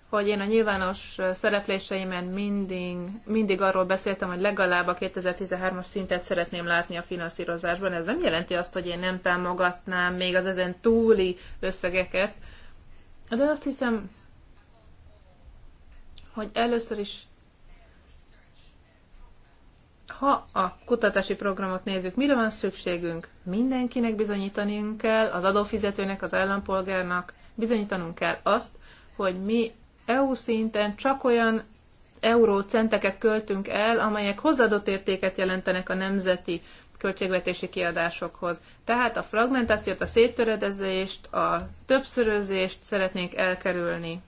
hogy én a nyilvános szerepléseimen mindig, mindig arról beszéltem, hogy legalább a 2013-as szintet szeretném látni a finanszírozásban. Ez nem jelenti azt, hogy én nem támogatnám még az ezen túli összegeket, de azt hiszem, hogy először is ha a kutatási programot nézzük, mire van szükségünk? Mindenkinek bizonyítanunk kell, az adófizetőnek, az állampolgárnak bizonyítanunk kell azt, hogy mi EU szinten csak olyan eurócenteket költünk el, amelyek hozzáadott értéket jelentenek a nemzeti költségvetési kiadásokhoz. Tehát a fragmentációt, a széttöredezést, a többszörözést szeretnénk elkerülni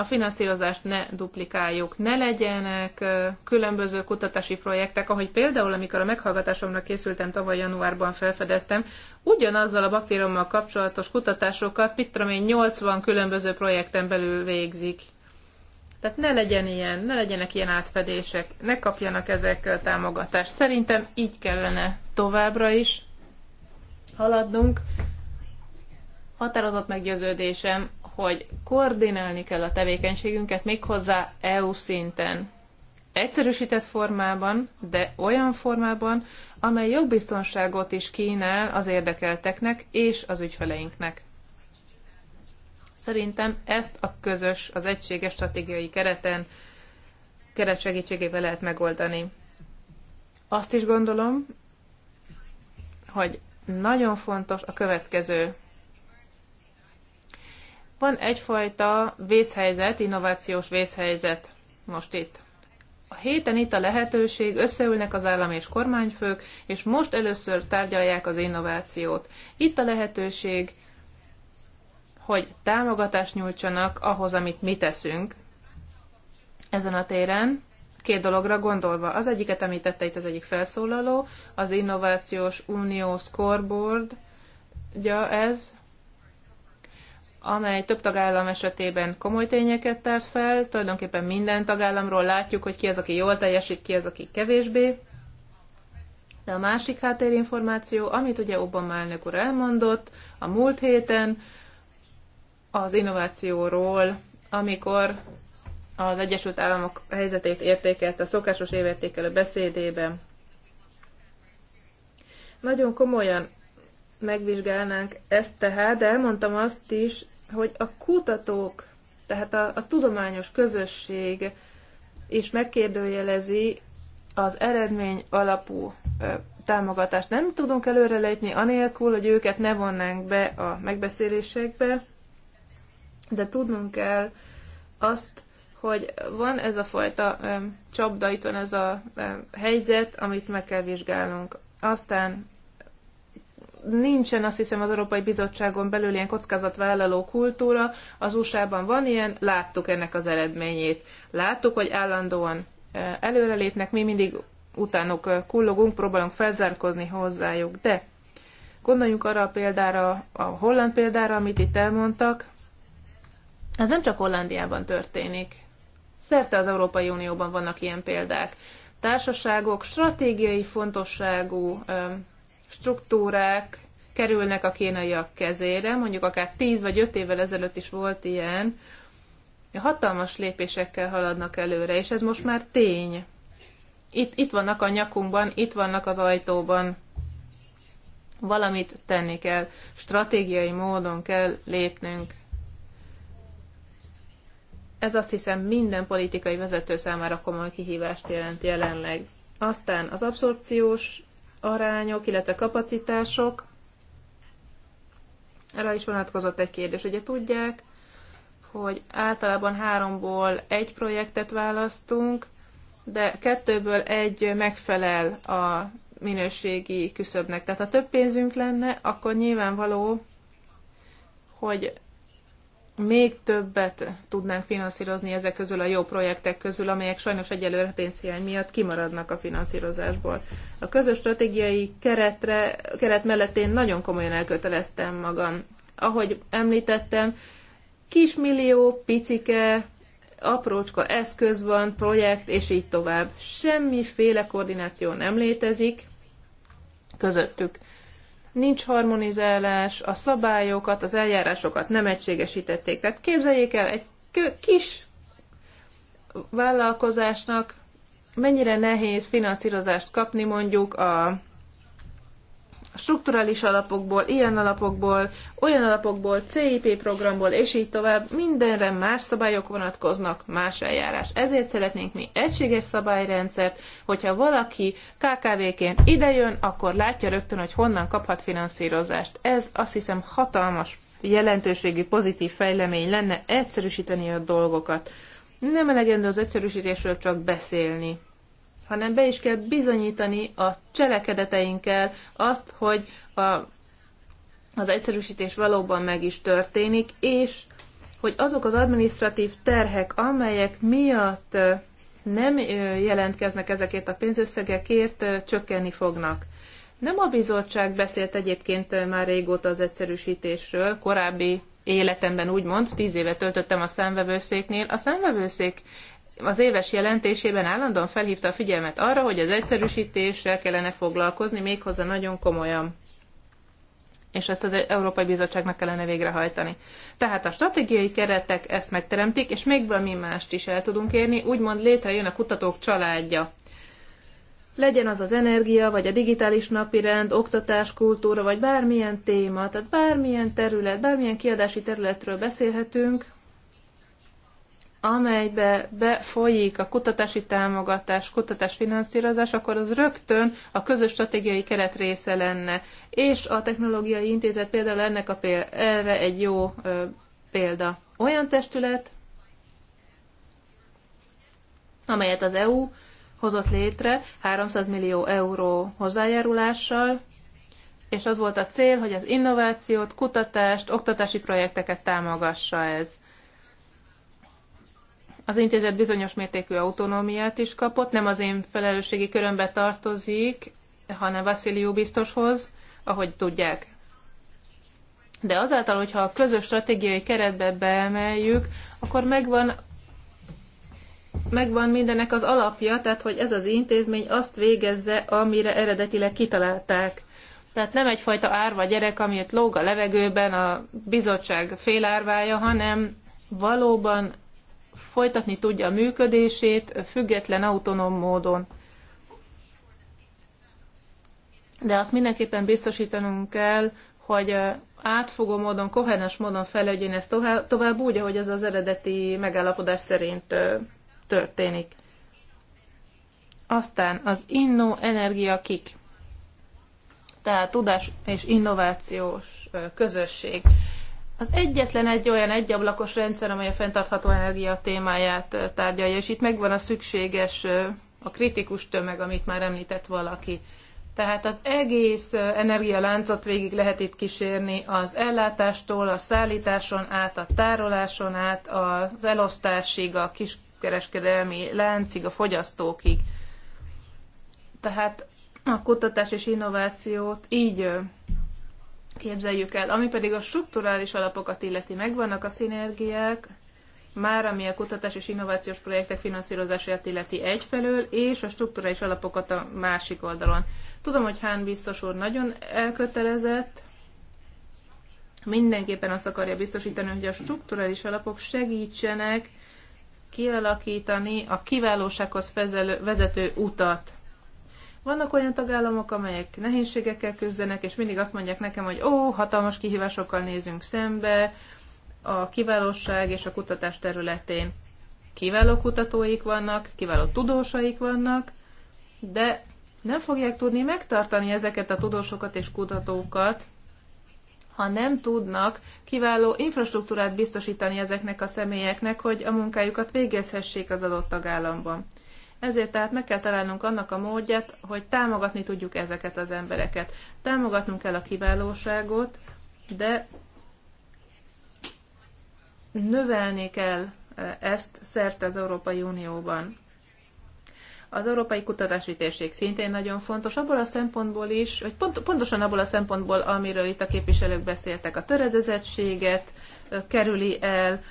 a finanszírozást ne duplikáljuk, ne legyenek különböző kutatási projektek, ahogy például, amikor a meghallgatásomra készültem tavaly januárban felfedeztem, ugyanazzal a baktériummal kapcsolatos kutatásokat, mit tudom én, 80 különböző projekten belül végzik. Tehát ne legyen ilyen, ne legyenek ilyen átfedések, ne kapjanak ezek támogatást. Szerintem így kellene továbbra is haladnunk. Határozott meggyőződésem, hogy koordinálni kell a tevékenységünket méghozzá EU szinten. Egyszerűsített formában, de olyan formában, amely jogbiztonságot is kínál az érdekelteknek és az ügyfeleinknek. Szerintem ezt a közös, az egységes stratégiai kereten, keret segítségével lehet megoldani. Azt is gondolom, hogy nagyon fontos a következő van egyfajta vészhelyzet, innovációs vészhelyzet most itt. A héten itt a lehetőség, összeülnek az állam és kormányfők, és most először tárgyalják az innovációt. Itt a lehetőség, hogy támogatást nyújtsanak ahhoz, amit mi teszünk ezen a téren, két dologra gondolva. Az egyiket említette itt az egyik felszólaló, az Innovációs Unió Scoreboard, ugye ez, amely több tagállam esetében komoly tényeket tárt fel, tulajdonképpen minden tagállamról látjuk, hogy ki az, aki jól teljesít, ki az, aki kevésbé. De a másik háttérinformáció, amit ugye Obama elnök úr elmondott a múlt héten, az innovációról, amikor az Egyesült Államok helyzetét értékelte a szokásos évértékelő beszédében. Nagyon komolyan megvizsgálnánk ezt tehát, de elmondtam azt is, hogy a kutatók, tehát a, a tudományos közösség is megkérdőjelezi az eredmény alapú ö, támogatást. Nem tudunk előrelépni anélkül, hogy őket ne vonnánk be a megbeszélésekbe, de tudnunk kell azt, hogy van ez a fajta ö, csapda, itt van ez a ö, helyzet, amit meg kell vizsgálnunk. Aztán nincsen azt hiszem az Európai Bizottságon belül ilyen kockázatvállaló kultúra, az USA-ban van ilyen, láttuk ennek az eredményét. Láttuk, hogy állandóan eh, előrelépnek, mi mindig utánuk eh, kullogunk, próbálunk felzárkozni hozzájuk, de gondoljunk arra a példára, a holland példára, amit itt elmondtak, ez nem csak Hollandiában történik. Szerte az Európai Unióban vannak ilyen példák. Társaságok stratégiai fontosságú eh, struktúrák kerülnek a kínaiak kezére, mondjuk akár 10 vagy 5 évvel ezelőtt is volt ilyen, hatalmas lépésekkel haladnak előre, és ez most már tény. Itt, itt vannak a nyakunkban, itt vannak az ajtóban. Valamit tenni kell, stratégiai módon kell lépnünk. Ez azt hiszem minden politikai vezető számára komoly kihívást jelent jelenleg. Aztán az abszorpciós arányok, illetve kapacitások. Erre is vonatkozott egy kérdés. Ugye tudják, hogy általában háromból egy projektet választunk, de kettőből egy megfelel a minőségi küszöbnek. Tehát ha több pénzünk lenne, akkor nyilvánvaló, hogy még többet tudnánk finanszírozni ezek közül a jó projektek közül, amelyek sajnos egyelőre pénzhiány miatt kimaradnak a finanszírozásból. A közös stratégiai keretre, keret mellett én nagyon komolyan elköteleztem magam. Ahogy említettem, kismillió, picike, aprócska eszköz van, projekt, és így tovább. Semmiféle koordináció nem létezik közöttük nincs harmonizálás, a szabályokat, az eljárásokat nem egységesítették. Tehát képzeljék el, egy kis vállalkozásnak mennyire nehéz finanszírozást kapni mondjuk a strukturális alapokból, ilyen alapokból, olyan alapokból, CIP programból, és így tovább, mindenre más szabályok vonatkoznak, más eljárás. Ezért szeretnénk mi egységes szabályrendszert, hogyha valaki KKV-ként idejön, akkor látja rögtön, hogy honnan kaphat finanszírozást. Ez azt hiszem hatalmas jelentőségi pozitív fejlemény lenne egyszerűsíteni a dolgokat. Nem elegendő az egyszerűsítésről csak beszélni hanem be is kell bizonyítani a cselekedeteinkkel azt, hogy a, az egyszerűsítés valóban meg is történik, és hogy azok az administratív terhek, amelyek miatt nem jelentkeznek ezekért a pénzösszegekért, csökkenni fognak. Nem a bizottság beszélt egyébként már régóta az egyszerűsítésről, korábbi életemben úgymond, tíz éve töltöttem a számvevőszéknél. A számvevőszék az éves jelentésében állandóan felhívta a figyelmet arra, hogy az egyszerűsítéssel kellene foglalkozni, méghozzá nagyon komolyan és ezt az Európai Bizottságnak kellene végrehajtani. Tehát a stratégiai keretek ezt megteremtik, és még valami mást is el tudunk érni, úgymond létrejön a kutatók családja. Legyen az az energia, vagy a digitális napirend, oktatás, kultúra, vagy bármilyen téma, tehát bármilyen terület, bármilyen kiadási területről beszélhetünk, amelybe befolyik a kutatási támogatás, kutatás finanszírozás, akkor az rögtön a közös stratégiai keret része lenne. És a Technológiai Intézet például ennek a példa, erre egy jó ö, példa. Olyan testület, amelyet az EU hozott létre 300 millió euró hozzájárulással, és az volt a cél, hogy az innovációt, kutatást, oktatási projekteket támogassa ez. Az intézet bizonyos mértékű autonómiát is kapott, nem az én felelősségi körömbe tartozik, hanem Vasziliu biztoshoz, ahogy tudják. De azáltal, hogyha a közös stratégiai keretbe beemeljük, akkor megvan, megvan mindenek az alapja, tehát hogy ez az intézmény azt végezze, amire eredetileg kitalálták. Tehát nem egyfajta árva gyerek, amit lóg a levegőben a bizottság félárvája, hanem valóban folytatni tudja a működését független, autonóm módon. De azt mindenképpen biztosítanunk kell, hogy átfogó módon, koherens módon fejlődjön ez tovább úgy, ahogy ez az eredeti megállapodás szerint történik. Aztán az Inno Energia Kik, tehát tudás és innovációs közösség az egyetlen egy olyan egyablakos rendszer, amely a fenntartható energia témáját tárgyalja, és itt megvan a szükséges, a kritikus tömeg, amit már említett valaki. Tehát az egész energialáncot végig lehet itt kísérni, az ellátástól, a szállításon át, a tároláson át, az elosztásig, a kiskereskedelmi láncig, a fogyasztókig. Tehát a kutatás és innovációt így képzeljük el. Ami pedig a strukturális alapokat illeti, megvannak a szinergiák, már ami a kutatás és innovációs projektek finanszírozását illeti egyfelől, és a strukturális alapokat a másik oldalon. Tudom, hogy Hán biztos úr nagyon elkötelezett, mindenképpen azt akarja biztosítani, hogy a strukturális alapok segítsenek kialakítani a kiválósághoz vezető utat. Vannak olyan tagállamok, amelyek nehézségekkel küzdenek, és mindig azt mondják nekem, hogy ó, hatalmas kihívásokkal nézünk szembe, a kiválóság és a kutatás területén kiváló kutatóik vannak, kiváló tudósaik vannak, de nem fogják tudni megtartani ezeket a tudósokat és kutatókat, ha nem tudnak kiváló infrastruktúrát biztosítani ezeknek a személyeknek, hogy a munkájukat végezhessék az adott tagállamban. Ezért tehát meg kell találnunk annak a módját, hogy támogatni tudjuk ezeket az embereket. Támogatnunk kell a kiválóságot, de növelni kell e, ezt szerte az Európai Unióban. Az Európai Kutatási Térség szintén nagyon fontos, abból a szempontból is, hogy pont, pontosan abból a szempontból, amiről itt a képviselők beszéltek, a töredezettséget kerüli el,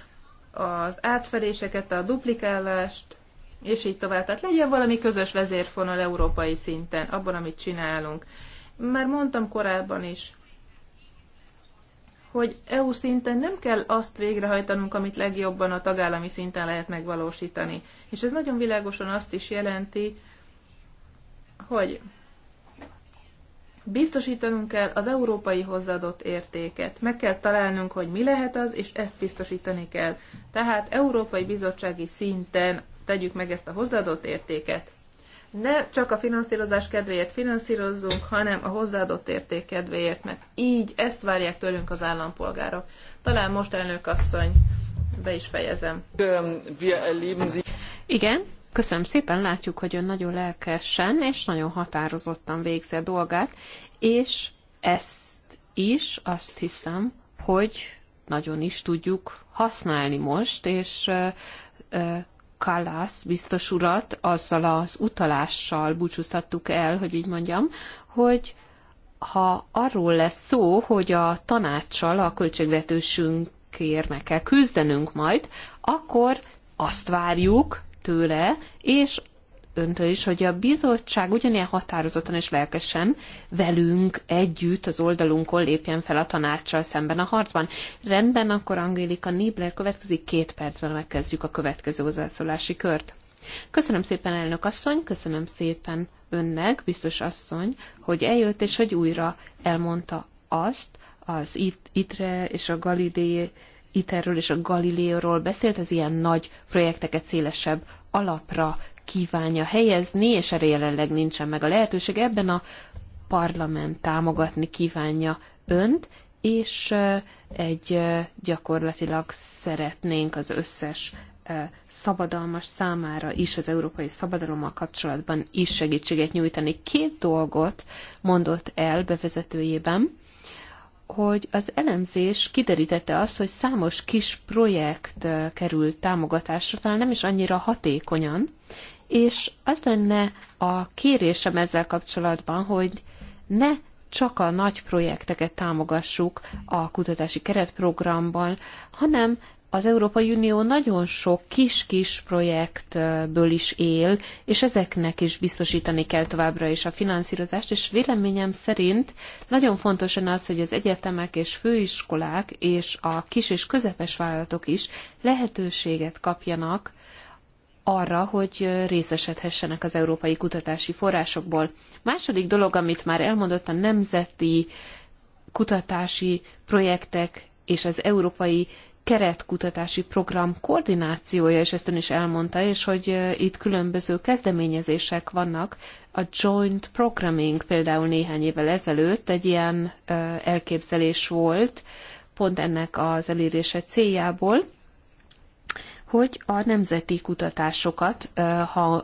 az átfedéseket, a duplikálást, és így tovább. Tehát legyen valami közös vezérfonal európai szinten, abban, amit csinálunk. Már mondtam korábban is, hogy EU szinten nem kell azt végrehajtanunk, amit legjobban a tagállami szinten lehet megvalósítani. És ez nagyon világosan azt is jelenti, hogy biztosítanunk kell az európai hozzáadott értéket. Meg kell találnunk, hogy mi lehet az, és ezt biztosítani kell. Tehát Európai Bizottsági szinten tegyük meg ezt a hozzáadott értéket. Ne csak a finanszírozás kedvéért finanszírozzunk, hanem a hozzáadott érték kedvéért, mert így ezt várják tőlünk az állampolgárok. Talán most elnök asszony, be is fejezem. Igen, köszönöm szépen, látjuk, hogy ön nagyon lelkesen és nagyon határozottan végzi a dolgát, és ezt is azt hiszem, hogy nagyon is tudjuk használni most, és Kalász biztos urat azzal az utalással búcsúztattuk el, hogy így mondjam, hogy ha arról lesz szó, hogy a tanácssal a költségvetősünkért meg kell küzdenünk majd, akkor azt várjuk tőle, és öntől is, hogy a bizottság ugyanilyen határozottan és lelkesen velünk együtt az oldalunkon lépjen fel a tanácssal szemben a harcban. Rendben, akkor Angélika Nibler következik, két percben megkezdjük a következő hozzászólási kört. Köszönöm szépen, elnök asszony, köszönöm szépen önnek, biztos asszony, hogy eljött, és hogy újra elmondta azt, az It- ITRE és a Galilei ITER-ről és a Galileóról beszélt, az ilyen nagy projekteket szélesebb alapra kívánja helyezni, és erre jelenleg nincsen meg a lehetőség. Ebben a parlament támogatni kívánja önt, és egy gyakorlatilag szeretnénk az összes szabadalmas számára is, az európai szabadalommal kapcsolatban is segítséget nyújtani. Két dolgot mondott el bevezetőjében, hogy az elemzés kiderítette azt, hogy számos kis projekt eh, került támogatásra, talán nem is annyira hatékonyan, és az lenne a kérésem ezzel kapcsolatban, hogy ne csak a nagy projekteket támogassuk a kutatási keretprogramban, hanem az Európai Unió nagyon sok kis-kis projektből is él, és ezeknek is biztosítani kell továbbra is a finanszírozást, és véleményem szerint nagyon fontos az, hogy az egyetemek és főiskolák és a kis és közepes vállalatok is lehetőséget kapjanak arra, hogy részesedhessenek az európai kutatási forrásokból. Második dolog, amit már elmondott, a nemzeti kutatási projektek és az európai keretkutatási program koordinációja, és ezt ön is elmondta, és hogy itt különböző kezdeményezések vannak. A joint programming például néhány évvel ezelőtt egy ilyen elképzelés volt, pont ennek az elérése céljából, hogy a nemzeti kutatásokat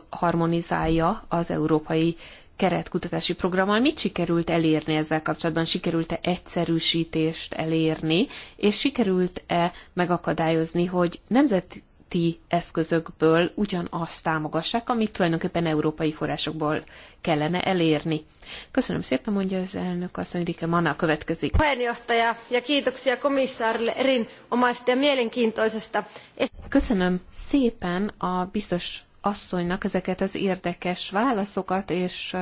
harmonizálja az európai keretkutatási programmal mit sikerült elérni ezzel kapcsolatban? Sikerült-e egyszerűsítést elérni, és sikerült-e megakadályozni, hogy nemzeti eszközökből ugyanazt támogassák, amit tulajdonképpen európai forrásokból kellene elérni. Köszönöm szépen, mondja az elnök asszony, Rike Mana következik. Köszönöm szépen a biztos asszonynak ezeket az érdekes válaszokat és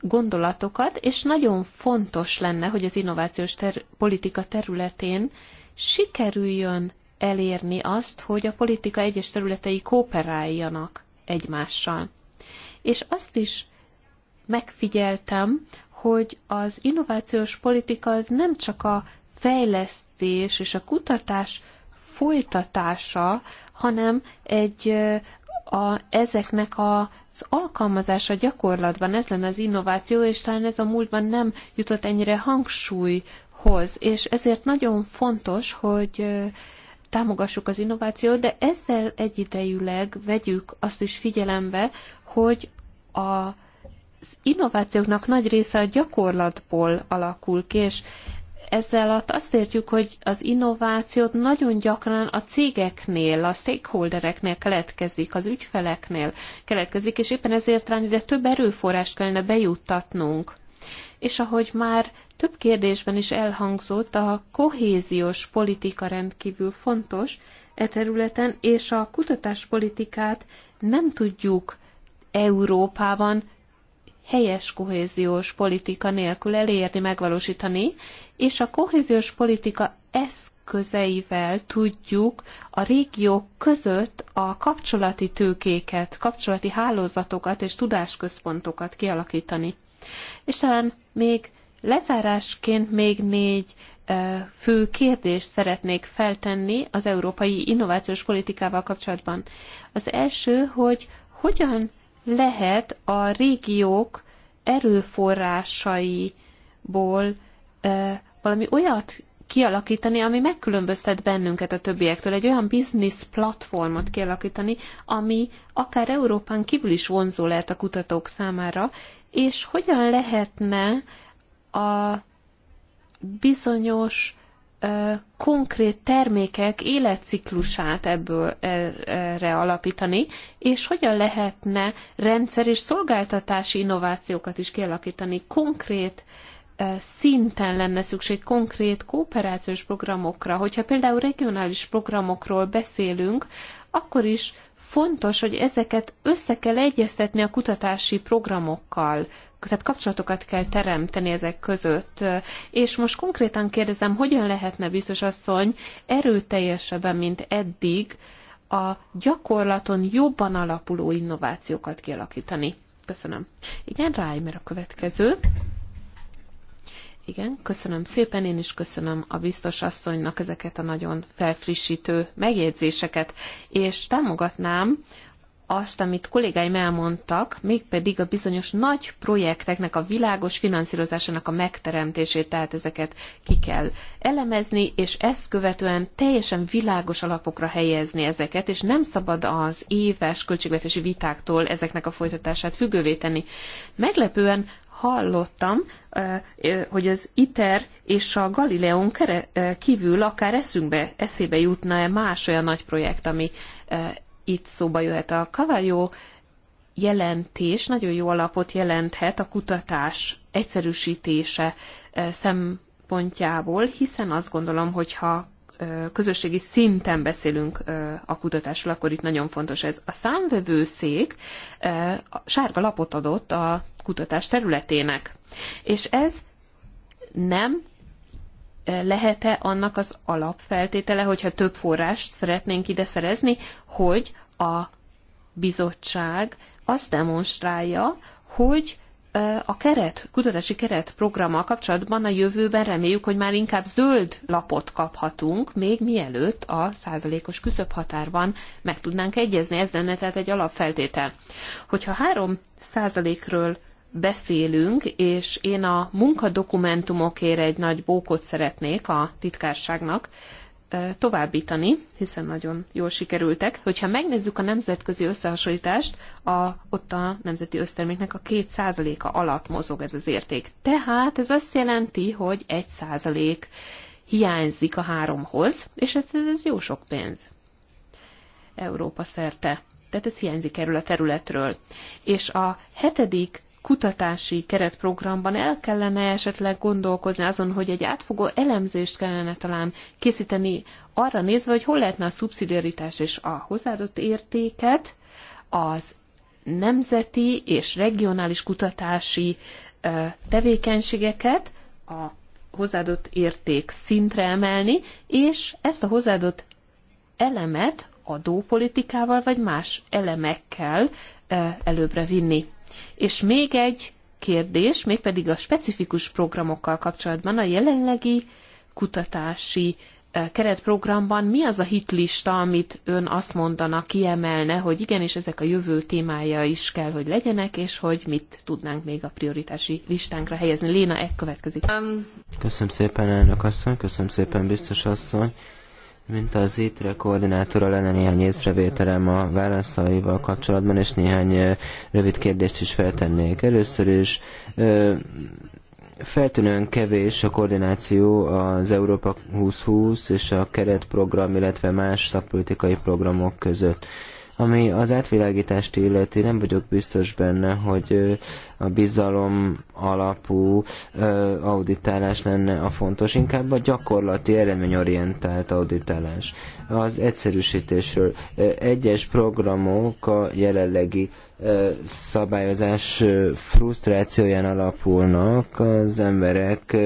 gondolatokat, és nagyon fontos lenne, hogy az innovációs ter- politika területén sikerüljön elérni azt, hogy a politika egyes területei kooperáljanak egymással. És azt is megfigyeltem, hogy az innovációs politika az nem csak a fejlesztés és a kutatás folytatása, hanem egy a, ezeknek a az alkalmazása gyakorlatban, ez lenne az innováció, és talán ez a múltban nem jutott ennyire hangsúlyhoz, és ezért nagyon fontos, hogy támogassuk az innovációt, de ezzel egyidejűleg vegyük azt is figyelembe, hogy a, az innovációknak nagy része a gyakorlatból alakul ki, és ezzel alatt azt értjük, hogy az innovációt nagyon gyakran a cégeknél, a stakeholdereknél keletkezik, az ügyfeleknél keletkezik, és éppen ezért rá ide több erőforrást kellene bejuttatnunk. És ahogy már több kérdésben is elhangzott, a kohéziós politika rendkívül fontos e területen, és a kutatáspolitikát nem tudjuk Európában helyes kohéziós politika nélkül elérni, megvalósítani, és a kohéziós politika eszközeivel tudjuk a régiók között a kapcsolati tőkéket, kapcsolati hálózatokat és tudásközpontokat kialakítani. És talán még lezárásként még négy fő kérdést szeretnék feltenni az európai innovációs politikával kapcsolatban. Az első, hogy hogyan lehet a régiók erőforrásaiból valami olyat kialakítani, ami megkülönböztet bennünket a többiektől, egy olyan business platformot kialakítani, ami akár Európán kívül is vonzó lehet a kutatók számára, és hogyan lehetne a bizonyos ö, konkrét termékek életciklusát ebből e, erre alapítani, és hogyan lehetne rendszer és szolgáltatási innovációkat is kialakítani, konkrét ö, szinten lenne szükség konkrét kooperációs programokra. Hogyha például regionális programokról beszélünk, akkor is fontos, hogy ezeket össze kell egyeztetni a kutatási programokkal, tehát kapcsolatokat kell teremteni ezek között. És most konkrétan kérdezem, hogyan lehetne biztos asszony erőteljesebben, mint eddig, a gyakorlaton jobban alapuló innovációkat kialakítani. Köszönöm. Igen, Reimer a következő. Igen, köszönöm szépen, én is köszönöm a biztos asszonynak ezeket a nagyon felfrissítő megjegyzéseket, és támogatnám azt, amit kollégáim elmondtak, mégpedig a bizonyos nagy projekteknek a világos finanszírozásának a megteremtését, tehát ezeket ki kell elemezni, és ezt követően teljesen világos alapokra helyezni ezeket, és nem szabad az éves költségvetési vitáktól ezeknek a folytatását függővé tenni. Meglepően hallottam, hogy az ITER és a Galileon kívül akár eszünkbe, eszébe jutna-e más olyan nagy projekt, ami itt szóba jöhet. A kavajó jelentés nagyon jó alapot jelenthet a kutatás egyszerűsítése szempontjából, hiszen azt gondolom, hogyha közösségi szinten beszélünk a kutatásról, akkor itt nagyon fontos ez. A számvevőszék sárga lapot adott a kutatás területének. És ez nem e, lehet-e annak az alapfeltétele, hogyha több forrást szeretnénk ide szerezni, hogy a bizottság azt demonstrálja, hogy e, a keret, kutatási keret programmal kapcsolatban a jövőben reméljük, hogy már inkább zöld lapot kaphatunk, még mielőtt a százalékos küszöbhatárban meg tudnánk egyezni. Ez lenne tehát egy alapfeltétel. Hogyha három százalékről beszélünk, és én a munkadokumentumokért egy nagy bókot szeretnék a titkárságnak továbbítani, hiszen nagyon jól sikerültek. Hogyha megnézzük a nemzetközi összehasonlítást, a, ott a nemzeti összterméknek a két a alatt mozog ez az érték. Tehát ez azt jelenti, hogy százalék hiányzik a háromhoz, és hát ez, ez jó sok pénz. Európa szerte. Tehát ez hiányzik erről a területről. És a hetedik kutatási keretprogramban el kellene esetleg gondolkozni azon, hogy egy átfogó elemzést kellene talán készíteni arra nézve, hogy hol lehetne a szubszidiaritás és a hozzáadott értéket az nemzeti és regionális kutatási tevékenységeket a hozzáadott érték szintre emelni, és ezt a hozzáadott elemet adópolitikával vagy más elemekkel előbbre vinni. És még egy kérdés, mégpedig a specifikus programokkal kapcsolatban a jelenlegi kutatási eh, keretprogramban mi az a hitlista, amit ön azt mondana, kiemelne, hogy igenis ezek a jövő témája is kell, hogy legyenek, és hogy mit tudnánk még a prioritási listánkra helyezni. Léna, ekkövetkezik. következik. Köszönöm szépen, elnök asszony, köszönöm szépen, biztos asszony. Mint az ITRE koordinátora lenne néhány észrevételem a válaszaival kapcsolatban, és néhány rövid kérdést is feltennék. Először is feltűnően kevés a koordináció az Európa 2020 és a keretprogram, illetve más szakpolitikai programok között. Ami az átvilágítást illeti, nem vagyok biztos benne, hogy a bizalom alapú auditálás lenne a fontos, inkább a gyakorlati eredményorientált auditálás. Az egyszerűsítésről egyes programok a jelenlegi szabályozás frusztrációján alapulnak, az emberek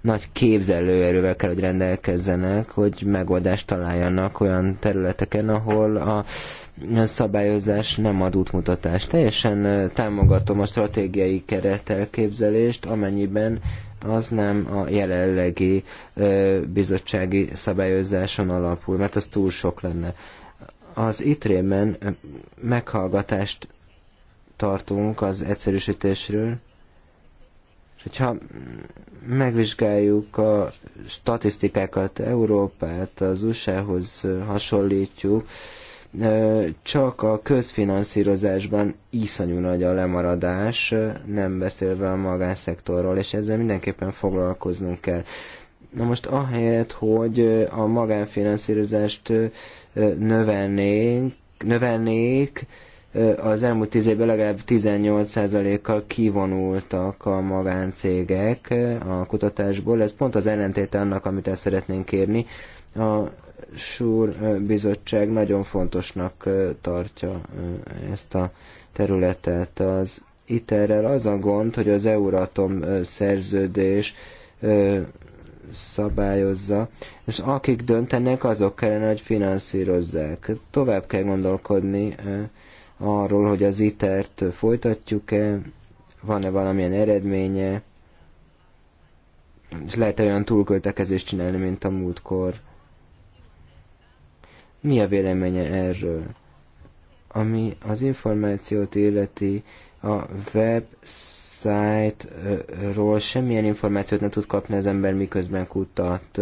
nagy képzelőerővel kell, hogy rendelkezzenek, hogy megoldást találjanak olyan területeken, ahol a szabályozás nem ad útmutatást. Teljesen támogatom a stratégiai keret elképzelést, amennyiben az nem a jelenlegi bizottsági szabályozáson alapul, mert az túl sok lenne. Az ITRÉ-ben meghallgatást tartunk az egyszerűsítésről, és hogyha megvizsgáljuk a statisztikákat, Európát az USA-hoz hasonlítjuk, csak a közfinanszírozásban iszonyú nagy a lemaradás, nem beszélve a magánszektorról, és ezzel mindenképpen foglalkoznunk kell. Na most ahelyett, hogy a magánfinanszírozást növelnénk, növelnék, az elmúlt tíz évben legalább 18%-kal kivonultak a magáncégek a kutatásból. Ez pont az ellentéte annak, amit el szeretnénk kérni. A SUR bizottság nagyon fontosnak tartja ezt a területet. Az ITER-rel az a gond, hogy az Euratom szerződés szabályozza, és akik döntenek, azok kellene, hogy finanszírozzák. Tovább kell gondolkodni arról, hogy az itert folytatjuk-e, van-e valamilyen eredménye, és lehet-e olyan túlköltekezést csinálni, mint a múltkor. Mi a véleménye erről? Ami az információt illeti, a websájtról semmilyen információt nem tud kapni az ember, miközben kutat.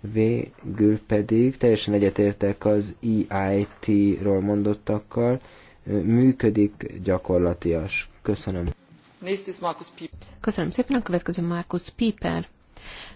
Végül pedig teljesen egyetértek az EIT-ról mondottakkal, működik, gyakorlatias. Köszönöm. Köszönöm szépen, a következő Markus Piper.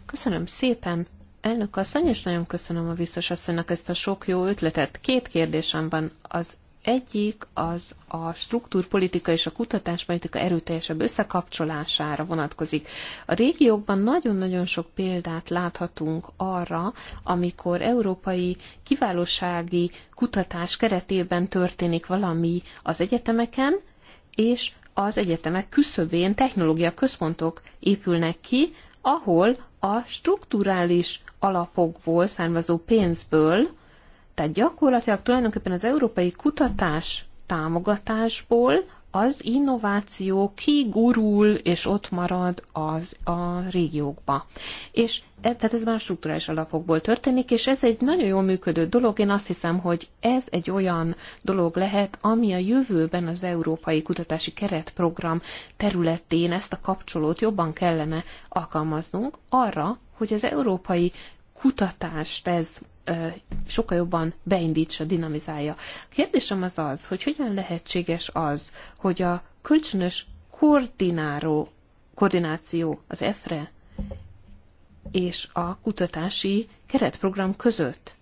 Köszönöm szépen. Elnök asszony, és nagyon köszönöm a biztos asszonynak ezt a sok jó ötletet. Két kérdésem van. Az egyik az a struktúrpolitika és a kutatáspolitika erőteljesebb összekapcsolására vonatkozik. A régiókban nagyon-nagyon sok példát láthatunk arra, amikor európai kiválósági kutatás keretében történik valami az egyetemeken, és az egyetemek küszöbén technológia központok épülnek ki, ahol a strukturális alapokból származó pénzből tehát gyakorlatilag tulajdonképpen az európai kutatás támogatásból az innováció kigurul, és ott marad az a régiókba. És ez, tehát ez már struktúrális alapokból történik, és ez egy nagyon jól működő dolog. Én azt hiszem, hogy ez egy olyan dolog lehet, ami a jövőben az Európai Kutatási Keretprogram területén ezt a kapcsolót jobban kellene alkalmaznunk arra, hogy az európai kutatást ez sokkal jobban beindítsa, dinamizálja. A kérdésem az az, hogy hogyan lehetséges az, hogy a kölcsönös koordináró, koordináció az EFRE és a kutatási keretprogram között.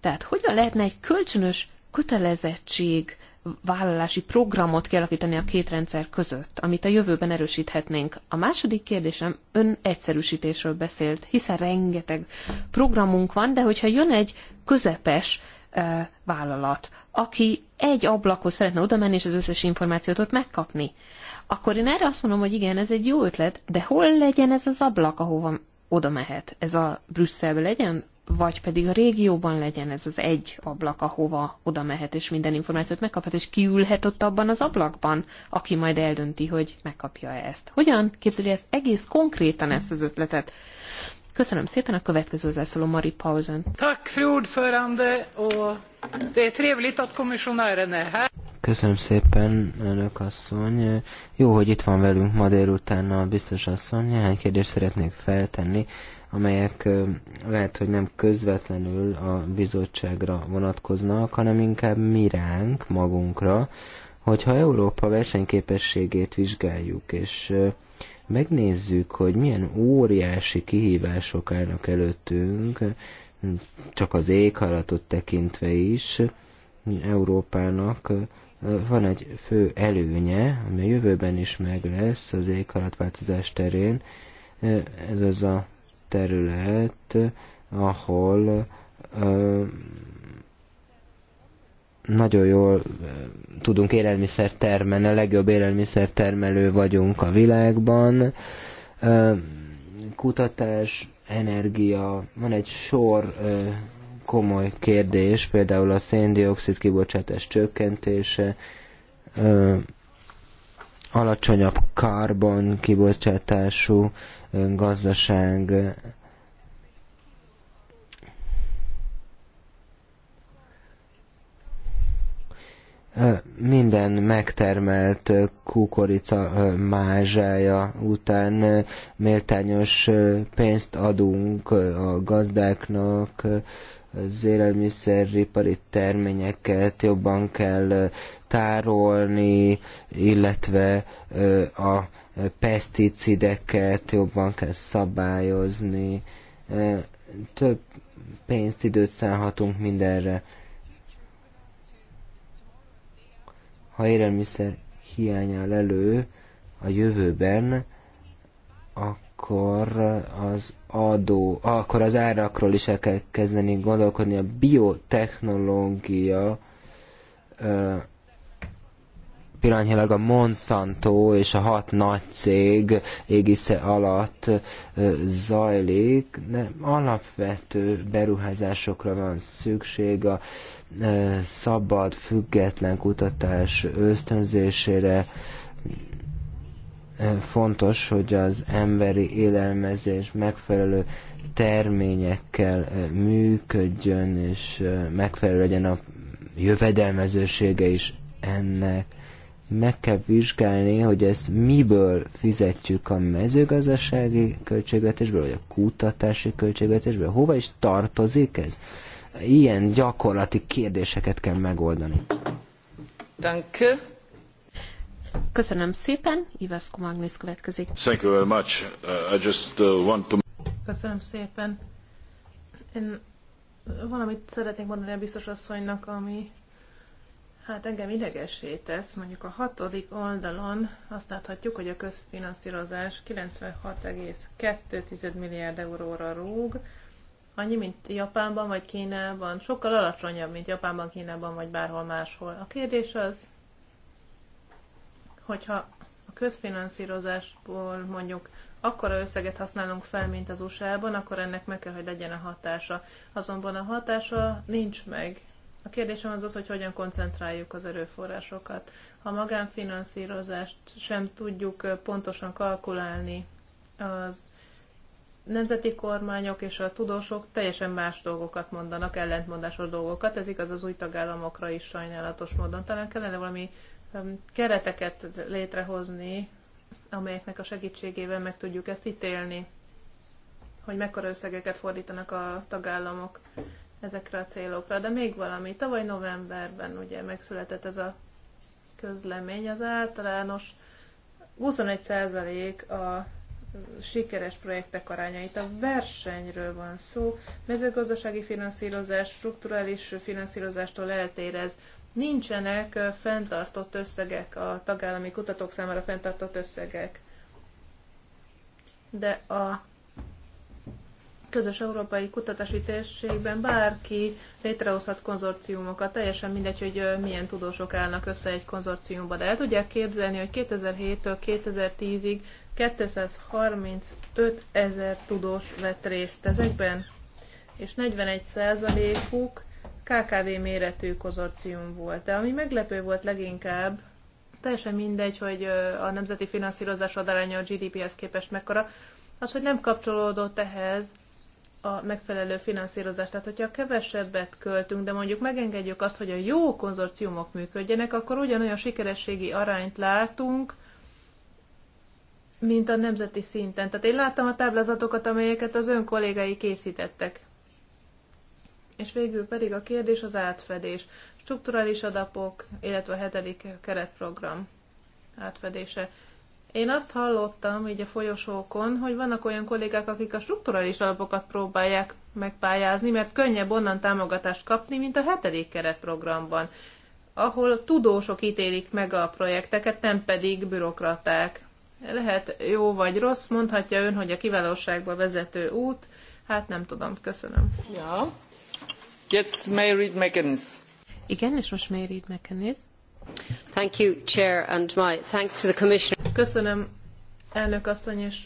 Tehát hogyan lehetne egy kölcsönös kötelezettség vállalási programot kialakítani a két rendszer között, amit a jövőben erősíthetnénk. A második kérdésem ön egyszerűsítésről beszélt, hiszen rengeteg programunk van, de hogyha jön egy közepes e, vállalat, aki egy ablakhoz szeretne oda menni, és az összes információt ott megkapni, akkor én erre azt mondom, hogy igen, ez egy jó ötlet, de hol legyen ez az ablak, ahova oda mehet? Ez a Brüsszelbe legyen? vagy pedig a régióban legyen ez az egy ablak, ahova oda mehet, és minden információt megkaphat, és kiülhet ott abban az ablakban, aki majd eldönti, hogy megkapja-e ezt. Hogyan képzeli ezt egész konkrétan ezt az ötletet? Köszönöm szépen a következő zászló Mari Pausen. Tack, Köszönöm szépen, önök asszony. Jó, hogy itt van velünk ma délután a biztos asszony. Néhány kérdést szeretnék feltenni amelyek lehet, hogy nem közvetlenül a bizottságra vonatkoznak, hanem inkább ránk, magunkra, hogyha Európa versenyképességét vizsgáljuk, és megnézzük, hogy milyen óriási kihívások állnak előttünk, csak az éghajlatot tekintve is, Európának van egy fő előnye, ami a jövőben is meg lesz az éghajlatváltozás terén, ez az a terület, ahol nagyon jól tudunk élelmiszer termelni, a legjobb élelmiszer termelő vagyunk a világban. kutatás, energia, van egy sor komoly kérdés, például a széndiokszid kibocsátás csökkentése, alacsonyabb karbon kibocsátású gazdaság minden megtermelt kukorica mázsája után méltányos pénzt adunk a gazdáknak, az élelmiszeripari terményeket jobban kell tárolni, illetve a peszticideket jobban kell szabályozni, több pénzt, időt szállhatunk mindenre. Ha élelmiszer hiány áll elő a jövőben, akkor az adó, akkor az árakról is el kell kezdeni gondolkodni. A biotechnológia pillanatnyilag a Monsanto és a hat nagy cég égisze alatt zajlik, de alapvető beruházásokra van szükség a szabad, független kutatás ösztönzésére, fontos, hogy az emberi élelmezés megfelelő terményekkel működjön, és megfelelő legyen a jövedelmezősége is ennek meg kell vizsgálni, hogy ezt miből fizetjük a mezőgazdasági költségvetésből, vagy a kutatási költségvetésből, hova is tartozik ez? Ilyen gyakorlati kérdéseket kell megoldani. Danke. Köszönöm szépen, Iveszko Magnus következik. Thank you very much. Uh, I just uh, want to... Köszönöm szépen. Én valamit szeretnék mondani a biztos asszonynak, ami Hát engem idegessé tesz, mondjuk a hatodik oldalon azt láthatjuk, hogy a közfinanszírozás 96,2 milliárd euróra rúg, annyi, mint Japánban vagy Kínában, sokkal alacsonyabb, mint Japánban, Kínában vagy bárhol máshol. A kérdés az, hogyha a közfinanszírozásból mondjuk akkora összeget használunk fel, mint az USA-ban, akkor ennek meg kell, hogy legyen a hatása. Azonban a hatása nincs meg a kérdésem az az, hogy hogyan koncentráljuk az erőforrásokat. Ha magánfinanszírozást sem tudjuk pontosan kalkulálni, az nemzeti kormányok és a tudósok teljesen más dolgokat mondanak, ellentmondásos dolgokat. Ez igaz az új tagállamokra is sajnálatos módon. Talán kellene valami kereteket létrehozni, amelyeknek a segítségével meg tudjuk ezt ítélni, hogy mekkora összegeket fordítanak a tagállamok ezekre a célokra. De még valami, tavaly novemberben ugye megszületett ez a közlemény, az általános 21% a sikeres projektek aránya. Itt a versenyről van szó, mezőgazdasági finanszírozás, strukturális finanszírozástól eltérez. Nincsenek fenntartott összegek, a tagállami kutatók számára fenntartott összegek. De a közös európai kutatási térségben bárki létrehozhat konzorciumokat, teljesen mindegy, hogy milyen tudósok állnak össze egy konzorciumba, de el tudják képzelni, hogy 2007-től 2010-ig 235 ezer tudós vett részt ezekben, és 41%-uk KKV méretű konzorcium volt. De ami meglepő volt leginkább, teljesen mindegy, hogy a nemzeti finanszírozás adaránya a GDP-hez képest mekkora, az, hogy nem kapcsolódott ehhez a megfelelő finanszírozást. Tehát, hogyha kevesebbet költünk, de mondjuk megengedjük azt, hogy a jó konzorciumok működjenek, akkor ugyanolyan sikerességi arányt látunk, mint a nemzeti szinten. Tehát én láttam a táblázatokat, amelyeket az ön kollégái készítettek. És végül pedig a kérdés az átfedés. Strukturális adapok, illetve a hetedik keretprogram átfedése. Én azt hallottam így a folyosókon, hogy vannak olyan kollégák, akik a strukturális alapokat próbálják megpályázni, mert könnyebb onnan támogatást kapni, mint a hetedik keretprogramban, ahol tudósok ítélik meg a projekteket, nem pedig bürokraták. Lehet jó vagy rossz, mondhatja ön, hogy a kiválóságba vezető út, hát nem tudom, köszönöm. Ja. Jetzt Mary McInnes. Igen, és most Mary McInnes. Köszönöm, elnök asszony, és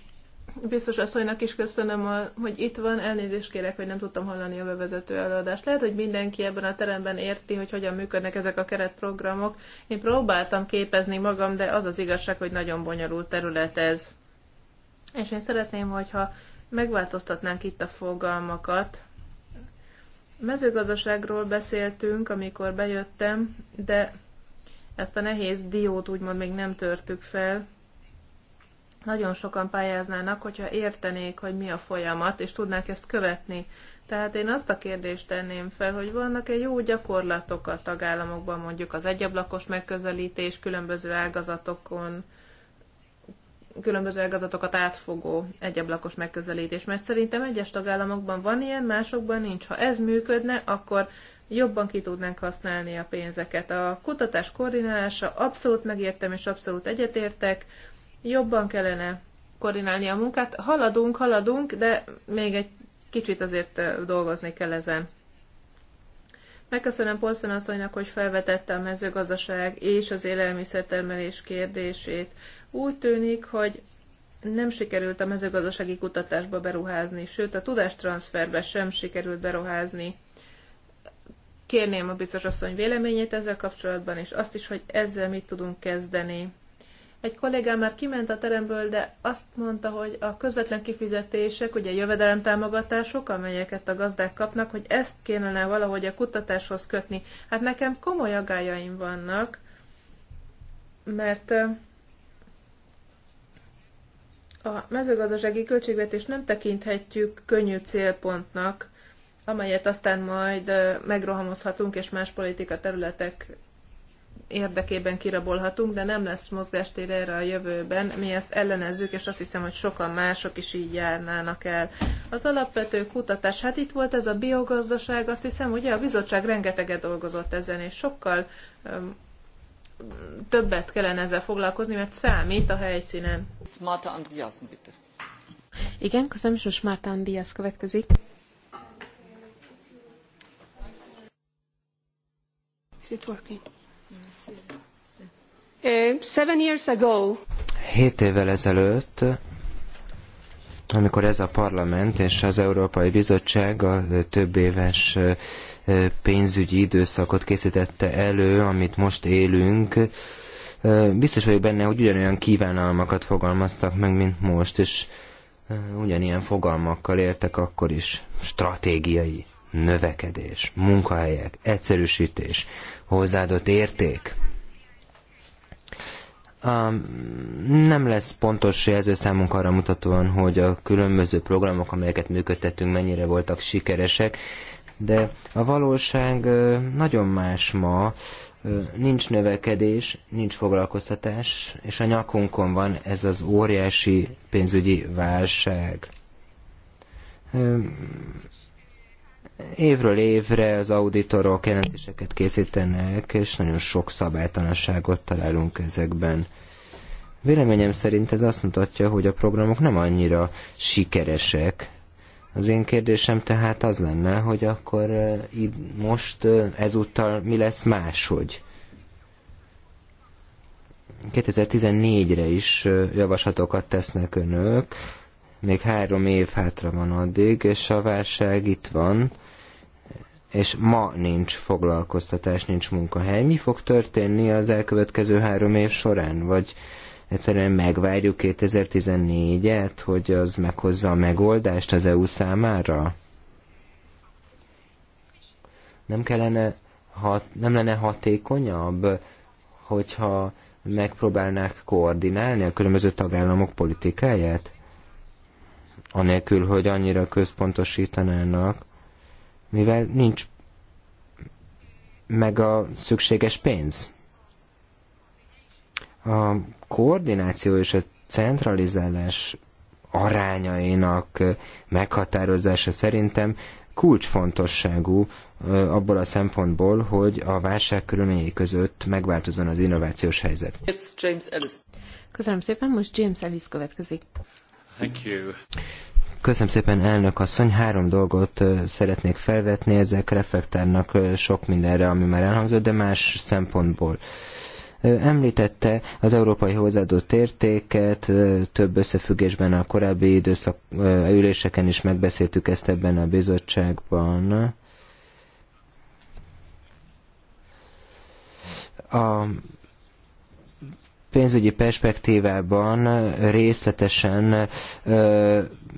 biztos asszonynak is köszönöm, hogy itt van. Elnézést kérek, hogy nem tudtam hallani a bevezető előadást. Lehet, hogy mindenki ebben a teremben érti, hogy hogyan működnek ezek a keretprogramok. Én próbáltam képezni magam, de az az igazság, hogy nagyon bonyolult terület ez. És én szeretném, hogyha megváltoztatnánk itt a fogalmakat. Mezőgazdaságról beszéltünk, amikor bejöttem, de ezt a nehéz diót úgymond még nem törtük fel. Nagyon sokan pályáznának, hogyha értenék, hogy mi a folyamat, és tudnák ezt követni. Tehát én azt a kérdést tenném fel, hogy vannak-e jó gyakorlatok a tagállamokban, mondjuk az egyablakos megközelítés különböző ágazatokon, különböző ágazatokat átfogó egyablakos megközelítés, mert szerintem egyes tagállamokban van ilyen, másokban nincs. Ha ez működne, akkor jobban ki tudnánk használni a pénzeket. A kutatás koordinálása abszolút megértem és abszolút egyetértek, jobban kellene koordinálni a munkát. Haladunk, haladunk, de még egy kicsit azért dolgozni kell ezen. Megköszönöm Polszon asszonynak, hogy felvetette a mezőgazdaság és az élelmiszertermelés kérdését. Úgy tűnik, hogy nem sikerült a mezőgazdasági kutatásba beruházni, sőt a tudástranszferbe sem sikerült beruházni. Kérném a biztos asszony véleményét ezzel kapcsolatban, és azt is, hogy ezzel mit tudunk kezdeni. Egy kollégám már kiment a teremből, de azt mondta, hogy a közvetlen kifizetések, ugye jövedelemtámogatások, amelyeket a gazdák kapnak, hogy ezt kéne valahogy a kutatáshoz kötni. Hát nekem komoly agályaim vannak, mert a mezőgazdasági költségvetést nem tekinthetjük könnyű célpontnak amelyet aztán majd megrohamozhatunk, és más politika területek érdekében kirabolhatunk, de nem lesz mozgástér erre a jövőben. Mi ezt ellenezzük, és azt hiszem, hogy sokan mások is így járnának el. Az alapvető kutatás, hát itt volt ez a biogazdaság, azt hiszem, ugye a bizottság rengeteget dolgozott ezen, és sokkal um, többet kellene ezzel foglalkozni, mert számít a helyszínen. Igen, köszönöm, és most Márta Andriás következik. it working? Eh, seven years ago. Hét évvel ezelőtt amikor ez a parlament és az Európai Bizottság a eh, több éves eh, pénzügyi időszakot készítette elő, amit most élünk, biztos vagyok benne, hogy ugyanolyan kívánalmakat fogalmaztak meg, mint most, és ugyanilyen fogalmakkal értek akkor is, stratégiai növekedés, munkahelyek, egyszerűsítés, hozzáadott érték. A, nem lesz pontos jelzőszámunk arra mutatóan, hogy a különböző programok, amelyeket működtettünk, mennyire voltak sikeresek, de a valóság nagyon más ma. Nincs növekedés, nincs foglalkoztatás, és a nyakunkon van ez az óriási pénzügyi válság évről évre az auditorok jelentéseket készítenek, és nagyon sok szabálytalanságot találunk ezekben. Véleményem szerint ez azt mutatja, hogy a programok nem annyira sikeresek. Az én kérdésem tehát az lenne, hogy akkor eh, most eh, ezúttal mi lesz máshogy? 2014-re is eh, javaslatokat tesznek önök, még három év hátra van addig, és a válság itt van, és ma nincs foglalkoztatás, nincs munkahely. Mi fog történni az elkövetkező három év során? Vagy egyszerűen megvárjuk 2014-et, hogy az meghozza a megoldást az EU számára? Nem kellene ha, nem lenne hatékonyabb, hogyha megpróbálnák koordinálni a különböző tagállamok politikáját? Anélkül, hogy annyira központosítanának mivel nincs meg a szükséges pénz. A koordináció és a centralizálás arányainak meghatározása szerintem kulcsfontosságú abból a szempontból, hogy a válság körülményei között megváltozon az innovációs helyzet. Köszönöm szépen, most James Ellis következik. Thank you. Köszönöm szépen, elnök asszony. Három dolgot szeretnék felvetni, ezek reflektálnak sok mindenre, ami már elhangzott, de más szempontból említette az európai hozzáadott értéket, több összefüggésben a korábbi időszak üléseken is megbeszéltük ezt ebben a bizottságban. A pénzügyi perspektívában részletesen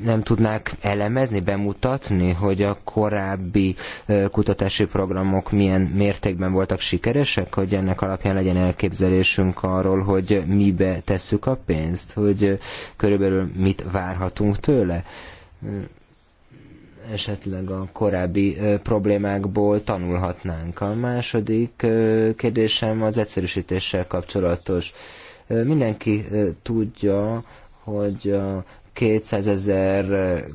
nem tudnák elemezni, bemutatni, hogy a korábbi kutatási programok milyen mértékben voltak sikeresek, hogy ennek alapján legyen elképzelésünk arról, hogy mibe tesszük a pénzt, hogy körülbelül mit várhatunk tőle esetleg a korábbi problémákból tanulhatnánk. A második kérdésem az egyszerűsítéssel kapcsolatos. Mindenki tudja, hogy a 200 ezer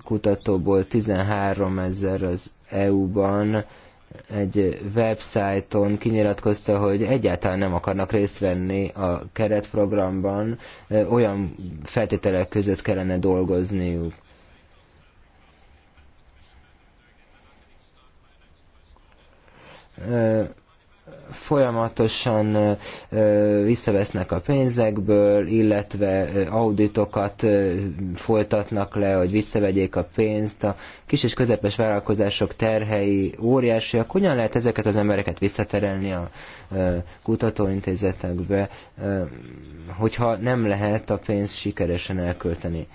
kutatóból 13 ezer az EU-ban egy websájton kinyilatkozta, hogy egyáltalán nem akarnak részt venni a keretprogramban, olyan feltételek között kellene dolgozniuk folyamatosan visszavesznek a pénzekből, illetve auditokat folytatnak le, hogy visszavegyék a pénzt. A kis és közepes vállalkozások terhei óriásiak. Hogyan lehet ezeket az embereket visszaterelni a kutatóintézetekbe, hogyha nem lehet a pénzt sikeresen elkölteni?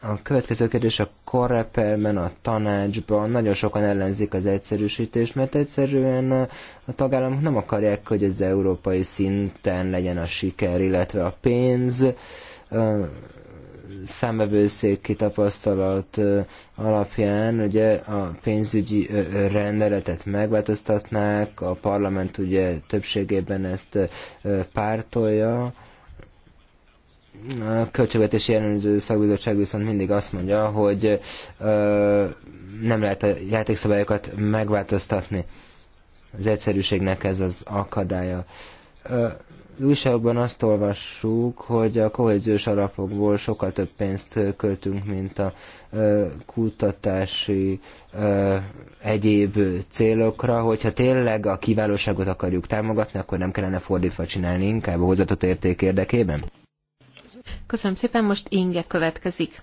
A következő kérdés a korreperben, a tanácsban nagyon sokan ellenzik az egyszerűsítést, mert egyszerűen a tagállamok nem akarják, hogy az európai szinten legyen a siker, illetve a pénz. Számbevőszék tapasztalat alapján ugye a pénzügyi rendeletet megváltoztatnák, a parlament ugye többségében ezt pártolja, a Költségvetési Ellenőrző Szakbizottság viszont mindig azt mondja, hogy ö, nem lehet a játékszabályokat megváltoztatni. Az egyszerűségnek ez az akadálya. Ö, újságban azt olvassuk, hogy a kohéziós alapokból sokkal több pénzt költünk, mint a ö, kutatási ö, egyéb célokra, hogyha tényleg a kiválóságot akarjuk támogatni, akkor nem kellene fordítva csinálni, inkább a hozzátott érték érdekében? Köszönöm szépen, most Inge következik.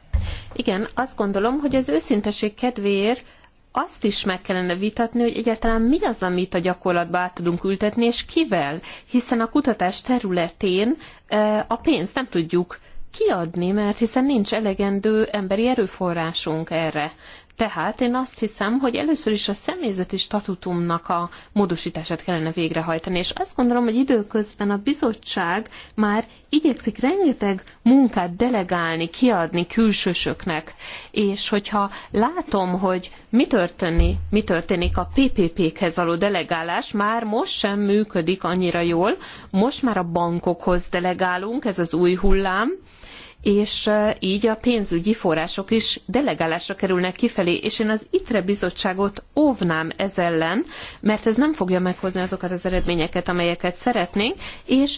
Igen, azt gondolom, hogy az őszinteség kedvéért azt is meg kellene vitatni, hogy egyáltalán mi az, amit a gyakorlatba át tudunk ültetni, és kivel, hiszen a kutatás területén e, a pénzt nem tudjuk kiadni, mert hiszen nincs elegendő emberi erőforrásunk erre. Tehát én azt hiszem, hogy először is a személyzeti statutumnak a módosítását kellene végrehajtani, és azt gondolom, hogy időközben a bizottság már igyekszik rengeteg munkát delegálni, kiadni külsősöknek, és hogyha látom, hogy mi történik, mi történik a PPP-khez való delegálás, már most sem működik annyira jól, most már a bankokhoz delegálunk, ez az új hullám, és így a pénzügyi források is delegálásra kerülnek kifelé, és én az ITRE bizottságot óvnám ez ellen, mert ez nem fogja meghozni azokat az eredményeket, amelyeket szeretnénk, és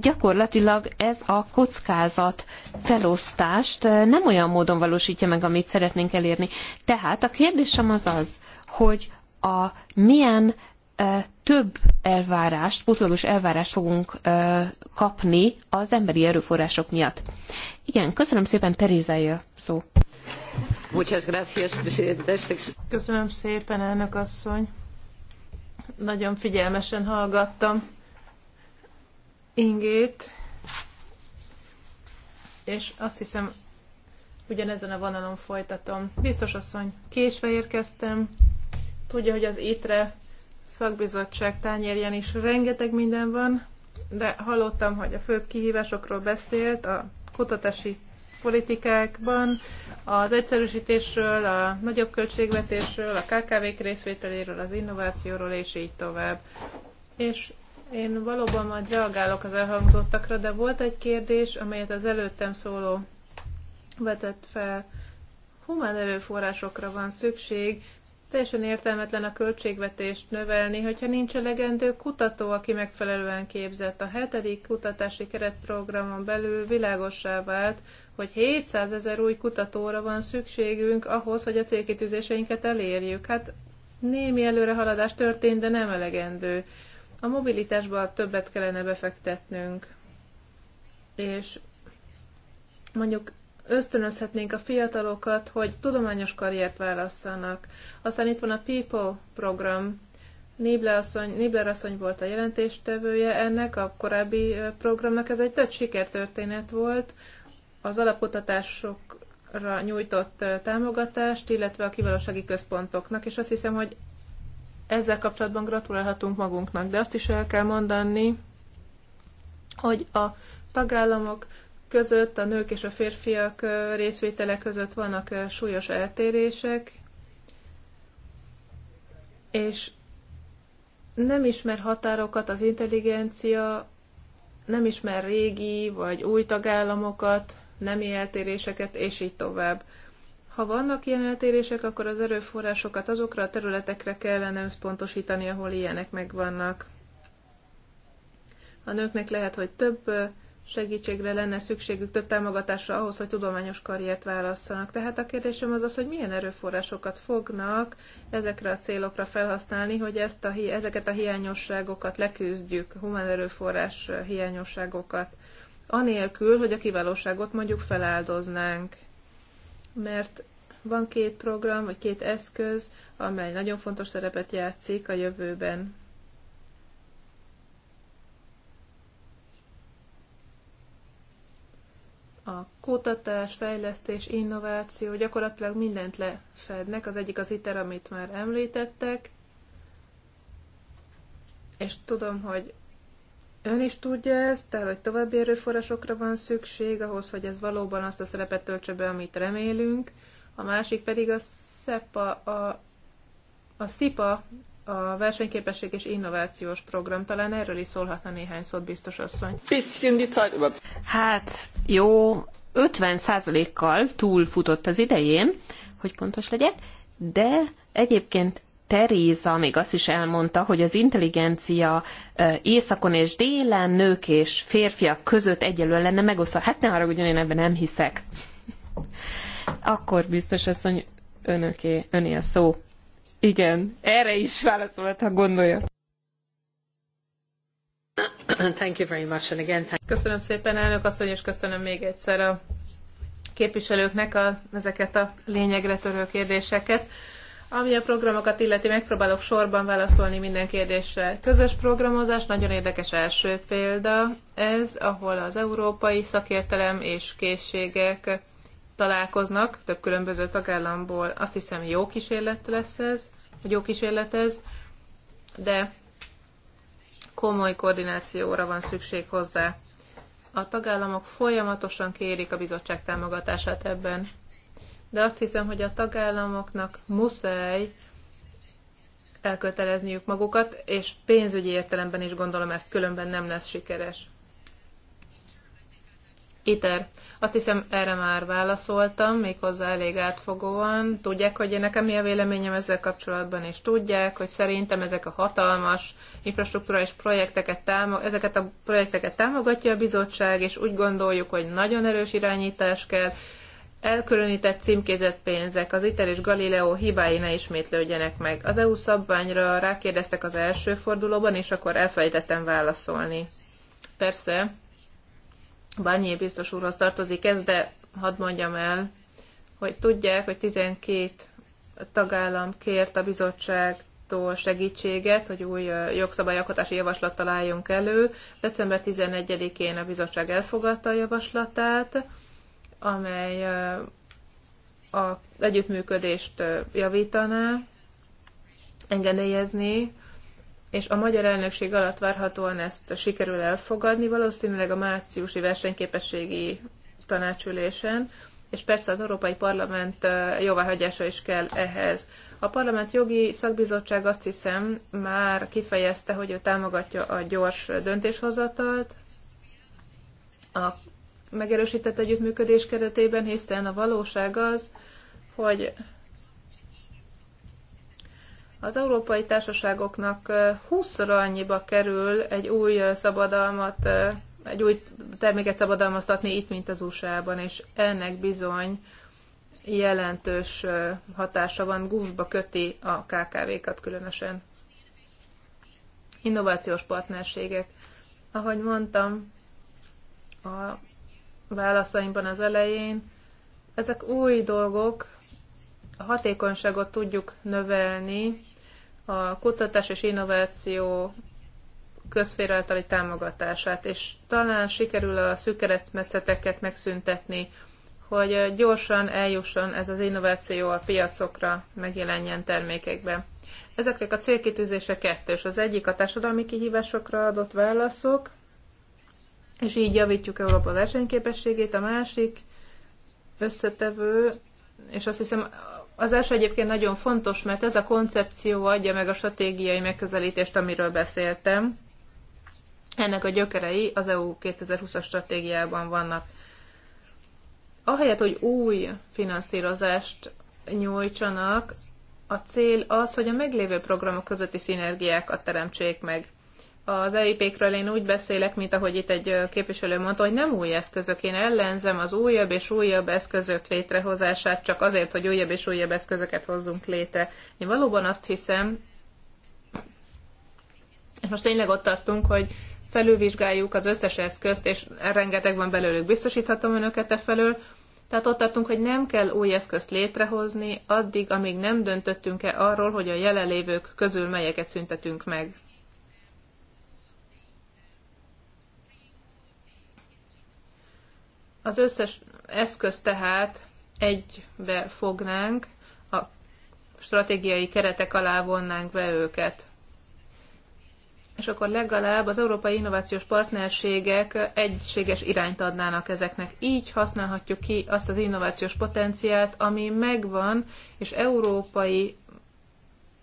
gyakorlatilag ez a kockázat felosztást nem olyan módon valósítja meg, amit szeretnénk elérni. Tehát a kérdésem az az, hogy a milyen több elvárást, pótlagos elvárást fogunk kapni az emberi erőforrások miatt. Igen, köszönöm szépen, Terézája szó. Köszönöm szépen, elnök asszony. Nagyon figyelmesen hallgattam Ingét, és azt hiszem, ugyanezen a vonalon folytatom. Biztos asszony, késve érkeztem, tudja, hogy az étre szakbizottság tányérján is rengeteg minden van, de hallottam, hogy a főbb kihívásokról beszélt a kutatási politikákban, az egyszerűsítésről, a nagyobb költségvetésről, a KKV-k részvételéről, az innovációról, és így tovább. És én valóban majd reagálok az elhangzottakra, de volt egy kérdés, amelyet az előttem szóló vetett fel. Humán erőforrásokra van szükség, Teljesen értelmetlen a költségvetést növelni, hogyha nincs elegendő kutató, aki megfelelően képzett. A hetedik kutatási keretprogramon belül világossá vált, hogy 700 ezer új kutatóra van szükségünk ahhoz, hogy a célkitűzéseinket elérjük. Hát némi előrehaladás történt, de nem elegendő. A mobilitásba többet kellene befektetnünk. És mondjuk ösztönözhetnénk a fiatalokat, hogy tudományos karriert válasszanak. Aztán itt van a PIPO e program, Nibler asszony, Nibler asszony volt a jelentéstevője ennek, a korábbi programnak ez egy több sikertörténet volt. Az alapkutatásokra nyújtott támogatást, illetve a kiválósági központoknak, és azt hiszem, hogy ezzel kapcsolatban gratulálhatunk magunknak, de azt is el kell mondani, hogy a tagállamok között, a nők és a férfiak részvétele között vannak súlyos eltérések, és nem ismer határokat az intelligencia, nem ismer régi vagy új tagállamokat, nemi eltéréseket, és így tovább. Ha vannak ilyen eltérések, akkor az erőforrásokat azokra a területekre kellene összpontosítani, ahol ilyenek megvannak. A nőknek lehet, hogy több segítségre lenne szükségük, több támogatásra ahhoz, hogy tudományos karriert válasszanak. Tehát a kérdésem az az, hogy milyen erőforrásokat fognak ezekre a célokra felhasználni, hogy ezt a, ezeket a hiányosságokat leküzdjük, humán erőforrás hiányosságokat, anélkül, hogy a kiválóságot mondjuk feláldoznánk. Mert van két program, vagy két eszköz, amely nagyon fontos szerepet játszik a jövőben a kutatás, fejlesztés, innováció, gyakorlatilag mindent lefednek. Az egyik az ITER, amit már említettek, és tudom, hogy ön is tudja ezt, tehát hogy további erőforrásokra van szükség ahhoz, hogy ez valóban azt a szerepet töltse be, amit remélünk. A másik pedig a SEPA, a, a SIPA a versenyképesség és innovációs program, talán erről is szólhatna néhány szót, biztos asszony. Hát jó, 50%-kal túlfutott az idején, hogy pontos legyek, de egyébként Teréza még azt is elmondta, hogy az intelligencia északon és délen nők és férfiak között egyelően lenne megosztva. Hát ne hogy én ebben nem hiszek. Akkor biztos azt, hogy önöké, öné a szó. Igen, erre is válaszolhat, ha gondolja. Thank you very much, and again, thank köszönöm szépen, elnök asszony, és köszönöm még egyszer a képviselőknek a, ezeket a lényegre törő kérdéseket. Ami a programokat illeti, megpróbálok sorban válaszolni minden kérdésre. Közös programozás, nagyon érdekes első példa ez, ahol az európai szakértelem és készségek találkoznak, több különböző tagállamból. Azt hiszem jó kísérlet lesz ez, jó kísérlet ez, de komoly koordinációra van szükség hozzá. A tagállamok folyamatosan kérik a bizottság támogatását ebben. De azt hiszem, hogy a tagállamoknak muszáj elkötelezniük magukat, és pénzügyi értelemben is gondolom ezt, különben nem lesz sikeres. ITER. Azt hiszem, erre már válaszoltam, méghozzá elég átfogóan. Tudják, hogy nekem mi a véleményem ezzel kapcsolatban, és tudják, hogy szerintem ezek a hatalmas infrastruktúrális projekteket, támog, ezeket a projekteket támogatja a bizottság, és úgy gondoljuk, hogy nagyon erős irányítás kell, elkülönített címkézett pénzek, az ITER és Galileo hibái ne ismétlődjenek meg. Az EU szabványra rákérdeztek az első fordulóban, és akkor elfelejtettem válaszolni. Persze, Barnier biztos úrhoz tartozik ez, de hadd mondjam el, hogy tudják, hogy 12 tagállam kért a bizottságtól segítséget, hogy új jogszabályalkotási javaslat találjunk elő. December 11-én a bizottság elfogadta a javaslatát, amely az együttműködést javítaná, engedélyezni és a magyar elnökség alatt várhatóan ezt sikerül elfogadni, valószínűleg a márciusi versenyképességi tanácsülésen, és persze az Európai Parlament jóváhagyása is kell ehhez. A Parlament Jogi Szakbizottság azt hiszem már kifejezte, hogy ő támogatja a gyors döntéshozatalt, a megerősített együttműködés keretében, hiszen a valóság az, hogy az európai társaságoknak 20 annyiba kerül egy új szabadalmat, egy új terméket szabadalmaztatni itt, mint az USA-ban, és ennek bizony jelentős hatása van, gúzsba köti a KKV-kat különösen. Innovációs partnerségek. Ahogy mondtam a válaszaimban az elején, ezek új dolgok, hatékonyságot tudjuk növelni a kutatás és innováció közfér támogatását, és talán sikerül a szükeretmetszeteket megszüntetni, hogy gyorsan eljusson ez az innováció a piacokra, megjelenjen termékekbe. Ezeknek a célkitűzése kettős. Az egyik a társadalmi kihívásokra adott válaszok, és így javítjuk Európa versenyképességét, a másik összetevő, és azt hiszem az első egyébként nagyon fontos, mert ez a koncepció adja meg a stratégiai megközelítést, amiről beszéltem. Ennek a gyökerei az EU 2020-as stratégiában vannak. Ahelyett, hogy új finanszírozást nyújtsanak, a cél az, hogy a meglévő programok közötti szinergiákat teremtsék meg az EIP-kről én úgy beszélek, mint ahogy itt egy képviselő mondta, hogy nem új eszközök. Én ellenzem az újabb és újabb eszközök létrehozását, csak azért, hogy újabb és újabb eszközöket hozzunk létre. Én valóban azt hiszem, és most tényleg ott tartunk, hogy felülvizsgáljuk az összes eszközt, és rengeteg van belőlük, biztosíthatom önöket e felől, tehát ott tartunk, hogy nem kell új eszközt létrehozni, addig, amíg nem döntöttünk-e arról, hogy a jelenlévők közül melyeket szüntetünk meg. Az összes eszköz tehát egybe fognánk, a stratégiai keretek alá vonnánk be őket. És akkor legalább az európai innovációs partnerségek egységes irányt adnának ezeknek. Így használhatjuk ki azt az innovációs potenciált, ami megvan, és európai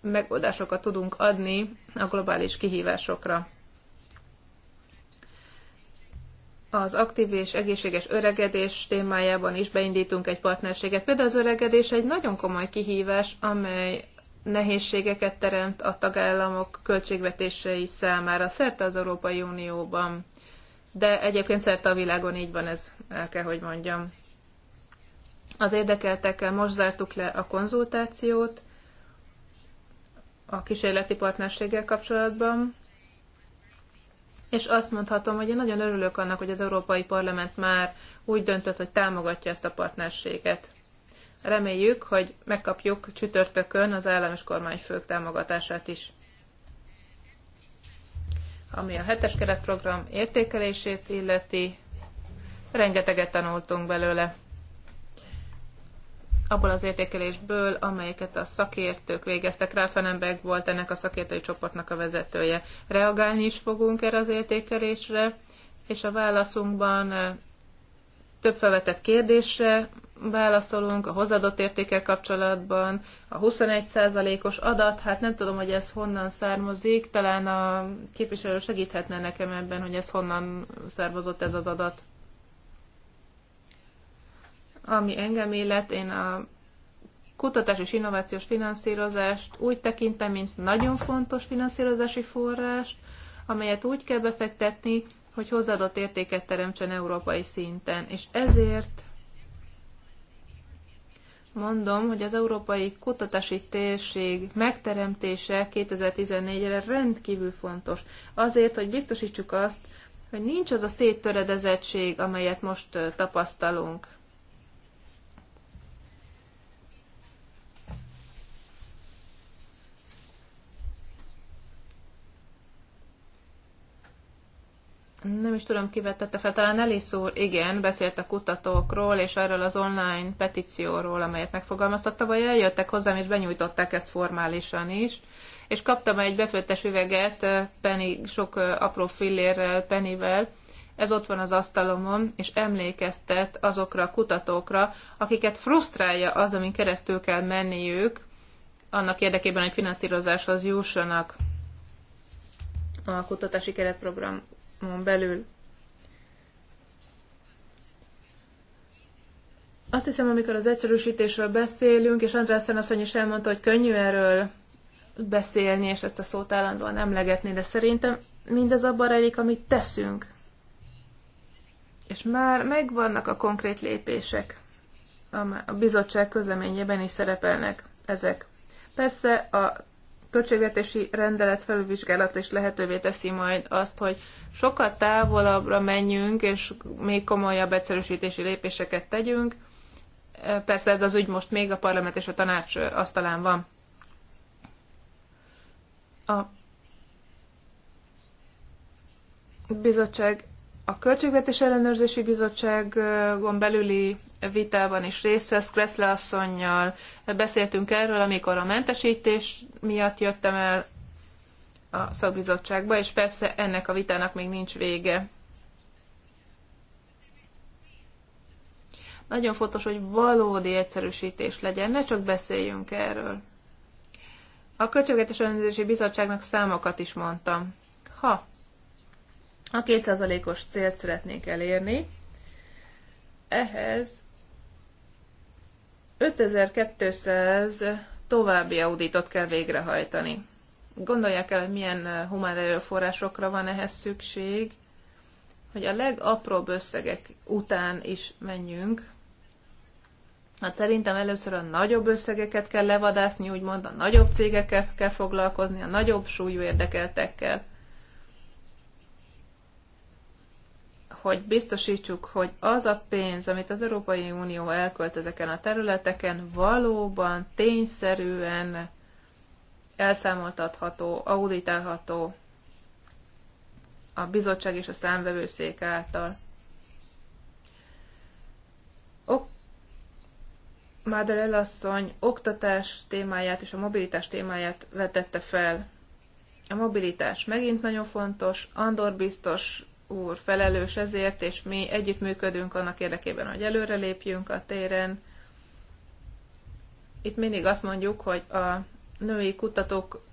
megoldásokat tudunk adni a globális kihívásokra. az aktív és egészséges öregedés témájában is beindítunk egy partnerséget. Például az öregedés egy nagyon komoly kihívás, amely nehézségeket teremt a tagállamok költségvetései számára szerte az Európai Unióban. De egyébként szerte a világon így van, ez el kell, hogy mondjam. Az érdekeltekkel most zártuk le a konzultációt a kísérleti partnerséggel kapcsolatban, és azt mondhatom, hogy én nagyon örülök annak, hogy az Európai Parlament már úgy döntött, hogy támogatja ezt a partnerséget. Reméljük, hogy megkapjuk csütörtökön az állam és kormányfők támogatását is. Ami a hetes keretprogram értékelését illeti, rengeteget tanultunk belőle abból az értékelésből, amelyeket a szakértők végeztek. Ráfenenberg volt ennek a szakértői csoportnak a vezetője. Reagálni is fogunk erre az értékelésre, és a válaszunkban több felvetett kérdésre válaszolunk a hozadott értékkel kapcsolatban, a 21%-os adat, hát nem tudom, hogy ez honnan származik, talán a képviselő segíthetne nekem ebben, hogy ez honnan származott ez az adat. Ami engem illet, én a kutatás és innovációs finanszírozást úgy tekintem, mint nagyon fontos finanszírozási forrást, amelyet úgy kell befektetni, hogy hozzáadott értéket teremtsen európai szinten. És ezért mondom, hogy az európai kutatási térség megteremtése 2014-re rendkívül fontos. Azért, hogy biztosítsuk azt, hogy nincs az a széttöredezettség, amelyet most tapasztalunk. Nem is tudom, ki vetette fel, talán Elis úr, igen, beszélt a kutatókról és erről az online petícióról, amelyet megfogalmaztatta, vagy eljöttek hozzám és benyújtották ezt formálisan is, és kaptam egy befőttes üveget eh, Penny, sok eh, apró fillérrel, Pennyvel, ez ott van az asztalomon, és emlékeztet azokra a kutatókra, akiket frusztrálja az, amin keresztül kell menniük, annak érdekében, hogy finanszírozáshoz jussanak a kutatási keretprogram mon belül. Azt hiszem, amikor az egyszerűsítésről beszélünk, és András Szenaszony is elmondta, hogy könnyű erről beszélni, és ezt a szót állandóan emlegetni, de szerintem mindez abban rejlik, amit teszünk. És már megvannak a konkrét lépések. A bizottság közleményében is szerepelnek ezek. Persze a költségvetési rendelet felülvizsgálat is lehetővé teszi majd azt, hogy sokat távolabbra menjünk, és még komolyabb egyszerűsítési lépéseket tegyünk. Persze ez az ügy most még a parlament és a tanács asztalán van. A bizottság, a Költségvetés Ellenőrzési Bizottságon belüli vitában is részt vesz Kreszle asszonynal. Beszéltünk erről, amikor a mentesítés miatt jöttem el a szakbizottságba, és persze ennek a vitának még nincs vége. Nagyon fontos, hogy valódi egyszerűsítés legyen, ne csak beszéljünk erről. A Költségvetés Ellenőrzési Bizottságnak számokat is mondtam. Ha a 2%-os célt szeretnék elérni, ehhez 5200 további auditot kell végrehajtani. Gondolják el, hogy milyen eh, humán erőforrásokra van ehhez szükség, hogy a legapróbb összegek után is menjünk. Hát szerintem először a nagyobb összegeket kell levadászni, úgymond a nagyobb cégekkel kell foglalkozni, a nagyobb súlyú érdekeltekkel. hogy biztosítsuk, hogy az a pénz, amit az Európai Unió elkölt ezeken a területeken, valóban tényszerűen elszámoltatható, auditálható a bizottság és a számvevőszék által. Ok, Máder asszony oktatás témáját és a mobilitás témáját vetette fel. A mobilitás megint nagyon fontos, Andor biztos úr felelős ezért, és mi együttműködünk annak érdekében, hogy előrelépjünk a téren. Itt mindig azt mondjuk, hogy a női kutatók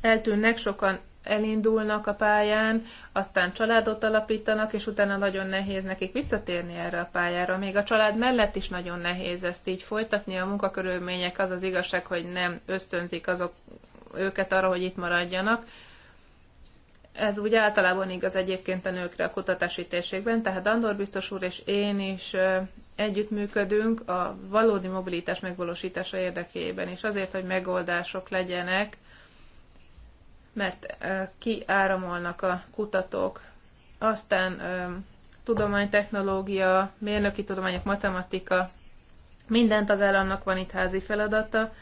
eltűnnek, sokan elindulnak a pályán, aztán családot alapítanak, és utána nagyon nehéz nekik visszatérni erre a pályára. Még a család mellett is nagyon nehéz ezt így folytatni. A munkakörülmények az az igazság, hogy nem ösztönzik azok őket arra, hogy itt maradjanak ez úgy általában igaz egyébként a nőkre a kutatási térségben, tehát Andor biztos úr és én is együttműködünk a valódi mobilitás megvalósítása érdekében, és azért, hogy megoldások legyenek, mert kiáramolnak a kutatók. Aztán tudománytechnológia, mérnöki tudományok, matematika, minden tagállamnak van itt házi feladata.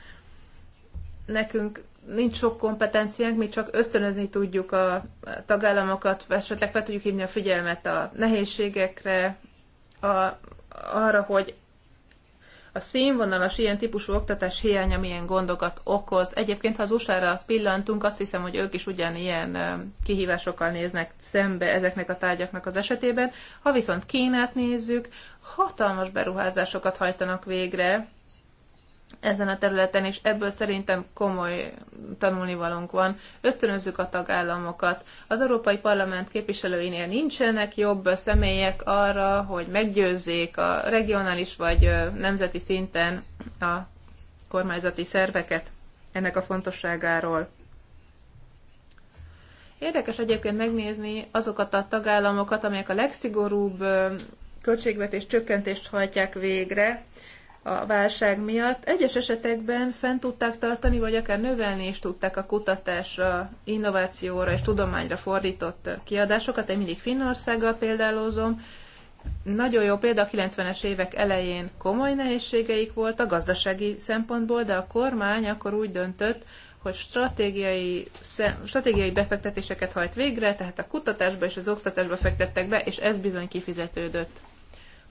Nekünk nincs sok kompetenciánk, mi csak ösztönözni tudjuk a tagállamokat, esetleg fel tudjuk hívni a figyelmet a nehézségekre, a, arra, hogy a színvonalas ilyen típusú oktatás hiánya milyen gondokat okoz. Egyébként, ha az usa pillantunk, azt hiszem, hogy ők is ugyanilyen kihívásokkal néznek szembe ezeknek a tárgyaknak az esetében. Ha viszont Kínát nézzük, hatalmas beruházásokat hajtanak végre ezen a területen, és ebből szerintem komoly tanulnivalónk van. Ösztönözzük a tagállamokat. Az Európai Parlament képviselőinél nincsenek jobb személyek arra, hogy meggyőzzék a regionális vagy nemzeti szinten a kormányzati szerveket ennek a fontosságáról. Érdekes egyébként megnézni azokat a tagállamokat, amelyek a legszigorúbb költségvetés csökkentést hajtják végre, a válság miatt. Egyes esetekben fent tudták tartani, vagy akár növelni is tudták a kutatásra, innovációra és tudományra fordított kiadásokat. Én mindig Finnországgal példálózom. Nagyon jó példa, a 90-es évek elején komoly nehézségeik volt a gazdasági szempontból, de a kormány akkor úgy döntött, hogy stratégiai, stratégiai befektetéseket hajt végre, tehát a kutatásba és az oktatásba fektettek be, és ez bizony kifizetődött.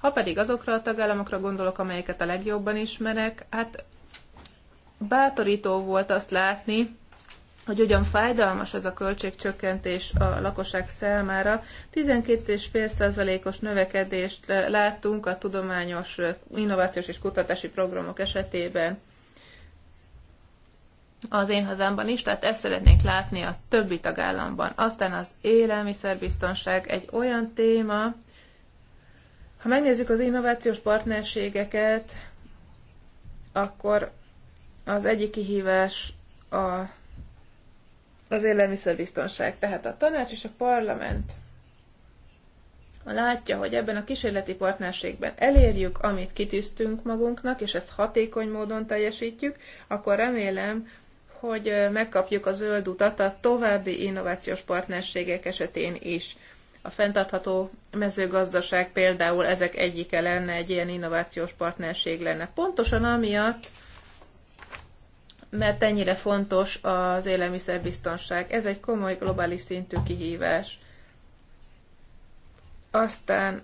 Ha pedig azokra a tagállamokra gondolok, amelyeket a legjobban ismerek, hát bátorító volt azt látni, hogy ugyan fájdalmas ez a költségcsökkentés a lakosság számára, 12,5%-os növekedést láttunk a tudományos, innovációs és kutatási programok esetében az én hazámban is, tehát ezt szeretnénk látni a többi tagállamban. Aztán az élelmiszerbiztonság egy olyan téma, ha megnézzük az innovációs partnerségeket, akkor az egyik kihívás a, az élelmiszerbiztonság. Tehát a tanács és a parlament látja, hogy ebben a kísérleti partnerségben elérjük, amit kitűztünk magunknak, és ezt hatékony módon teljesítjük, akkor remélem, hogy megkapjuk a zöld utat a további innovációs partnerségek esetén is. A fenntartható mezőgazdaság például ezek egyike lenne, egy ilyen innovációs partnerség lenne. Pontosan amiatt, mert ennyire fontos az élelmiszerbiztonság. Ez egy komoly globális szintű kihívás. Aztán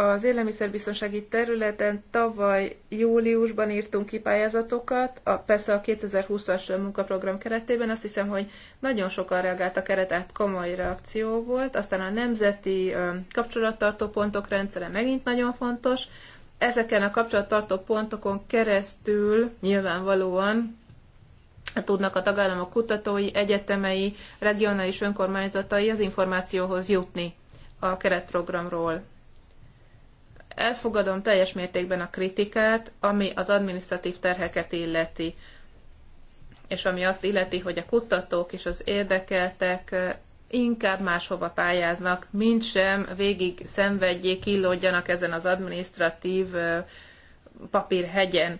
az élelmiszerbiztonsági területen tavaly júliusban írtunk ki pályázatokat, a, persze a 2020-as munkaprogram keretében, azt hiszem, hogy nagyon sokan reagáltak erre, tehát komoly reakció volt. Aztán a nemzeti kapcsolattartó pontok rendszere megint nagyon fontos. Ezeken a kapcsolattartó pontokon keresztül nyilvánvalóan tudnak a tagállamok kutatói, egyetemei, regionális önkormányzatai az információhoz jutni a keretprogramról. Elfogadom teljes mértékben a kritikát, ami az administratív terheket illeti, és ami azt illeti, hogy a kutatók és az érdekeltek inkább máshova pályáznak, mint sem végig szenvedjék, illódjanak ezen az administratív papírhegyen.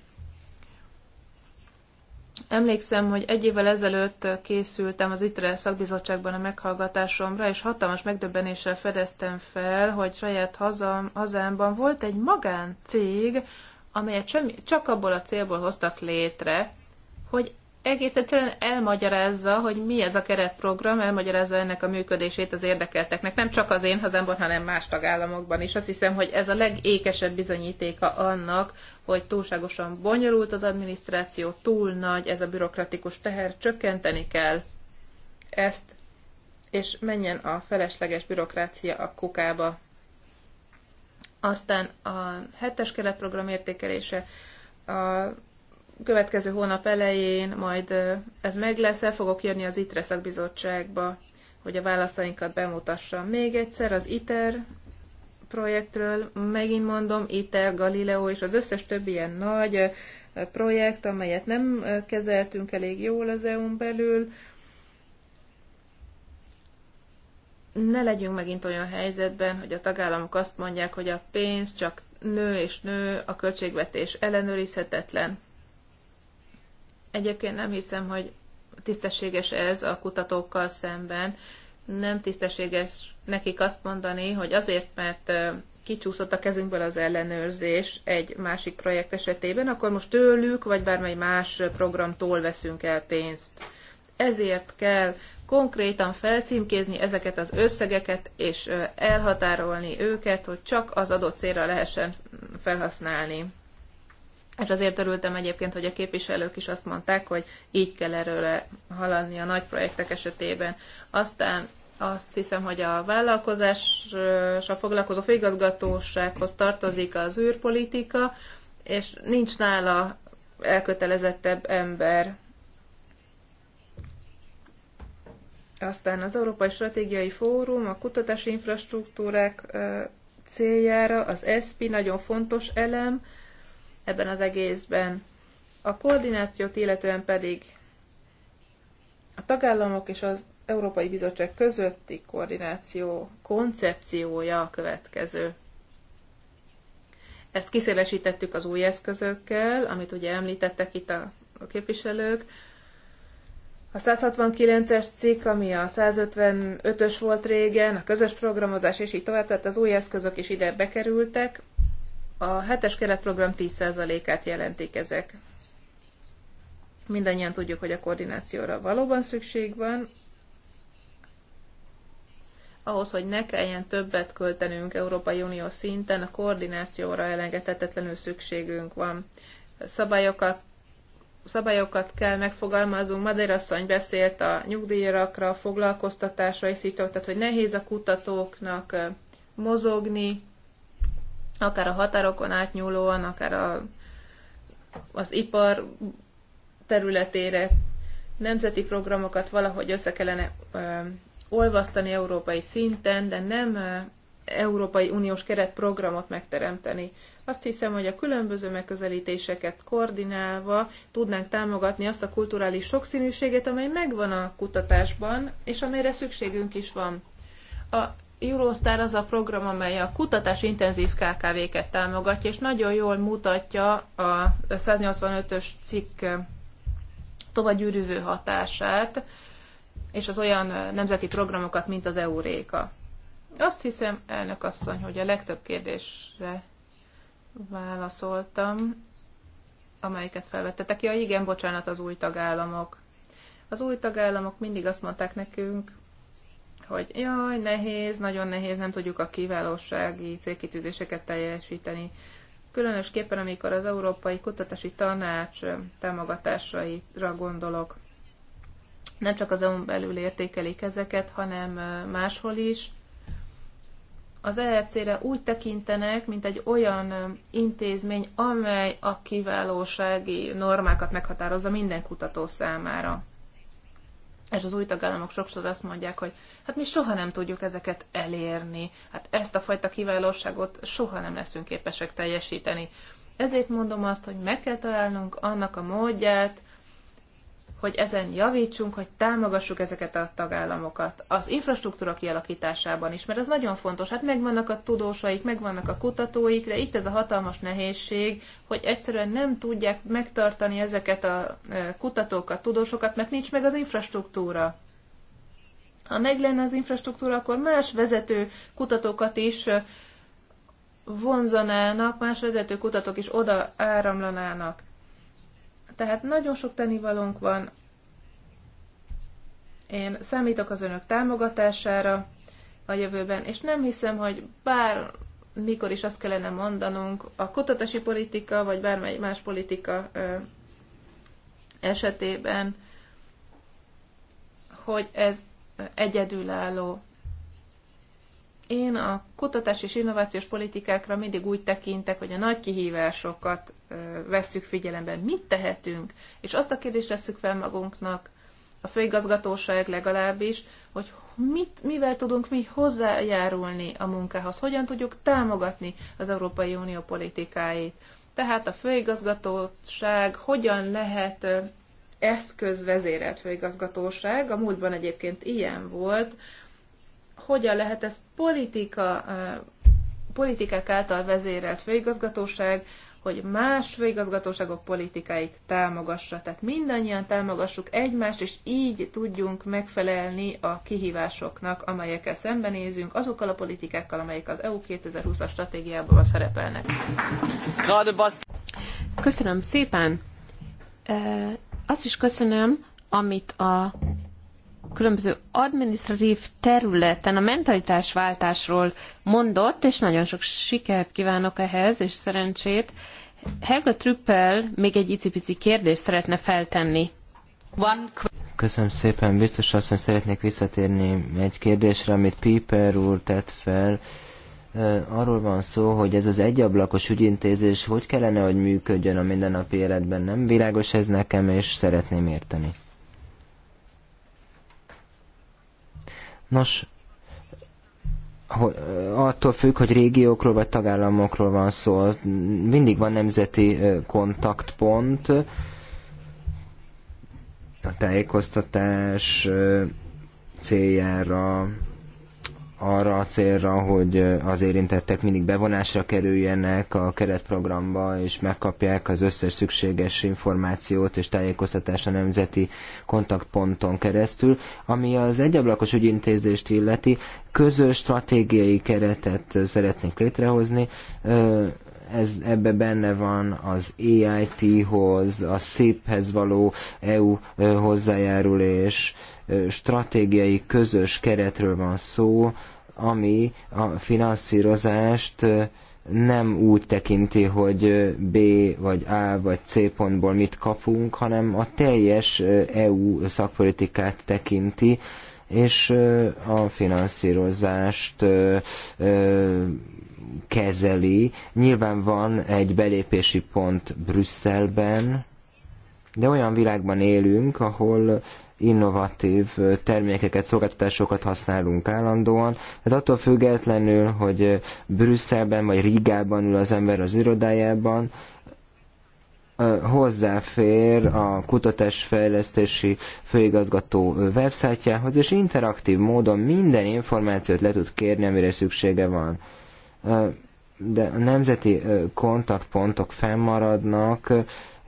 Emlékszem, hogy egy évvel ezelőtt készültem az ITRE szakbizottságban a meghallgatásomra, és hatalmas megdöbbenéssel fedeztem fel, hogy saját hazam, hazámban volt egy magáncég, amelyet csak abból a célból hoztak létre, hogy egész egyszerűen elmagyarázza, hogy mi ez a keretprogram, elmagyarázza ennek a működését az érdekelteknek, nem csak az én hazámban, hanem más tagállamokban is. Azt hiszem, hogy ez a legékesebb bizonyítéka annak, hogy túlságosan bonyolult az adminisztráció, túl nagy, ez a bürokratikus teher, csökkenteni kell ezt, és menjen a felesleges bürokrácia a kukába. Aztán a hetes keretprogram értékelése, a következő hónap elején majd ez meg lesz, el fogok jönni az ITRE szakbizottságba, hogy a válaszainkat bemutassam. Még egyszer az ITER projektről, megint mondom, ITER, Galileo és az összes többi ilyen nagy projekt, amelyet nem kezeltünk elég jól az EU-n belül, ne legyünk megint olyan helyzetben, hogy a tagállamok azt mondják, hogy a pénz csak nő és nő, a költségvetés ellenőrizhetetlen. Egyébként nem hiszem, hogy tisztességes ez a kutatókkal szemben. Nem tisztességes nekik azt mondani, hogy azért, mert kicsúszott a kezünkből az ellenőrzés egy másik projekt esetében, akkor most tőlük, vagy bármely más programtól veszünk el pénzt. Ezért kell konkrétan felcímkézni ezeket az összegeket, és elhatárolni őket, hogy csak az adott célra lehessen felhasználni. És azért örültem egyébként, hogy a képviselők is azt mondták, hogy így kell erről haladni a nagy projektek esetében. Aztán azt hiszem, hogy a vállalkozásra foglalkozó főigazgatósághoz tartozik az űrpolitika, és nincs nála elkötelezettebb ember. Aztán az Európai Stratégiai Fórum, a kutatási infrastruktúrák céljára, az ESPI nagyon fontos elem, ebben az egészben. A koordinációt illetően pedig a tagállamok és az Európai Bizottság közötti koordináció koncepciója a következő. Ezt kiszélesítettük az új eszközökkel, amit ugye említettek itt a, képviselők. A 169-es cikk, ami a 155-ös volt régen, a közös programozás és így tovább, tehát az új eszközök is ide bekerültek, a hetes keretprogram 10%-át jelentik ezek. Mindannyian tudjuk, hogy a koordinációra valóban szükség van, ahhoz, hogy ne kelljen többet költenünk Európai Unió szinten, a koordinációra elengedhetetlenül szükségünk van. Szabályokat szabályokat kell megfogalmazunk. Madeira asszony beszélt a nyugdíjakra, a foglalkoztatásra, és így tehát, hogy nehéz a kutatóknak eh, mozogni, akár a határokon átnyúlóan, akár a, az ipar területére nemzeti programokat valahogy össze kellene ö, olvasztani európai szinten, de nem ö, Európai Uniós keretprogramot megteremteni. Azt hiszem, hogy a különböző megközelítéseket koordinálva tudnánk támogatni azt a kulturális sokszínűséget, amely megvan a kutatásban, és amelyre szükségünk is van. A Eurostar az a program, amely a kutatás intenzív KKV-ket támogatja, és nagyon jól mutatja a 185-ös cikk tovagyűrűző hatását, és az olyan nemzeti programokat, mint az Euréka. Azt hiszem, elnök asszony, hogy a legtöbb kérdésre válaszoltam, amelyeket felvettetek. Ja, igen, bocsánat, az új tagállamok. Az új tagállamok mindig azt mondták nekünk, hogy jaj, nehéz, nagyon nehéz, nem tudjuk a kiválósági célkitűzéseket teljesíteni. Különösképpen, amikor az Európai Kutatási Tanács támogatásaira gondolok, nem csak az EU-n belül értékelik ezeket, hanem máshol is. Az ERC-re úgy tekintenek, mint egy olyan intézmény, amely a kiválósági normákat meghatározza minden kutató számára. És az új tagállamok sokszor azt mondják, hogy hát mi soha nem tudjuk ezeket elérni, hát ezt a fajta kiválóságot soha nem leszünk képesek teljesíteni. Ezért mondom azt, hogy meg kell találnunk annak a módját, hogy ezen javítsunk, hogy támogassuk ezeket a tagállamokat. Az infrastruktúra kialakításában is, mert ez nagyon fontos. Hát megvannak a tudósaik, megvannak a kutatóik, de itt ez a hatalmas nehézség, hogy egyszerűen nem tudják megtartani ezeket a e, kutatókat, tudósokat, mert nincs meg az infrastruktúra. Ha meg lenne az infrastruktúra, akkor más vezető kutatókat is e, vonzanának, más vezető kutatók is oda áramlanának tehát nagyon sok tenivalónk van. Én számítok az önök támogatására a jövőben, és nem hiszem, hogy bár mikor is azt kellene mondanunk, a kutatási politika, vagy bármely más politika esetében, hogy ez egyedülálló én a kutatás és innovációs politikákra mindig úgy tekintek, hogy a nagy kihívásokat vesszük figyelembe, mit tehetünk, és azt a kérdést veszük fel magunknak, a főigazgatóság legalábbis, hogy mit, mivel tudunk mi hozzájárulni a munkához, hogyan tudjuk támogatni az Európai Unió politikáit. Tehát a főigazgatóság hogyan lehet eszközvezérelt főigazgatóság, a múltban egyébként ilyen volt, hogyan lehet ez politika, politikák által vezérelt főigazgatóság, hogy más főigazgatóságok politikáit támogassa. Tehát mindannyian támogassuk egymást, és így tudjunk megfelelni a kihívásoknak, amelyekkel szembenézünk, azokkal a politikákkal, amelyek az EU 2020-as stratégiában szerepelnek. Köszönöm szépen! Azt is köszönöm, amit a különböző administratív területen a mentalitásváltásról mondott, és nagyon sok sikert kívánok ehhez, és szerencsét. Helga Trüppel még egy icipici kérdést szeretne feltenni. Köszönöm szépen, biztos azt, hogy szeretnék visszatérni egy kérdésre, amit Piper úr tett fel. Arról van szó, hogy ez az egyablakos ügyintézés hogy kellene, hogy működjön a mindennapi életben. Nem világos ez nekem, és szeretném érteni. Nos, attól függ, hogy régiókról vagy tagállamokról van szó, mindig van nemzeti kontaktpont, a tájékoztatás céljára arra a célra, hogy az érintettek mindig bevonásra kerüljenek a keretprogramba, és megkapják az összes szükséges információt és tájékoztatást a nemzeti kontaktponton keresztül. Ami az egyablakos ügyintézést illeti, közös stratégiai keretet szeretnék létrehozni, ez, ebbe benne van az EIT-hoz, a SZIP-hez való EU hozzájárulás, stratégiai közös keretről van szó, ami a finanszírozást nem úgy tekinti, hogy B vagy A vagy C pontból mit kapunk, hanem a teljes EU szakpolitikát tekinti, és a finanszírozást kezeli. Nyilván van egy belépési pont Brüsszelben, de olyan világban élünk, ahol innovatív termékeket, szolgáltatásokat használunk állandóan. Tehát attól függetlenül, hogy Brüsszelben vagy Rigában ül az ember az irodájában, hozzáfér a kutatásfejlesztési főigazgató websájtjához, és interaktív módon minden információt le tud kérni, amire szüksége van. De a nemzeti kontaktpontok fennmaradnak,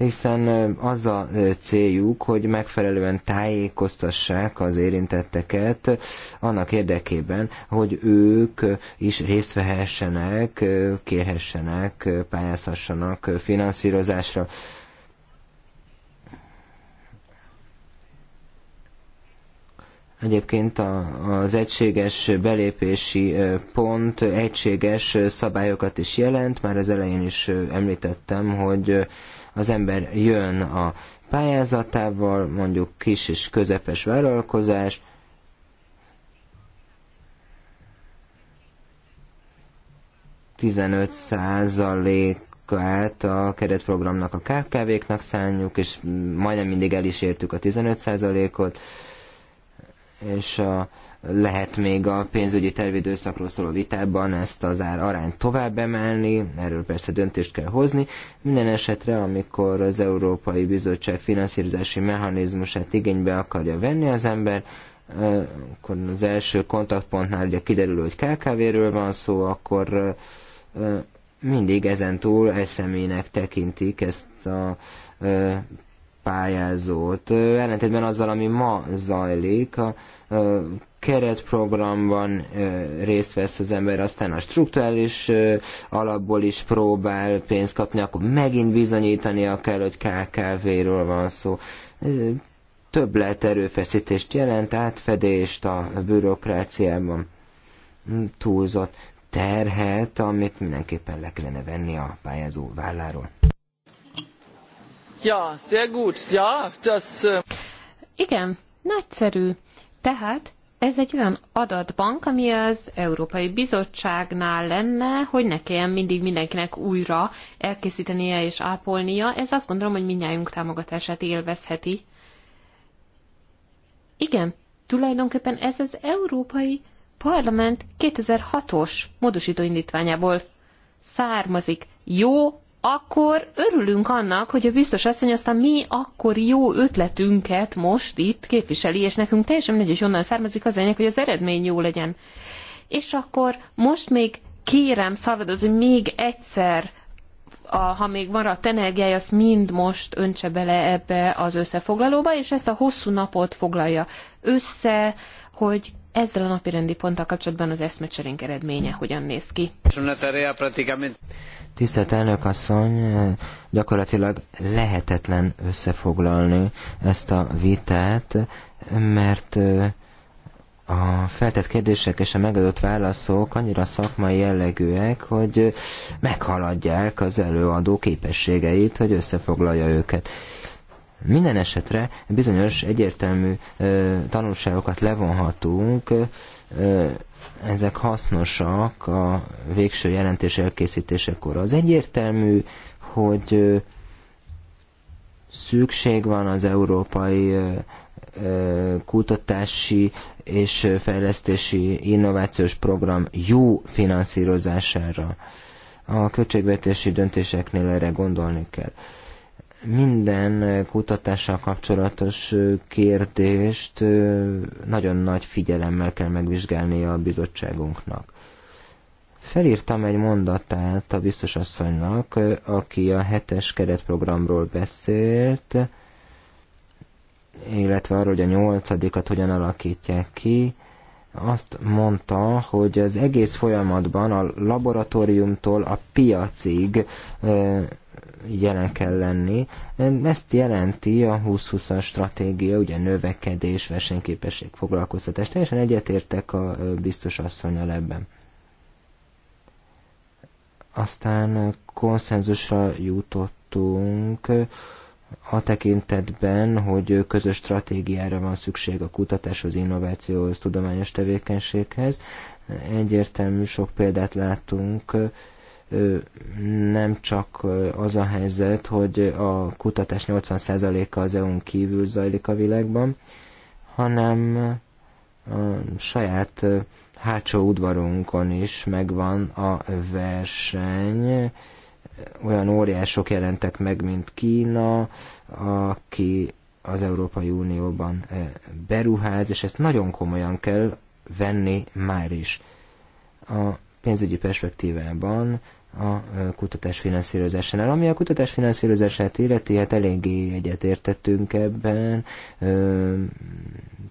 hiszen az a céljuk, hogy megfelelően tájékoztassák az érintetteket annak érdekében, hogy ők is részt vehessenek, kérhessenek, pályázhassanak finanszírozásra. Egyébként a, az egységes belépési pont egységes szabályokat is jelent, már az elején is említettem, hogy az ember jön a pályázatával, mondjuk kis és közepes vállalkozás, tizenöt százalék át a keretprogramnak a KKV-knak szálljuk, és majdnem mindig el is értük a 15%-ot, és a lehet még a pénzügyi tervidőszakról szóló vitában ezt az ár arányt tovább emelni, erről persze döntést kell hozni. Minden esetre, amikor az Európai Bizottság finanszírozási mechanizmusát igénybe akarja venni az ember, akkor az első kontaktpontnál ugye kiderül, hogy KKV-ről van szó, akkor mindig ezen túl személynek tekintik ezt a pályázót. Ellentétben azzal, ami ma zajlik, a keretprogramban részt vesz az ember, aztán a struktúrális alapból is próbál pénzt kapni, akkor megint bizonyítania kell, hogy KKV-ről van szó. lehet erőfeszítést jelent, átfedést a bürokráciában hm, túlzott terhet, amit mindenképpen le kellene venni a pályázó válláról. Ja, sehr gut. Ja, das... Äh, Igen, nagyszerű. Tehát ez egy olyan adatbank, ami az Európai Bizottságnál lenne, hogy ne kelljen mindig mindenkinek újra elkészítenie és ápolnia. Ez azt gondolom, hogy minnyájunk támogatását élvezheti. Igen, tulajdonképpen ez az Európai Parlament 2006-os módosító indítványából származik. Jó akkor örülünk annak, hogy a biztos asszony aztán mi akkor jó ötletünket most itt képviseli, és nekünk teljesen mindegy, hogy honnan származik az ennyi, hogy az eredmény jó legyen. És akkor most még kérem, Salvador, hogy még egyszer a, ha még maradt energiája, azt mind most öntse bele ebbe az összefoglalóba, és ezt a hosszú napot foglalja össze, hogy ezzel a napi rendi ponttal kapcsolatban az eszmecserénk eredménye hogyan néz ki. Tisztelt elnök asszony, gyakorlatilag lehetetlen összefoglalni ezt a vitát, mert a feltett kérdések és a megadott válaszok annyira szakmai jellegűek, hogy meghaladják az előadó képességeit, hogy összefoglalja őket. Minden esetre bizonyos egyértelmű ö, tanulságokat levonhatunk, ö, ezek hasznosak a végső jelentés elkészítésekor. Az egyértelmű, hogy ö, szükség van az európai ö, kutatási és fejlesztési innovációs program jó finanszírozására. A költségvetési döntéseknél erre gondolni kell. Ö, minden kutatással kapcsolatos kérdést nagyon nagy figyelemmel kell megvizsgálnia a bizottságunknak. Felírtam egy mondatát a biztosasszonynak, aki a hetes keretprogramról beszélt, illetve arról, hogy a nyolcadikat hogyan alakítják ki, azt mondta, hogy az egész folyamatban a laboratóriumtól a piacig jelen kell lenni. Ezt jelenti a 2020-as stratégia, ugye növekedés, versenyképesség, foglalkoztatás. Teljesen egyetértek a biztos asszonyal ebben. Aztán konszenzusra jutottunk a tekintetben, hogy közös stratégiára van szükség a kutatáshoz, innovációhoz, tudományos tevékenységhez. Egyértelmű sok példát látunk nem csak az a helyzet, hogy a kutatás 80%-a az EU-n kívül zajlik a világban, hanem a saját hátsó udvarunkon is megvan a verseny. Olyan óriások jelentek meg, mint Kína, aki az Európai Unióban beruház, és ezt nagyon komolyan kell venni már is. A pénzügyi perspektívában a e, kutatás finanszírozásánál. Ami a kutatás finanszírozását illeti, hát eléggé egyetértettünk ebben. Ö,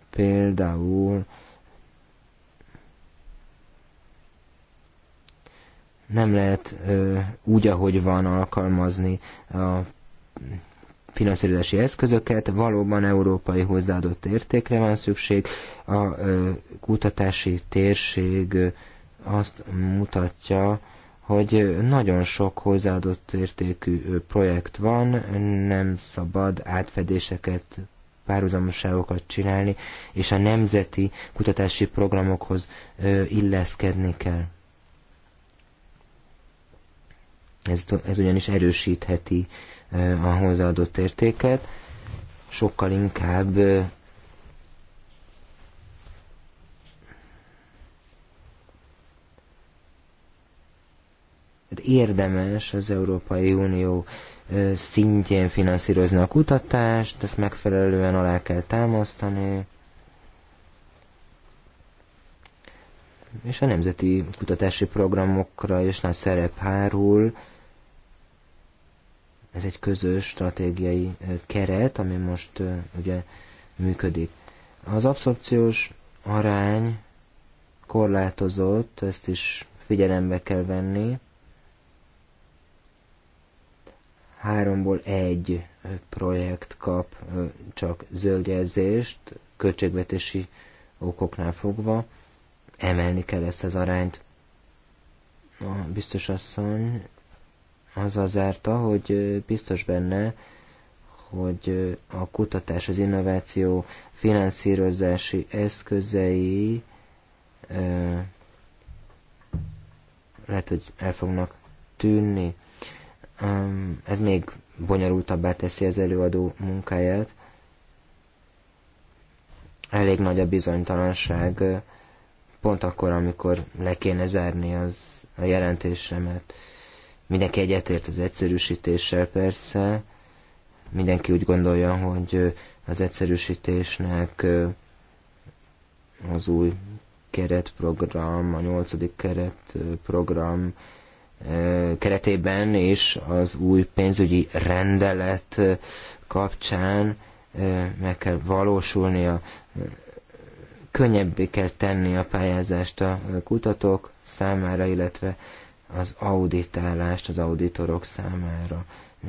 például nem lehet ö, úgy, ahogy van alkalmazni a finanszírozási eszközöket, valóban európai hozzáadott értékre van szükség. A ö, kutatási térség azt mutatja, hogy nagyon sok hozzáadott értékű projekt van, nem szabad átfedéseket, párhuzamoságokat csinálni, és a nemzeti kutatási programokhoz illeszkedni kell. Ez, ez ugyanis erősítheti a hozzáadott értéket, sokkal inkább Hát érdemes az Európai Unió szintjén finanszírozni a kutatást, ezt megfelelően alá kell támasztani, és a nemzeti kutatási programokra is nagy szerep hárul. Ez egy közös stratégiai keret, ami most ugye működik. Az abszorpciós arány korlátozott, ezt is figyelembe kell venni. háromból egy projekt kap csak zöldjelzést, költségvetési okoknál fogva. Emelni kell ezt az arányt. A biztos asszony azzal zárta, hogy biztos benne, hogy a kutatás, az innováció finanszírozási eszközei lehet, hogy el fognak tűnni ez még bonyolultabbá teszi az előadó munkáját. Elég nagy a bizonytalanság, pont akkor, amikor le kéne zárni az a jelentésemet. Mindenki egyetért az egyszerűsítéssel persze, mindenki úgy gondolja, hogy az egyszerűsítésnek az új keretprogram, a nyolcadik keretprogram keretében és az új pénzügyi rendelet kapcsán meg kell valósulnia, könnyebbé kell tenni a pályázást a kutatók számára, illetve az auditálást az auditorok számára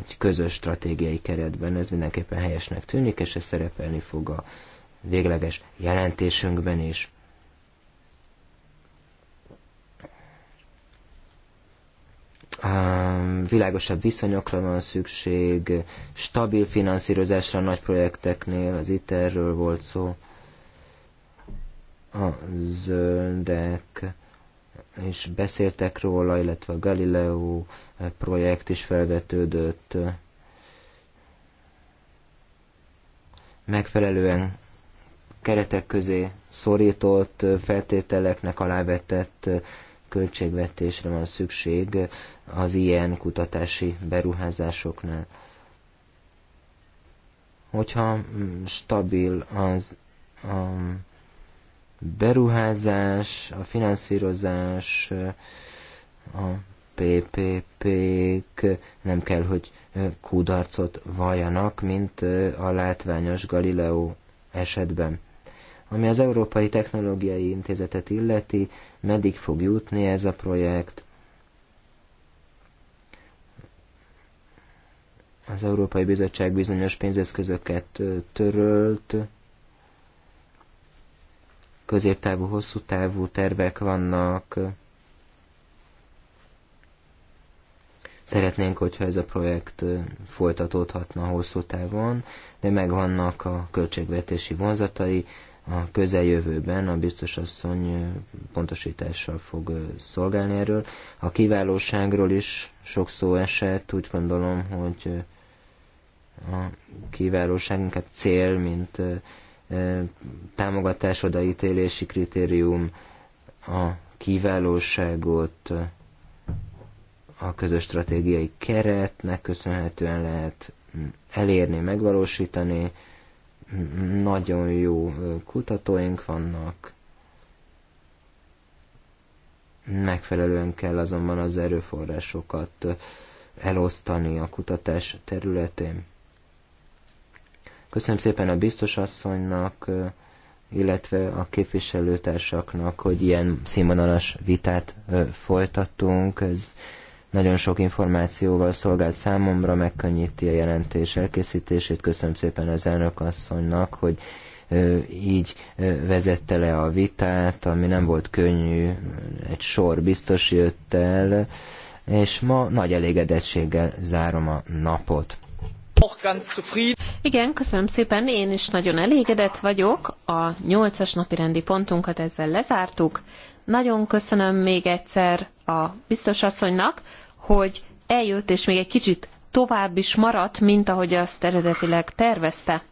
egy közös stratégiai keretben. Ez mindenképpen helyesnek tűnik, és ez szerepelni fog a végleges jelentésünkben is. világosabb viszonyokra van szükség, stabil finanszírozásra a nagy projekteknél, az ITER-ről volt szó, a zöldek és beszéltek róla, illetve a Galileo projekt is felvetődött. Megfelelően keretek közé szorított feltételeknek alávetett költségvetésre van szükség az ilyen kutatási beruházásoknál. Hogyha mm, stabil az a beruházás, a finanszírozás, a PPP-k nem kell, hogy kudarcot vajanak, mint a látványos Galileo esetben. Ami az Európai Technológiai Intézetet illeti, meddig fog jutni ez a projekt, az Európai Bizottság bizonyos pénzeszközöket törölt, középtávú, hosszú távú tervek vannak. Szeretnénk, hogyha ez a projekt folytatódhatna hosszú távon, de megvannak a költségvetési vonzatai, a közeljövőben a biztos asszony pontosítással fog szolgálni erről. A kiválóságról is sok szó esett, úgy gondolom, hogy a kiválóságunkat hát cél, mint támogatás odaítélési kritérium, a kiválóságot a közös stratégiai keretnek köszönhetően lehet elérni, megvalósítani. Nagyon jó kutatóink vannak. Megfelelően kell azonban az erőforrásokat elosztani a kutatás területén. Köszönöm szépen a biztos asszonynak, illetve a képviselőtársaknak, hogy ilyen színvonalas vitát folytattunk. Ez nagyon sok információval szolgált számomra, megkönnyíti a jelentés elkészítését. Köszönöm szépen az elnök asszonynak, hogy így vezette le a vitát, ami nem volt könnyű, egy sor biztos jött el, és ma nagy elégedettséggel zárom a napot. Igen, köszönöm szépen, én is nagyon elégedett vagyok. A nyolcas napi rendi pontunkat ezzel lezártuk. Nagyon köszönöm még egyszer a biztos asszonynak, hogy eljött és még egy kicsit tovább is maradt, mint ahogy azt eredetileg tervezte.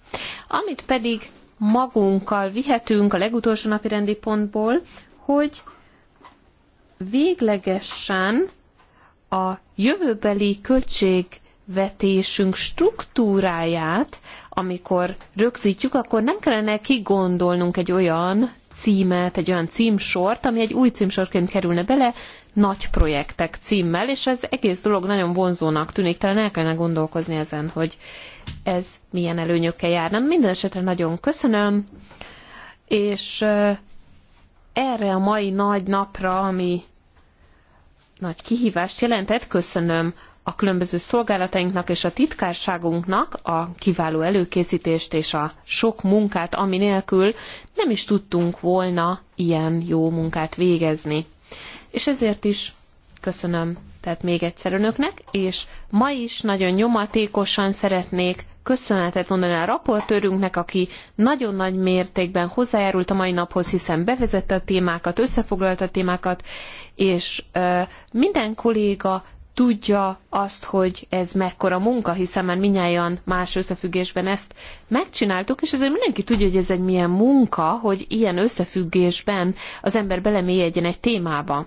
Amit pedig magunkkal vihetünk a legutolsó napi rendi pontból, hogy véglegesen a jövőbeli költség költségvetésünk struktúráját, amikor rögzítjük, akkor nem kellene kigondolnunk egy olyan címet, egy olyan címsort, ami egy új címsorként kerülne bele, nagy projektek címmel, és ez egész dolog nagyon vonzónak tűnik, talán el kellene gondolkozni ezen, hogy ez milyen előnyökkel járna. Minden esetre nagyon köszönöm, és erre a mai nagy napra, ami nagy kihívást jelentett, köszönöm a különböző szolgálatainknak és a titkárságunknak a kiváló előkészítést és a sok munkát, ami nélkül nem is tudtunk volna ilyen jó munkát végezni. És ezért is köszönöm tehát még egyszer önöknek, és ma is nagyon nyomatékosan szeretnék köszönetet mondani a raportőrünknek, aki nagyon nagy mértékben hozzájárult a mai naphoz, hiszen bevezette a témákat, összefoglalta a témákat, és minden kolléga tudja azt, hogy ez mekkora munka, hiszen már minnyáján más összefüggésben ezt megcsináltuk, és ezért mindenki tudja, hogy ez egy milyen munka, hogy ilyen összefüggésben az ember belemélyedjen egy témába.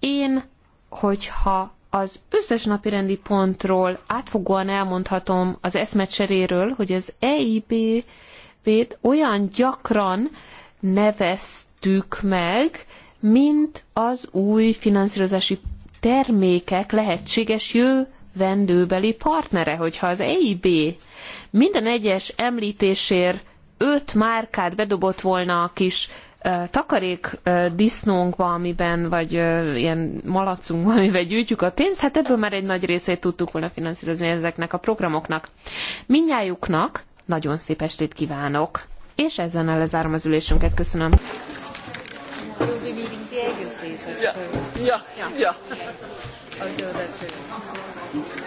Én, hogyha az összes napirendi pontról átfogóan elmondhatom az eszmecseréről, hogy az EIB-t olyan gyakran neveztük meg, mint az új finanszírozási termékek lehetséges jövendőbeli partnere, hogyha az EIB minden egyes említésért öt márkát bedobott volna a kis takarék disznónkba, amiben, vagy ilyen malacunkban, amiben gyűjtjük a pénzt, hát ebből már egy nagy részét tudtuk volna finanszírozni ezeknek a programoknak. Minnyájuknak nagyon szép estét kívánok, és ezzel lezárom az ülésünket. Köszönöm the agencies, I suppose. Yeah, yeah, yeah. yeah. I'll do that too.